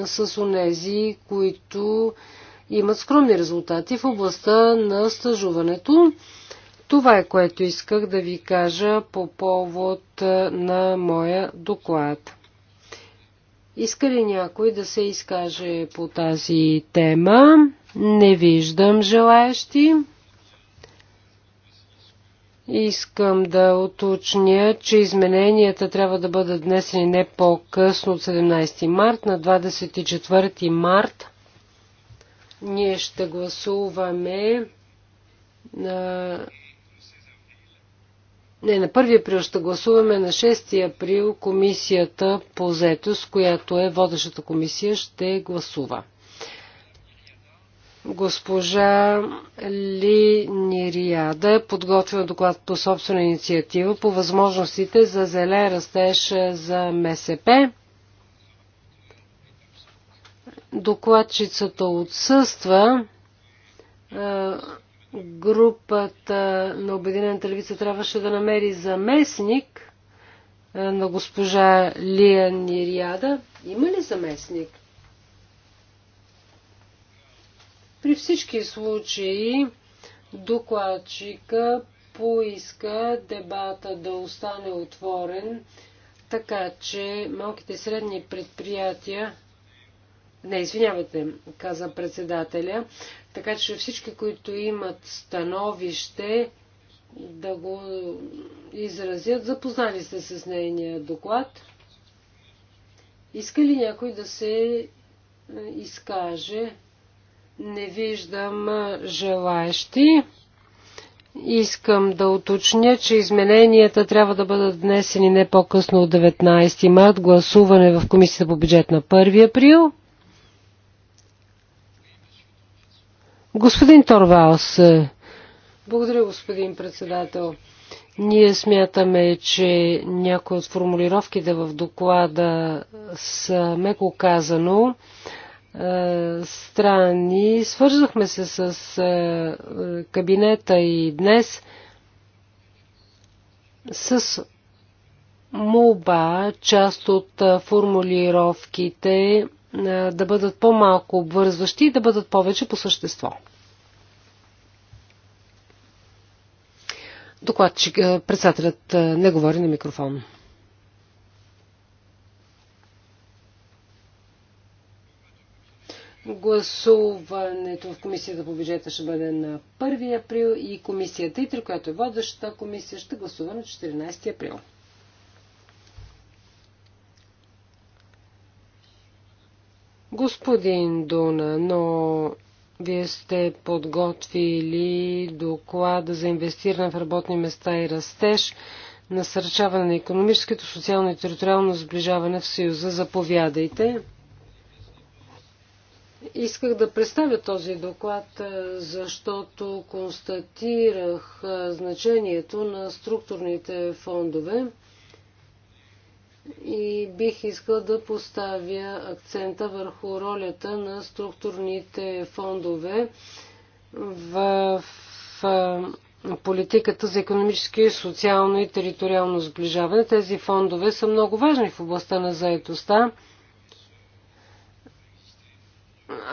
с онези, които имат скромни резултати в областта на стажуването. Това е което исках да ви кажа по повод на моя доклад. Иска ли някой да се изкаже по тази тема? Не виждам желаящи. Искам да уточня, че измененията трябва да бъдат внесени не по-късно от 17 март. На 24 март ние ще гласуваме на... Не, на 1 април ще гласуваме, на 6 април комисията по заетост, която е водещата комисия, ще гласува. Госпожа Ли Нириада е подготвила доклад по собствена инициатива по възможностите за зелен растеж за МСП. Докладчицата отсъства. Групата на Обединената левица трябваше да намери заместник на госпожа Лия Нириада. Има ли заместник? При всички случаи докладчика поиска дебата да остане отворен, така че малките и средни предприятия не, извинявайте, каза председателя. Така че всички, които имат становище, да го изразят. Запознали сте с нейния доклад. Иска ли някой да се е, изкаже? Не виждам желаещи. Искам да уточня, че измененията трябва да бъдат внесени не по-късно от 19 март. Гласуване в Комисията по бюджет на 1 април. Господин Торвалс, е, благодаря, господин председател. Ние смятаме, че някои от формулировките в доклада са, меко казано, е, страни. Свързахме се с е, кабинета и днес с молба част от е, формулировките да бъдат по-малко обвързващи и да бъдат повече по същество. Докладчик, председателят не говори на микрофон. Гласуването в комисията по бюджета ще бъде на 1 април и комисията ИТР, която е водеща комисия, ще гласува на 14 април. Господин Дуна, но вие сте подготвили доклада за инвестиране в работни места и растеж, насърчаване на економическото, социално и териториално сближаване в Съюза. Заповядайте. Исках да представя този доклад, е, защото констатирах е, значението на структурните фондове и бих искал да поставя акцента върху ролята на структурните фондове в, е, политиката за економически, социално и териториално сближаване. Тези фондове са много важни в областта на заетостта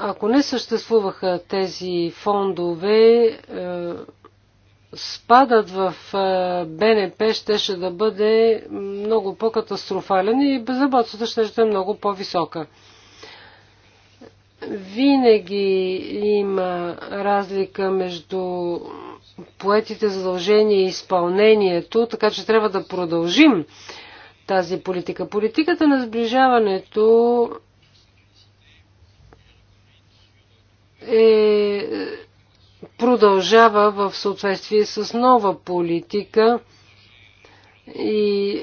ако не съществуваха тези фондове, е, спадът в е, БНП щеше да бъде много по-катастрофален и безработицата ще да е много по-висока. Винаги има разлика между поетите задължения и изпълнението, така че трябва да продължим тази политика. Политиката на сближаването е, продължава в съответствие с нова политика и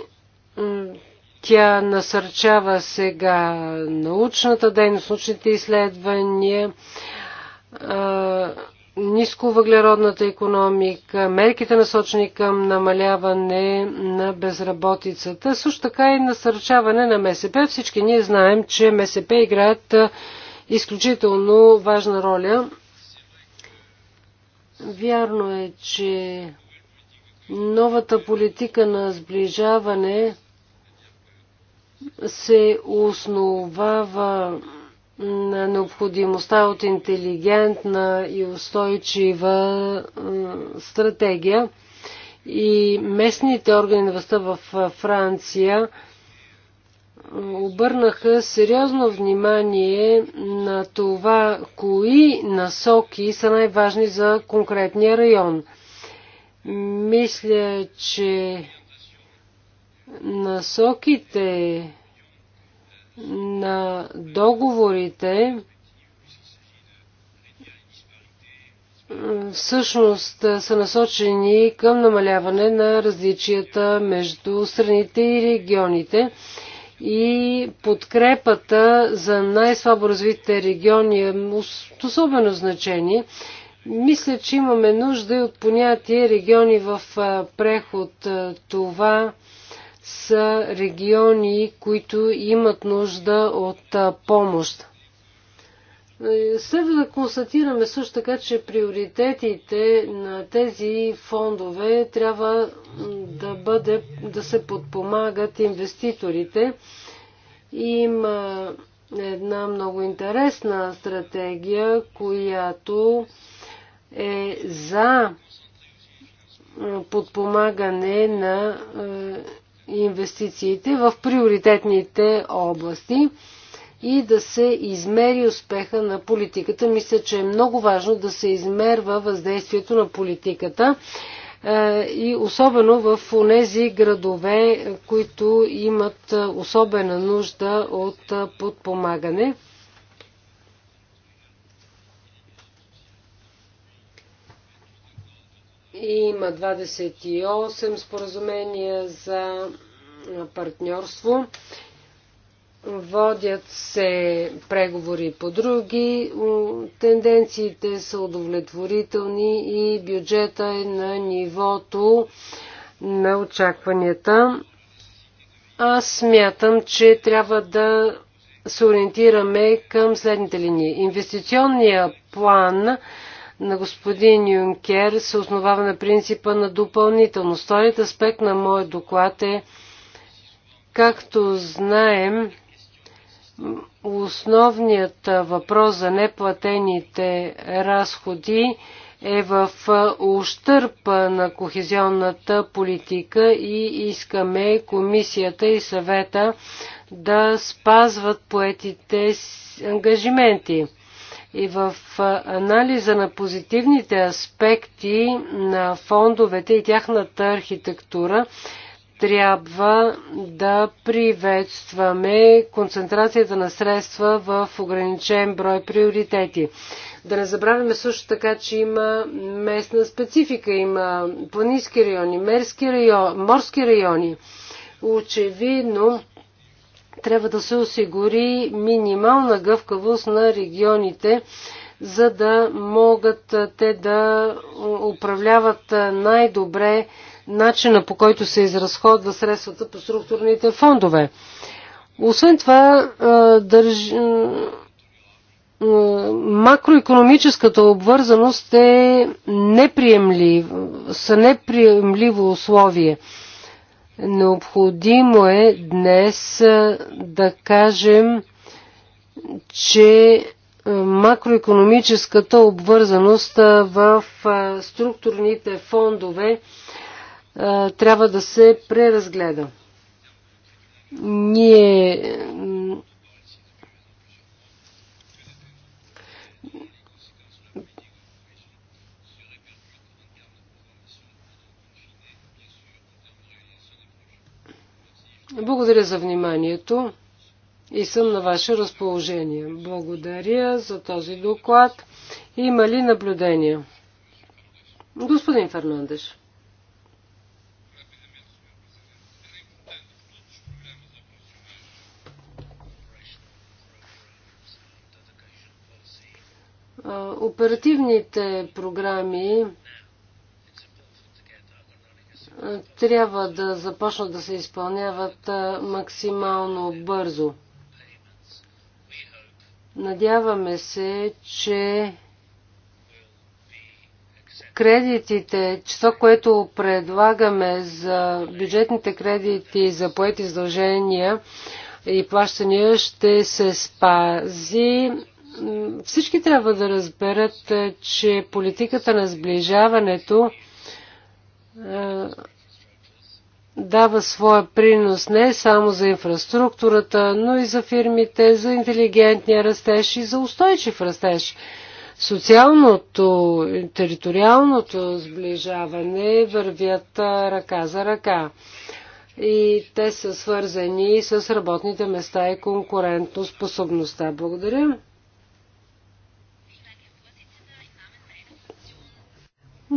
тя насърчава сега научната дейност, научните изследвания, нисковъглеродната економика, мерките насочени към намаляване на безработицата, също така и насърчаване на МСП. Всички ние знаем, че МСП играят изключително важна роля. Вярно е, че новата политика на сближаване се основава на необходимостта от интелигентна и устойчива стратегия. И местните органи на властта в Франция обърнаха сериозно внимание на това, кои насоки са най-важни за конкретния район. Мисля, че насоките на договорите всъщност са насочени към намаляване на различията между страните и регионите и подкрепата за най-слабо развитите региони е особено значение. Мисля, че имаме нужда и от понятие региони в преход. Това са региони, които имат нужда от помощ. Следва да констатираме също така, че приоритетите на тези фондове трябва да, бъде, да се подпомагат инвеститорите. Има една много интересна стратегия, която е за подпомагане на е, инвестициите в приоритетните области и да се измери успеха на политиката. Мисля, че е много важно да се измерва въздействието на политиката е, и особено в тези градове, които имат е, особена нужда от е, подпомагане. Има 28 споразумения за партньорство Водят се преговори по други. Тенденциите са удовлетворителни и бюджета е на нивото на очакванията. Аз смятам, че трябва да се ориентираме към следните линии. Инвестиционния план на господин Юнкер се основава на принципа на допълнителност. Вторият аспект на моят доклад е, както знаем, Основният въпрос за неплатените разходи е в ущърп на кохезионната политика и искаме комисията и съвета да спазват поетите ангажименти. И в анализа на позитивните аспекти на фондовете и тяхната архитектура трябва да приветстваме концентрацията на средства в ограничен брой приоритети. Да не забравяме също така, че има местна специфика, има планински райони, мерски райони, морски райони. Очевидно, трябва да се осигури минимална гъвкавост на регионите, за да могат те да управляват най-добре начина по който се изразходва средствата по структурните фондове. Освен това, държ... макроекономическата обвързаност е неприемлив, са неприемливо условие. Необходимо е днес да кажем, че макроекономическата обвързаност в структурните фондове трябва да се преразгледа. Ние Благодаря за вниманието и съм на ваше разположение. Благодаря за този доклад. Има ли наблюдения? Господин Фернандеш. Оперативните програми трябва да започнат да се изпълняват максимално бързо. Надяваме се, че кредитите, че това, което предлагаме за бюджетните кредити за поети задължения и плащания ще се спази всички трябва да разберат, е, че политиката на сближаването е, дава своя принос не само за инфраструктурата, но и за фирмите, за интелигентния растеж и за устойчив растеж. Социалното и териториалното сближаване вървят е, ръка за ръка. И те са свързани с работните места и конкурентно способността. Благодаря.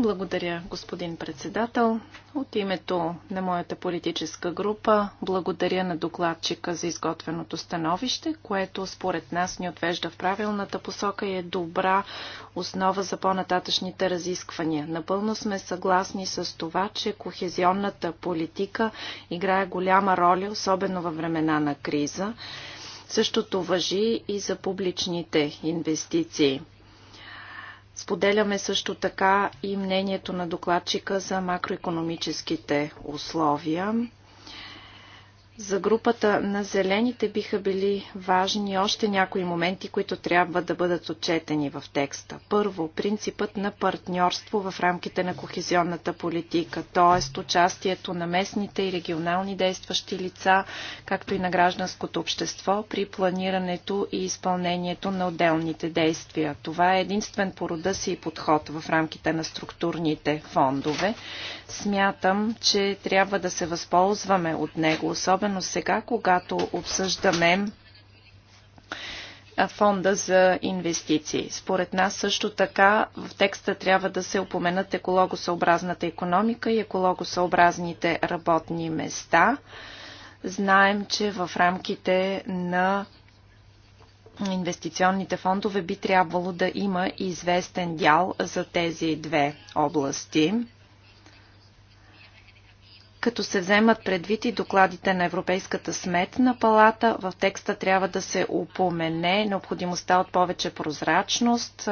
Благодаря, господин председател. От името на моята политическа група благодаря на докладчика за изготвеното становище, което според нас ни отвежда в правилната посока и е добра основа за по-нататъчните разисквания. Напълно сме съгласни с това, че кохезионната политика играе голяма роля, особено във времена на криза. Същото въжи и за публичните инвестиции. Споделяме също така и мнението на докладчика за макроекономическите условия. За групата на зелените биха били важни още някои моменти, които трябва да бъдат отчетени в текста. Първо, принципът на партньорство в рамките на кохезионната политика, т.е. участието на местните и регионални действащи лица, както и на гражданското общество при планирането и изпълнението на отделните действия. Това е единствен по рода си подход в рамките на структурните фондове. Смятам, че трябва да се възползваме от него, особено особено сега, когато обсъждаме фонда за инвестиции. Според нас също така в текста трябва да се упоменат екологосъобразната економика и екологосъобразните работни места. Знаем, че в рамките на инвестиционните фондове би трябвало да има известен дял за тези две области като се вземат предвид и докладите на Европейската сметна палата. В текста трябва да се упомене необходимостта от повече прозрачност,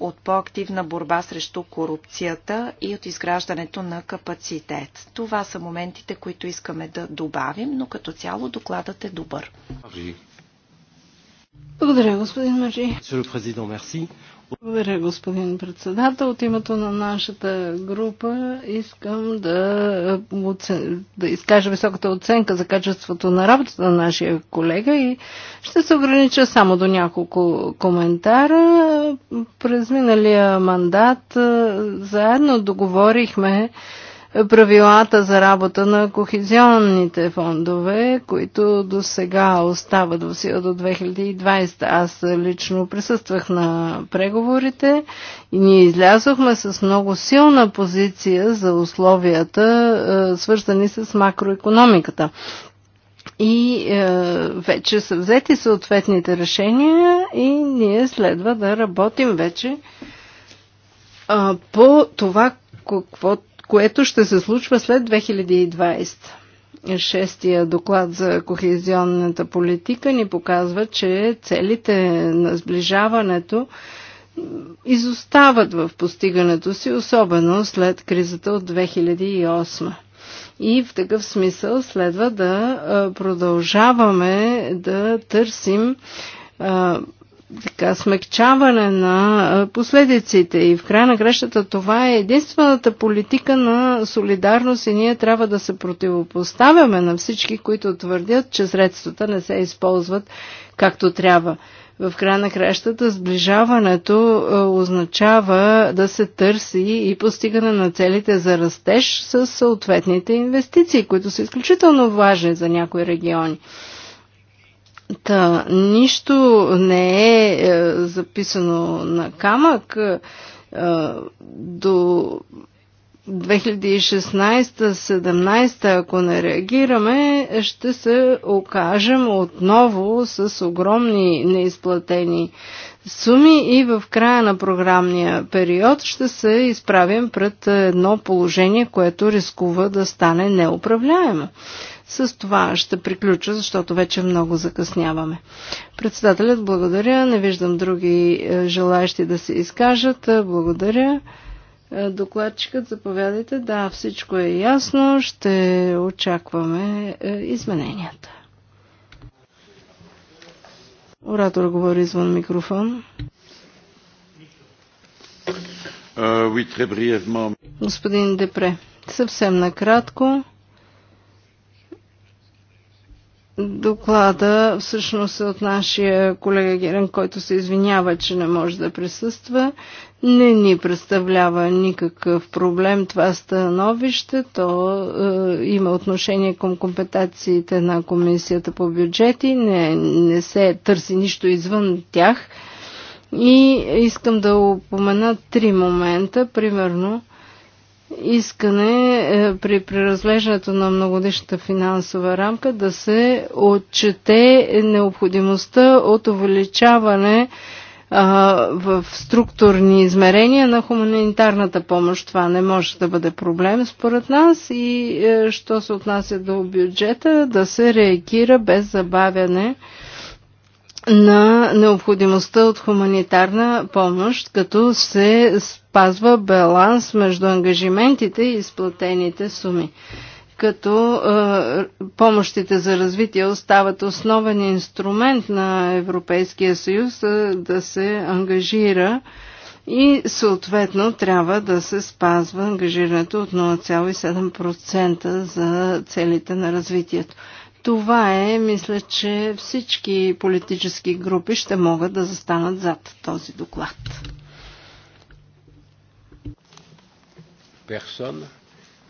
от по-активна борба срещу корупцията и от изграждането на капацитет. Това са моментите, които искаме да добавим, но като цяло докладът е добър. Благодаря, господин Мажи. Благодаря, господин председател. От името на нашата група искам да, оцен... да изкажа високата оценка за качеството на работата на нашия колега и ще се огранича само до няколко коментара. През миналия мандат заедно договорихме правилата за работа на кохезионните фондове, които до сега остават в сила до 2020. Аз лично присъствах на преговорите и ние излязохме с много силна позиция за условията, е, свързани с макроекономиката. И е, вече са взети съответните решения и ние следва да работим вече е, по това какво което ще се случва след 2020. Шестия доклад за кохезионната политика ни показва, че целите на сближаването изостават в постигането си, особено след кризата от 2008. И в такъв смисъл следва да продължаваме да търсим така смекчаване на последиците и в края на кращата това е единствената политика на солидарност и ние трябва да се противопоставяме на всички, които твърдят, че средствата не се използват както трябва. В края на кращата сближаването означава да се търси и постигане на целите за растеж с съответните инвестиции, които са изключително важни за някои региони. Та, нищо не е, е записано на камък. Е, до 2016-17, ако не реагираме, ще се окажем отново с огромни неизплатени суми и в края на програмния период ще се изправим пред едно положение, което рискува да стане неуправляемо. С това ще приключа, защото вече много закъсняваме. Председателят, благодаря. Не виждам други е, желаящи да се изкажат. Е, благодаря. Е, докладчикът, заповядайте. Да, всичко е ясно. Ще очакваме измененията. Оратор говори извън микрофон. Господин Депре, съвсем накратко доклада всъщност е от нашия колега Герен, който се извинява, че не може да присъства. Не ни представлява никакъв проблем това становище. То е, има отношение към компетенциите на Комисията по бюджети. Не, не се търси нищо извън тях. И искам да упомена три момента. Примерно, искане е, при преразглеждането на многодишната финансова рамка да се отчете необходимостта от увеличаване е, в структурни измерения на хуманитарната помощ. Това не може да бъде проблем според нас и е, що се отнася до бюджета, да се реагира без забавяне на необходимостта от хуманитарна помощ, като се спазва баланс между ангажиментите и изплатените суми. Като е, помощите за развитие остават основен инструмент на Европейския съюз е, да се ангажира и съответно трябва да се спазва ангажирането от 0,7% за целите на развитието. Това е, мисля, че всички политически групи ще могат да застанат зад този доклад. Персон.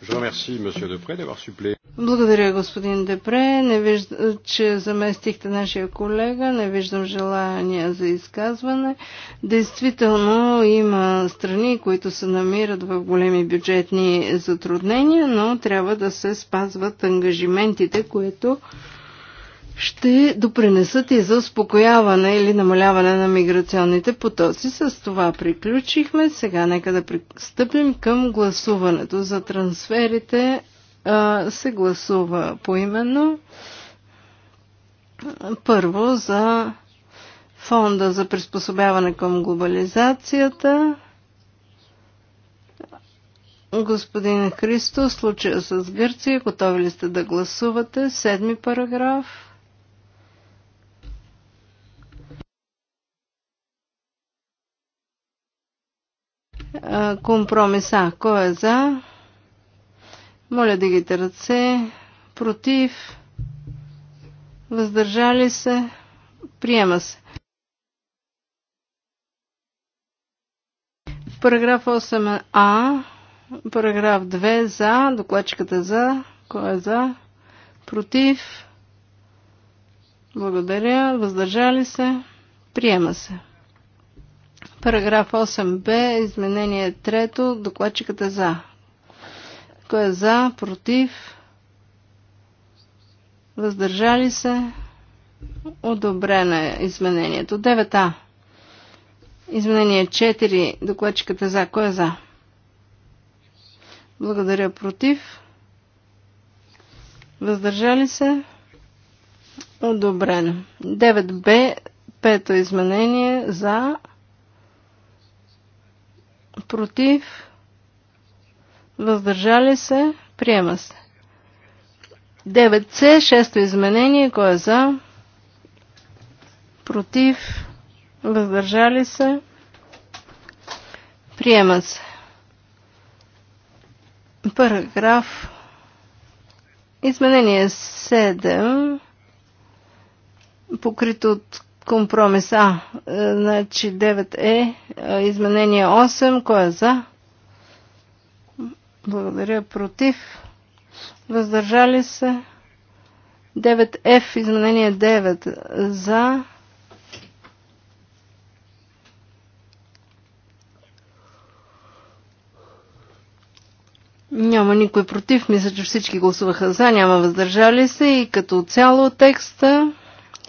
Je remercie Monsieur Depré d'avoir supplé. Благодаря, господин Депре. Не виждам, че заместихте нашия колега. Не виждам желания за изказване. Действително има страни, които се намират в големи бюджетни затруднения, но трябва да се спазват ангажиментите, които ще допринесат и за успокояване или намаляване на миграционните потоци. С това приключихме. Сега нека да пристъпим към гласуването за трансферите се гласува поименно. Първо за фонда за приспособяване към глобализацията. Господин Христо, случая с Гърция, готови ли сте да гласувате? Седми параграф. Компромиса. Кой е за? Моля да ги ръце. Против. Въздържали се. Приема се. Параграф 8а. Параграф 2 за. Докладчиката е за. Кой е за? Против. Благодаря. Въздържали се. Приема се. Параграф 8б. Изменение 3. Докладчиката е за. Кой е за, против, въздържали се, одобрено е изменението. 9а. Изменение 4. Докладчиката е за. Кой е за? Благодаря. Против. Въздържали се? Одобрено. 9Б. Пето изменение. За. Против въздържали се, приема се. 9C, шесто изменение, кой е за, против, въздържали се, приема се. Параграф Изменение 7, покрито от компромис А, е, значи 9 е, е, изменение 8, кой е за? Благодаря. Против. Въздържали се. 9F, изменение 9. За. Няма никой против. Мисля, че всички гласуваха за. Няма въздържали се. И като цяло текста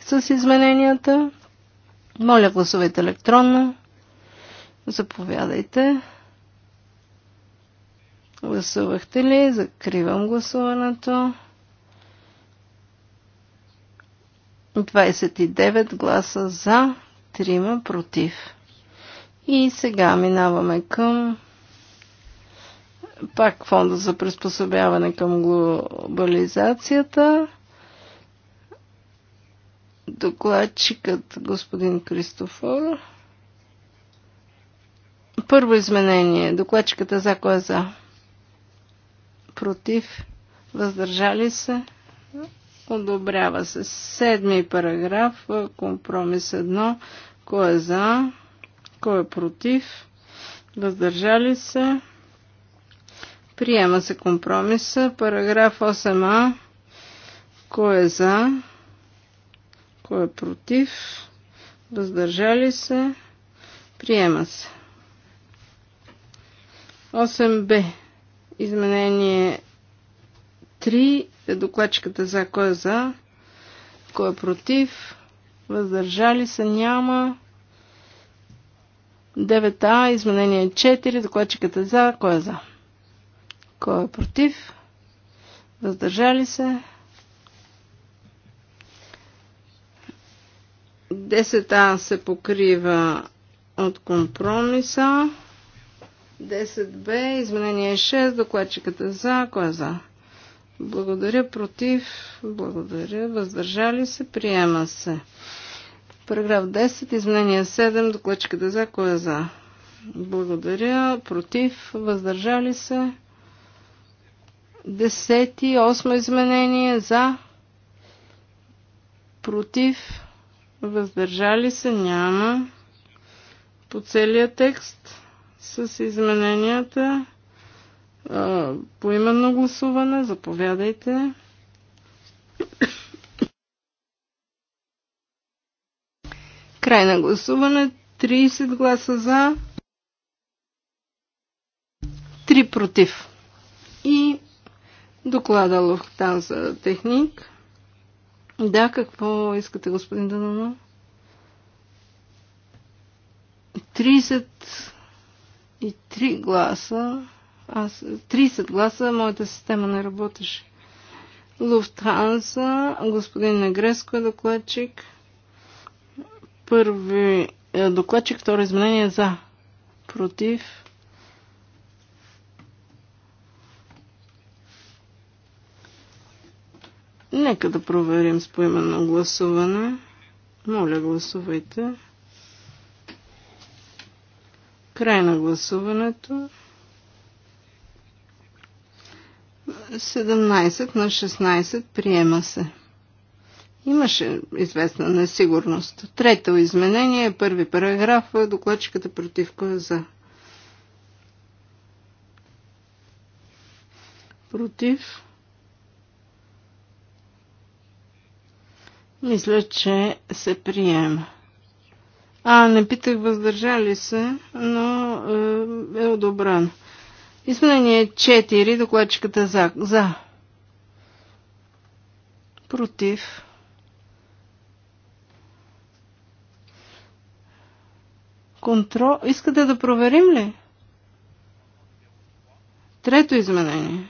с измененията. Моля, гласувайте електронно. Заповядайте. Гласувахте ли? Закривам гласуването. 29 гласа за, 3 против. И сега минаваме към пак фонда за приспособяване към глобализацията. Докладчикът господин Кристофор. Първо изменение. Докладчиката е за кое за? против, въздържали се, одобрява се. Седми параграф, компромис 1, кой е за, кой е против, въздържали се, приема се компромиса, параграф 8а, кой е за, кой е против, въздържали се, приема се. 8б Изменение 3. Докладчиката за кой е за, кой е против, въздържали се няма. 9А. Изменение 4. Докладчиката за кой е за, кой е против, въздържали се. 10А се покрива от компромиса. 10Б, изменение 6, докладчиката е за, кой е за? Благодаря, против, благодаря, въздържали се, приема се. Параграф 10, изменение 7, докладчиката е за, кой е за? Благодаря, против, въздържали се. Десети, осмо изменение за, против, въздържали се, няма. По целия текст с измененията. По именно гласуване, заповядайте. Край на гласуване. 30 гласа за, 3 против. И доклада Лохтан за техник. Да, какво искате, господин Данано? 30 и 3 гласа, аз 30 гласа, моята система не работеше. Луфтханса, господин Негреско е докладчик. Първи е, докладчик, второ изменение за. Против. Нека да проверим с поименно гласуване. Моля, гласувайте. Край на гласуването. 17 на 16 приема се. Имаше известна несигурност. Трето изменение, първи параграф, докладчиката против е за. Против. Мисля, че се приема. А, не питах въздържали се, но е, е одобрено. Изменение 4, докладчиката за. за. Против. Контрол. Искате да проверим ли? Трето изменение.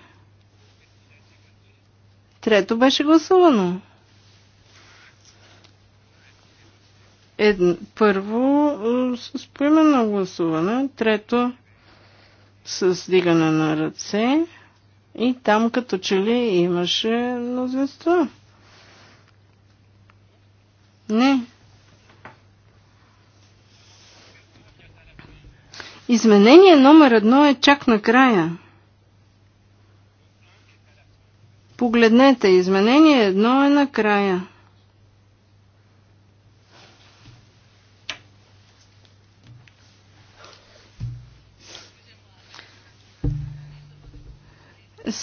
Трето беше гласувано. Едно, първо с поименно гласуване, трето с дигане на ръце и там като че ли имаше мнозинство. Не. Изменение номер едно е чак накрая. Погледнете, изменение едно е накрая.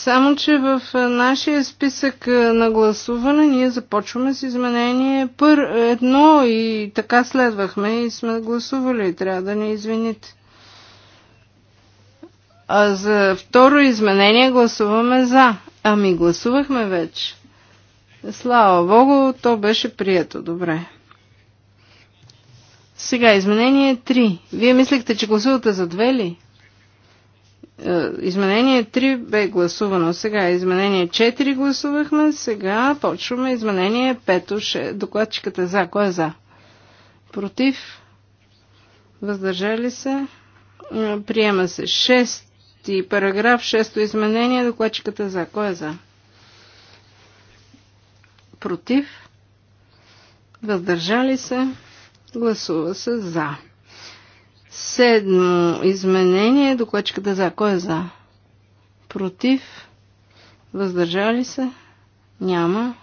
Само, че в нашия списък на гласуване ние започваме с изменение пър едно и така следвахме и сме гласували. Трябва да не извините. А за второ изменение гласуваме за. Ами гласувахме вече. Слава Богу, то беше прието. Добре. Сега изменение 3. Вие мислехте, че гласувате за две ли? Е, изменение 3 бе гласувано. Сега е изменение 4 гласувахме. Сега почваме изменение 5. Докладчиката е за. Кой е за? Против? Въздържали се? Приема се 6 параграф 6 изменение. Докладчиката за. Кой е за? Против? Въздържали се? Гласува се за. Седмо изменение. Докладчиката за. Кой е за? Против? Въздържали се? Няма.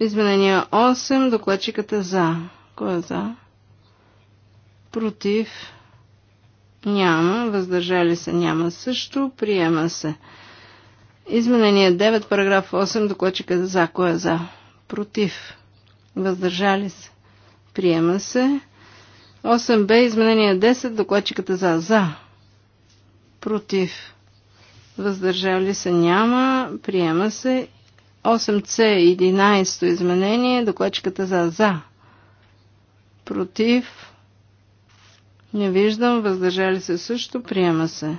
Изменение 8. Докладчиката за. Кой е за? Против? Няма. Въздържали се? Няма също. Приема се. Изменение 9, параграф 8. Докладчиката за. Кой е за? Против? Въздържали се? Приема се. 8б, изменение 10, докладчиката за. За. Против. Въздържали се няма. Приема се. 8c, 11 изменение, докладчиката за. За. Против. Не виждам. Въздържали се също. Приема се.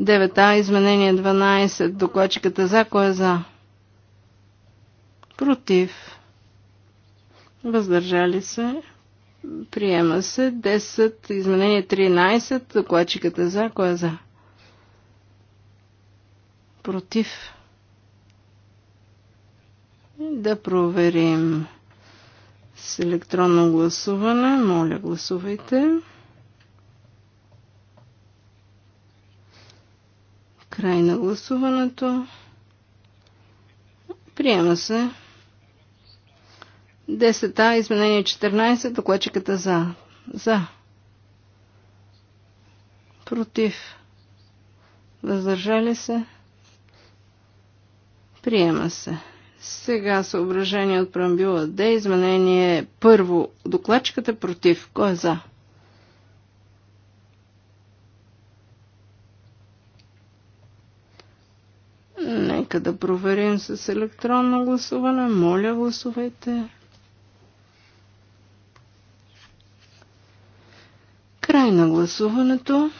9а, изменение 12, докладчиката за. Кой е за? Против. Въздържали се. Приема се 10, изменение 13, Докладчиката е за, кой е за? Против. Да проверим с електронно гласуване. Моля, гласувайте. Край на гласуването. Приема се 10А, изменение 14, докладчиката за. За. Против. Въздържали се. Приема се. Сега съображение от преамбюла Д. Изменение първо. Докладчиката против. Кой е за? Нека да проверим с електронно гласуване. Моля, гласувайте. Край на гласуването.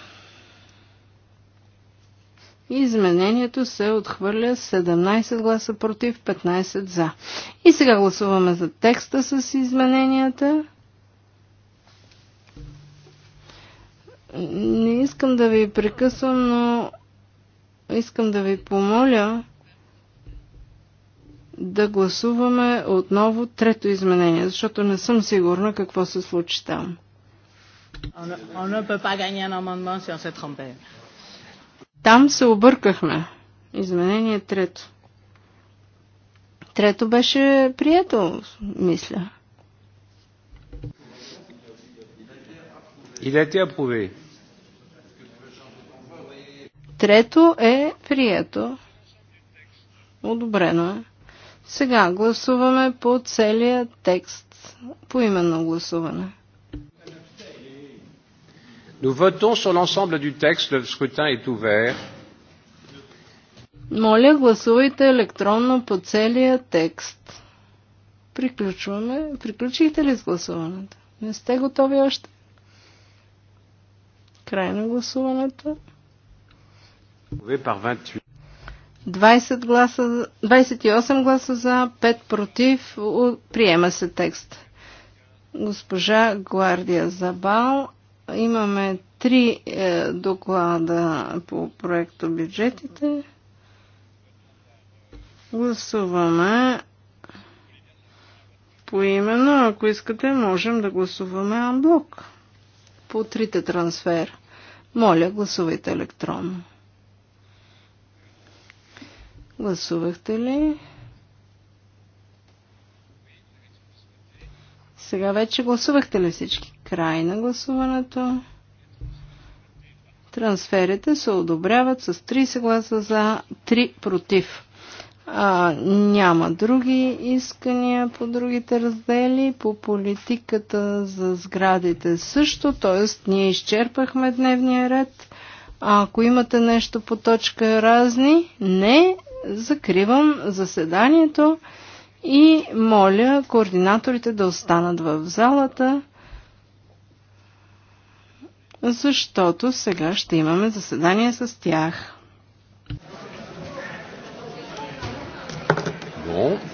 Изменението се отхвърля 17 гласа против, 15 за. И сега гласуваме за текста с измененията. Не искам да ви прекъсвам, но искам да ви помоля да гласуваме отново трето изменение, защото не съм сигурна какво се случи там. Там се объркахме. Изменение трето. Трето беше прието, мисля. Il a été approuvé. Трето е прието. Одобрено е. Сега гласуваме по целия текст по именно гласуване. Nous votons sur l'ensemble du texte. Le scrutin est ouvert. Моля, гласувайте електронно по целия текст. Приключваме. Приключихте ли с гласуването? Не сте готови още? Край на гласуването. 20 гласа, 28 гласа за, 5 против. Приема се текст. Госпожа Гвардия Забал Имаме три е, доклада по проекто бюджетите. Гласуваме именно, Ако искате, можем да гласуваме анблок по трите трансфера. Моля, гласувайте електронно. Гласувахте ли? Сега вече гласувахте ли всички? Край на гласуването. Трансферите се одобряват с 30 гласа за, 3 против. А, няма други искания по другите раздели, по политиката за сградите също, т.е. ние изчерпахме дневния ред. А ако имате нещо по точка разни, не, закривам заседанието и моля координаторите да останат в залата защото сега ще имаме заседание с тях. Bon.